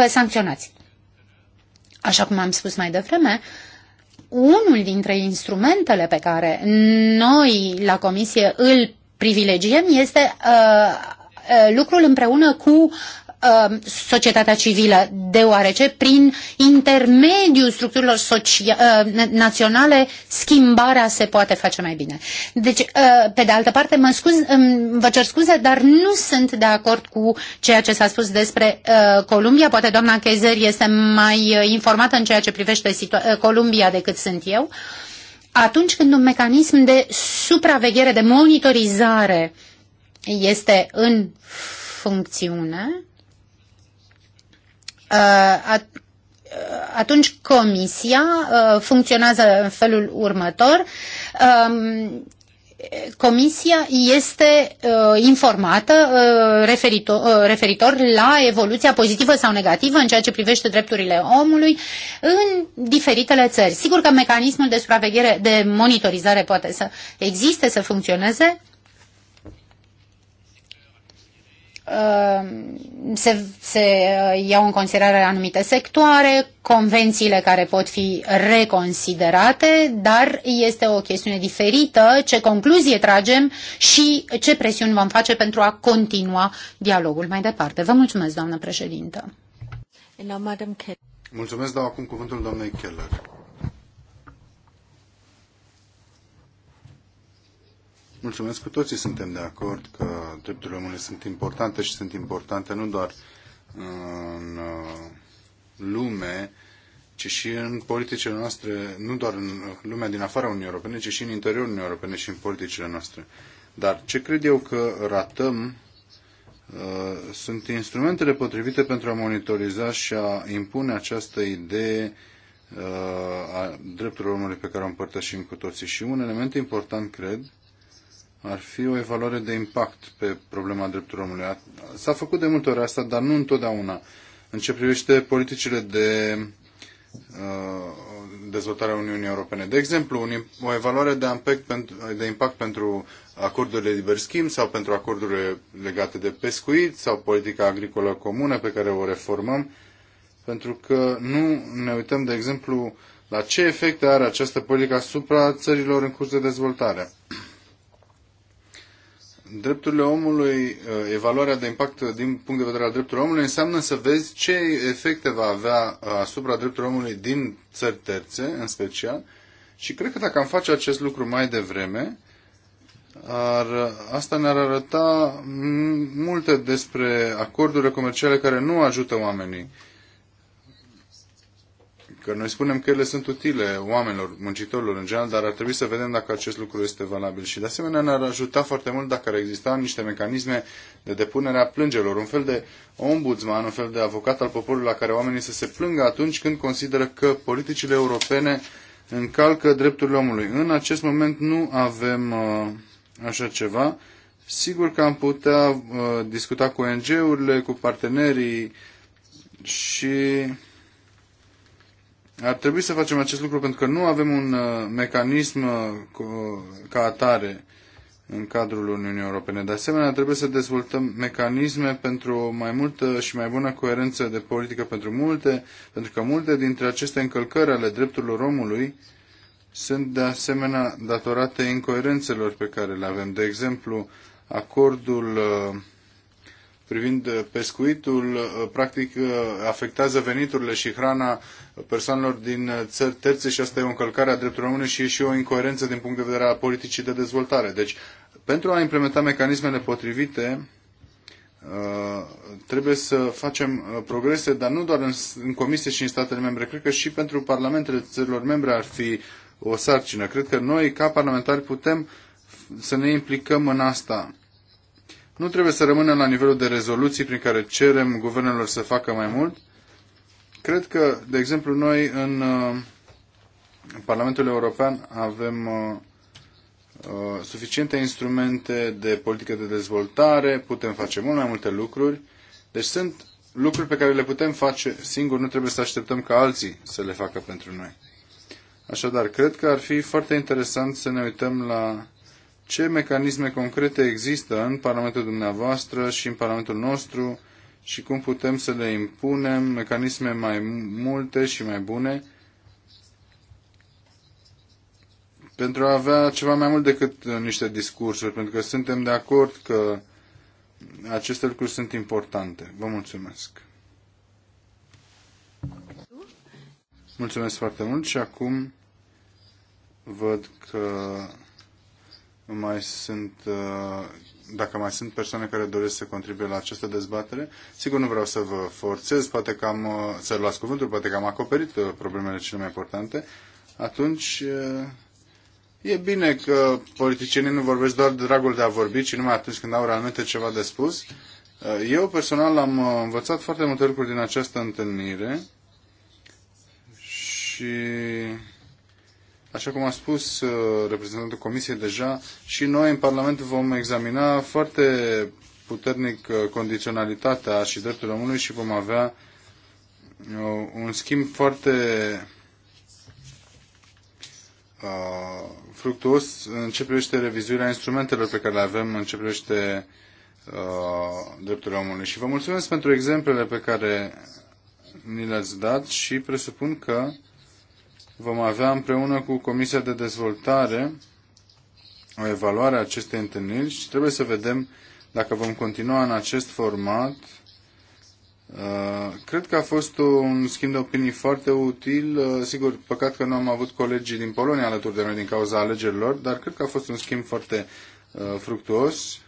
sancționați. Așa cum am spus mai devreme, unul dintre instrumentele pe care noi la Comisie îl privilegiem este Uh, lucrul împreună cu uh, societatea civilă, deoarece prin intermediul structurilor uh, naționale schimbarea se poate face mai bine. Deci, pe de altă parte, mă scuz, vă cer scuze, dar nu sunt de acord cu ceea ce s-a spus despre Columbia. Poate doamna Chezer este mai informată în ceea ce privește Columbia decât sunt eu. Atunci când un mecanism de supraveghere, de monitorizare uh, este în funcțiune, uh, uh, atunci comisia uh, funcționează în felul următor. Um, comisia este uh, informată uh, referitor, uh, referitor la evoluția pozitivă sau negativă în ceea ce privește drepturile omului în diferitele țări. Sigur că mecanismul de supraveghere, de monitorizare poate să existe, să funcționeze, Uh, se, se uh, iau în considerare anumite sectoare, convențiile care pot fi reconsiderate, dar este o chestiune diferită ce concluzie tragem și ce presiuni vom face pentru a continua dialogul mai departe. Vă mulțumesc, doamnă președintă. Mulțumesc, dau acum cuvântul doamnei Keller. Mulțumesc, cu toții suntem de acord că drepturile omului sunt importante și sunt importante nu doar în uh, lume, ci și în politicile noastre, nu doar în lumea din afara Uniunii Europene, ci și în interiorul Uniunii Europene și în politicile noastre. Dar ce cred eu că ratăm uh, sunt instrumentele potrivite pentru a monitoriza și a impune această idee uh, a drepturilor omului pe care o împărtășim cu toții. Și un element important, cred, ar fi o evaluare de impact pe problema drepturilor omului. S-a făcut de multe ori asta, dar nu întotdeauna. În ce privește politicile de uh, dezvoltarea Uniunii Europene. De exemplu, o evaluare de impact, pentru, de impact pentru acordurile de liber schimb sau pentru acordurile legate de pescuit sau politica agricolă comună pe care o reformăm, pentru că nu ne uităm, de exemplu, la ce efecte are această politică asupra țărilor în curs de dezvoltare drepturile omului, uh, evaluarea de impact din punct de vedere al drepturilor omului înseamnă să vezi ce efecte va avea uh, asupra drepturilor omului din țări terțe, în special. Și cred că dacă am face acest lucru mai devreme, ar, asta ne-ar arăta multe despre acordurile comerciale care nu ajută oamenii că noi spunem că ele sunt utile oamenilor, muncitorilor în general, dar ar trebui să vedem dacă acest lucru este valabil. Și de asemenea ne-ar ajuta foarte mult dacă ar exista niște mecanisme de depunere a plângerilor, un fel de ombudsman, un fel de avocat al poporului la care oamenii să se plângă atunci când consideră că politicile europene încalcă drepturile omului. În acest moment nu avem uh, așa ceva. Sigur că am putea uh, discuta cu ONG-urile, cu partenerii și ar trebui să facem acest lucru pentru că nu avem un uh, mecanism uh, uh, ca atare în cadrul Uniunii Europene. De asemenea, trebuie să dezvoltăm mecanisme pentru o mai multă și mai bună coerență de politică pentru multe, pentru că multe dintre aceste încălcări ale drepturilor omului sunt de asemenea datorate incoerențelor pe care le avem. De exemplu, acordul uh, privind uh, pescuitul, uh, practic uh, afectează veniturile și hrana persoanelor din țări terțe și asta e o încălcare a drepturilor omului și e și o incoerență din punct de vedere al politicii de dezvoltare. Deci, pentru a implementa mecanismele potrivite, trebuie să facem progrese, dar nu doar în, în comisie și în statele membre. Cred că și pentru parlamentele țărilor membre ar fi o sarcină. Cred că noi, ca parlamentari, putem să ne implicăm în asta nu trebuie să rămână la nivelul de rezoluții prin care cerem guvernelor să facă mai mult. Cred că, de exemplu, noi în uh, Parlamentul European avem uh, uh, suficiente instrumente de politică de dezvoltare, putem face mult mai multe lucruri. Deci sunt lucruri pe care le putem face singuri, nu trebuie să așteptăm ca alții să le facă pentru noi. Așadar, cred că ar fi foarte interesant să ne uităm la ce mecanisme concrete există în Parlamentul dumneavoastră și în Parlamentul nostru și cum putem să le impunem mecanisme mai multe și mai bune pentru a avea ceva mai mult decât uh, niște discursuri, pentru că suntem de acord că aceste lucruri sunt importante. Vă mulțumesc. Mulțumesc foarte mult și acum văd că mai sunt, uh, dacă mai sunt persoane care doresc să contribuie la această dezbatere. Sigur nu vreau să vă forțez, poate că am, uh, să luați cuvântul, poate că am acoperit uh, problemele cele mai importante. Atunci e bine că politicienii nu vorbesc doar de dragul de a vorbi, ci numai atunci când au realmente ceva de spus. Eu personal am învățat foarte multe lucruri din această întâlnire și Așa cum a spus uh, reprezentantul Comisiei deja, și noi în Parlament vom examina foarte puternic uh, condiționalitatea și dreptul omului și vom avea uh, un schimb foarte fructuos în ce privește revizuirea instrumentelor pe care le avem, în ce privește drepturile omului. Și vă mulțumesc pentru exemplele pe care ni le-ați dat și presupun că vom avea împreună cu Comisia de Dezvoltare o evaluare a acestei întâlniri și trebuie să vedem dacă vom continua în acest format. Uh, cred că a fost un schimb de opinii foarte util. Uh, sigur, păcat că nu am avut colegii din Polonia alături de noi din cauza alegerilor, dar cred că a fost un schimb foarte uh, fructuos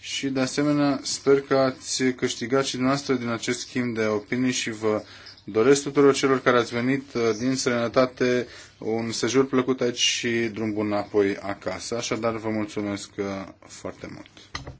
și de asemenea sper că ați câștigat și dumneavoastră din acest schimb de opinii și vă Doresc tuturor celor care ați venit uh, din serenătate un sejur plăcut aici și drum bun înapoi acasă. Așadar, vă mulțumesc uh, foarte mult.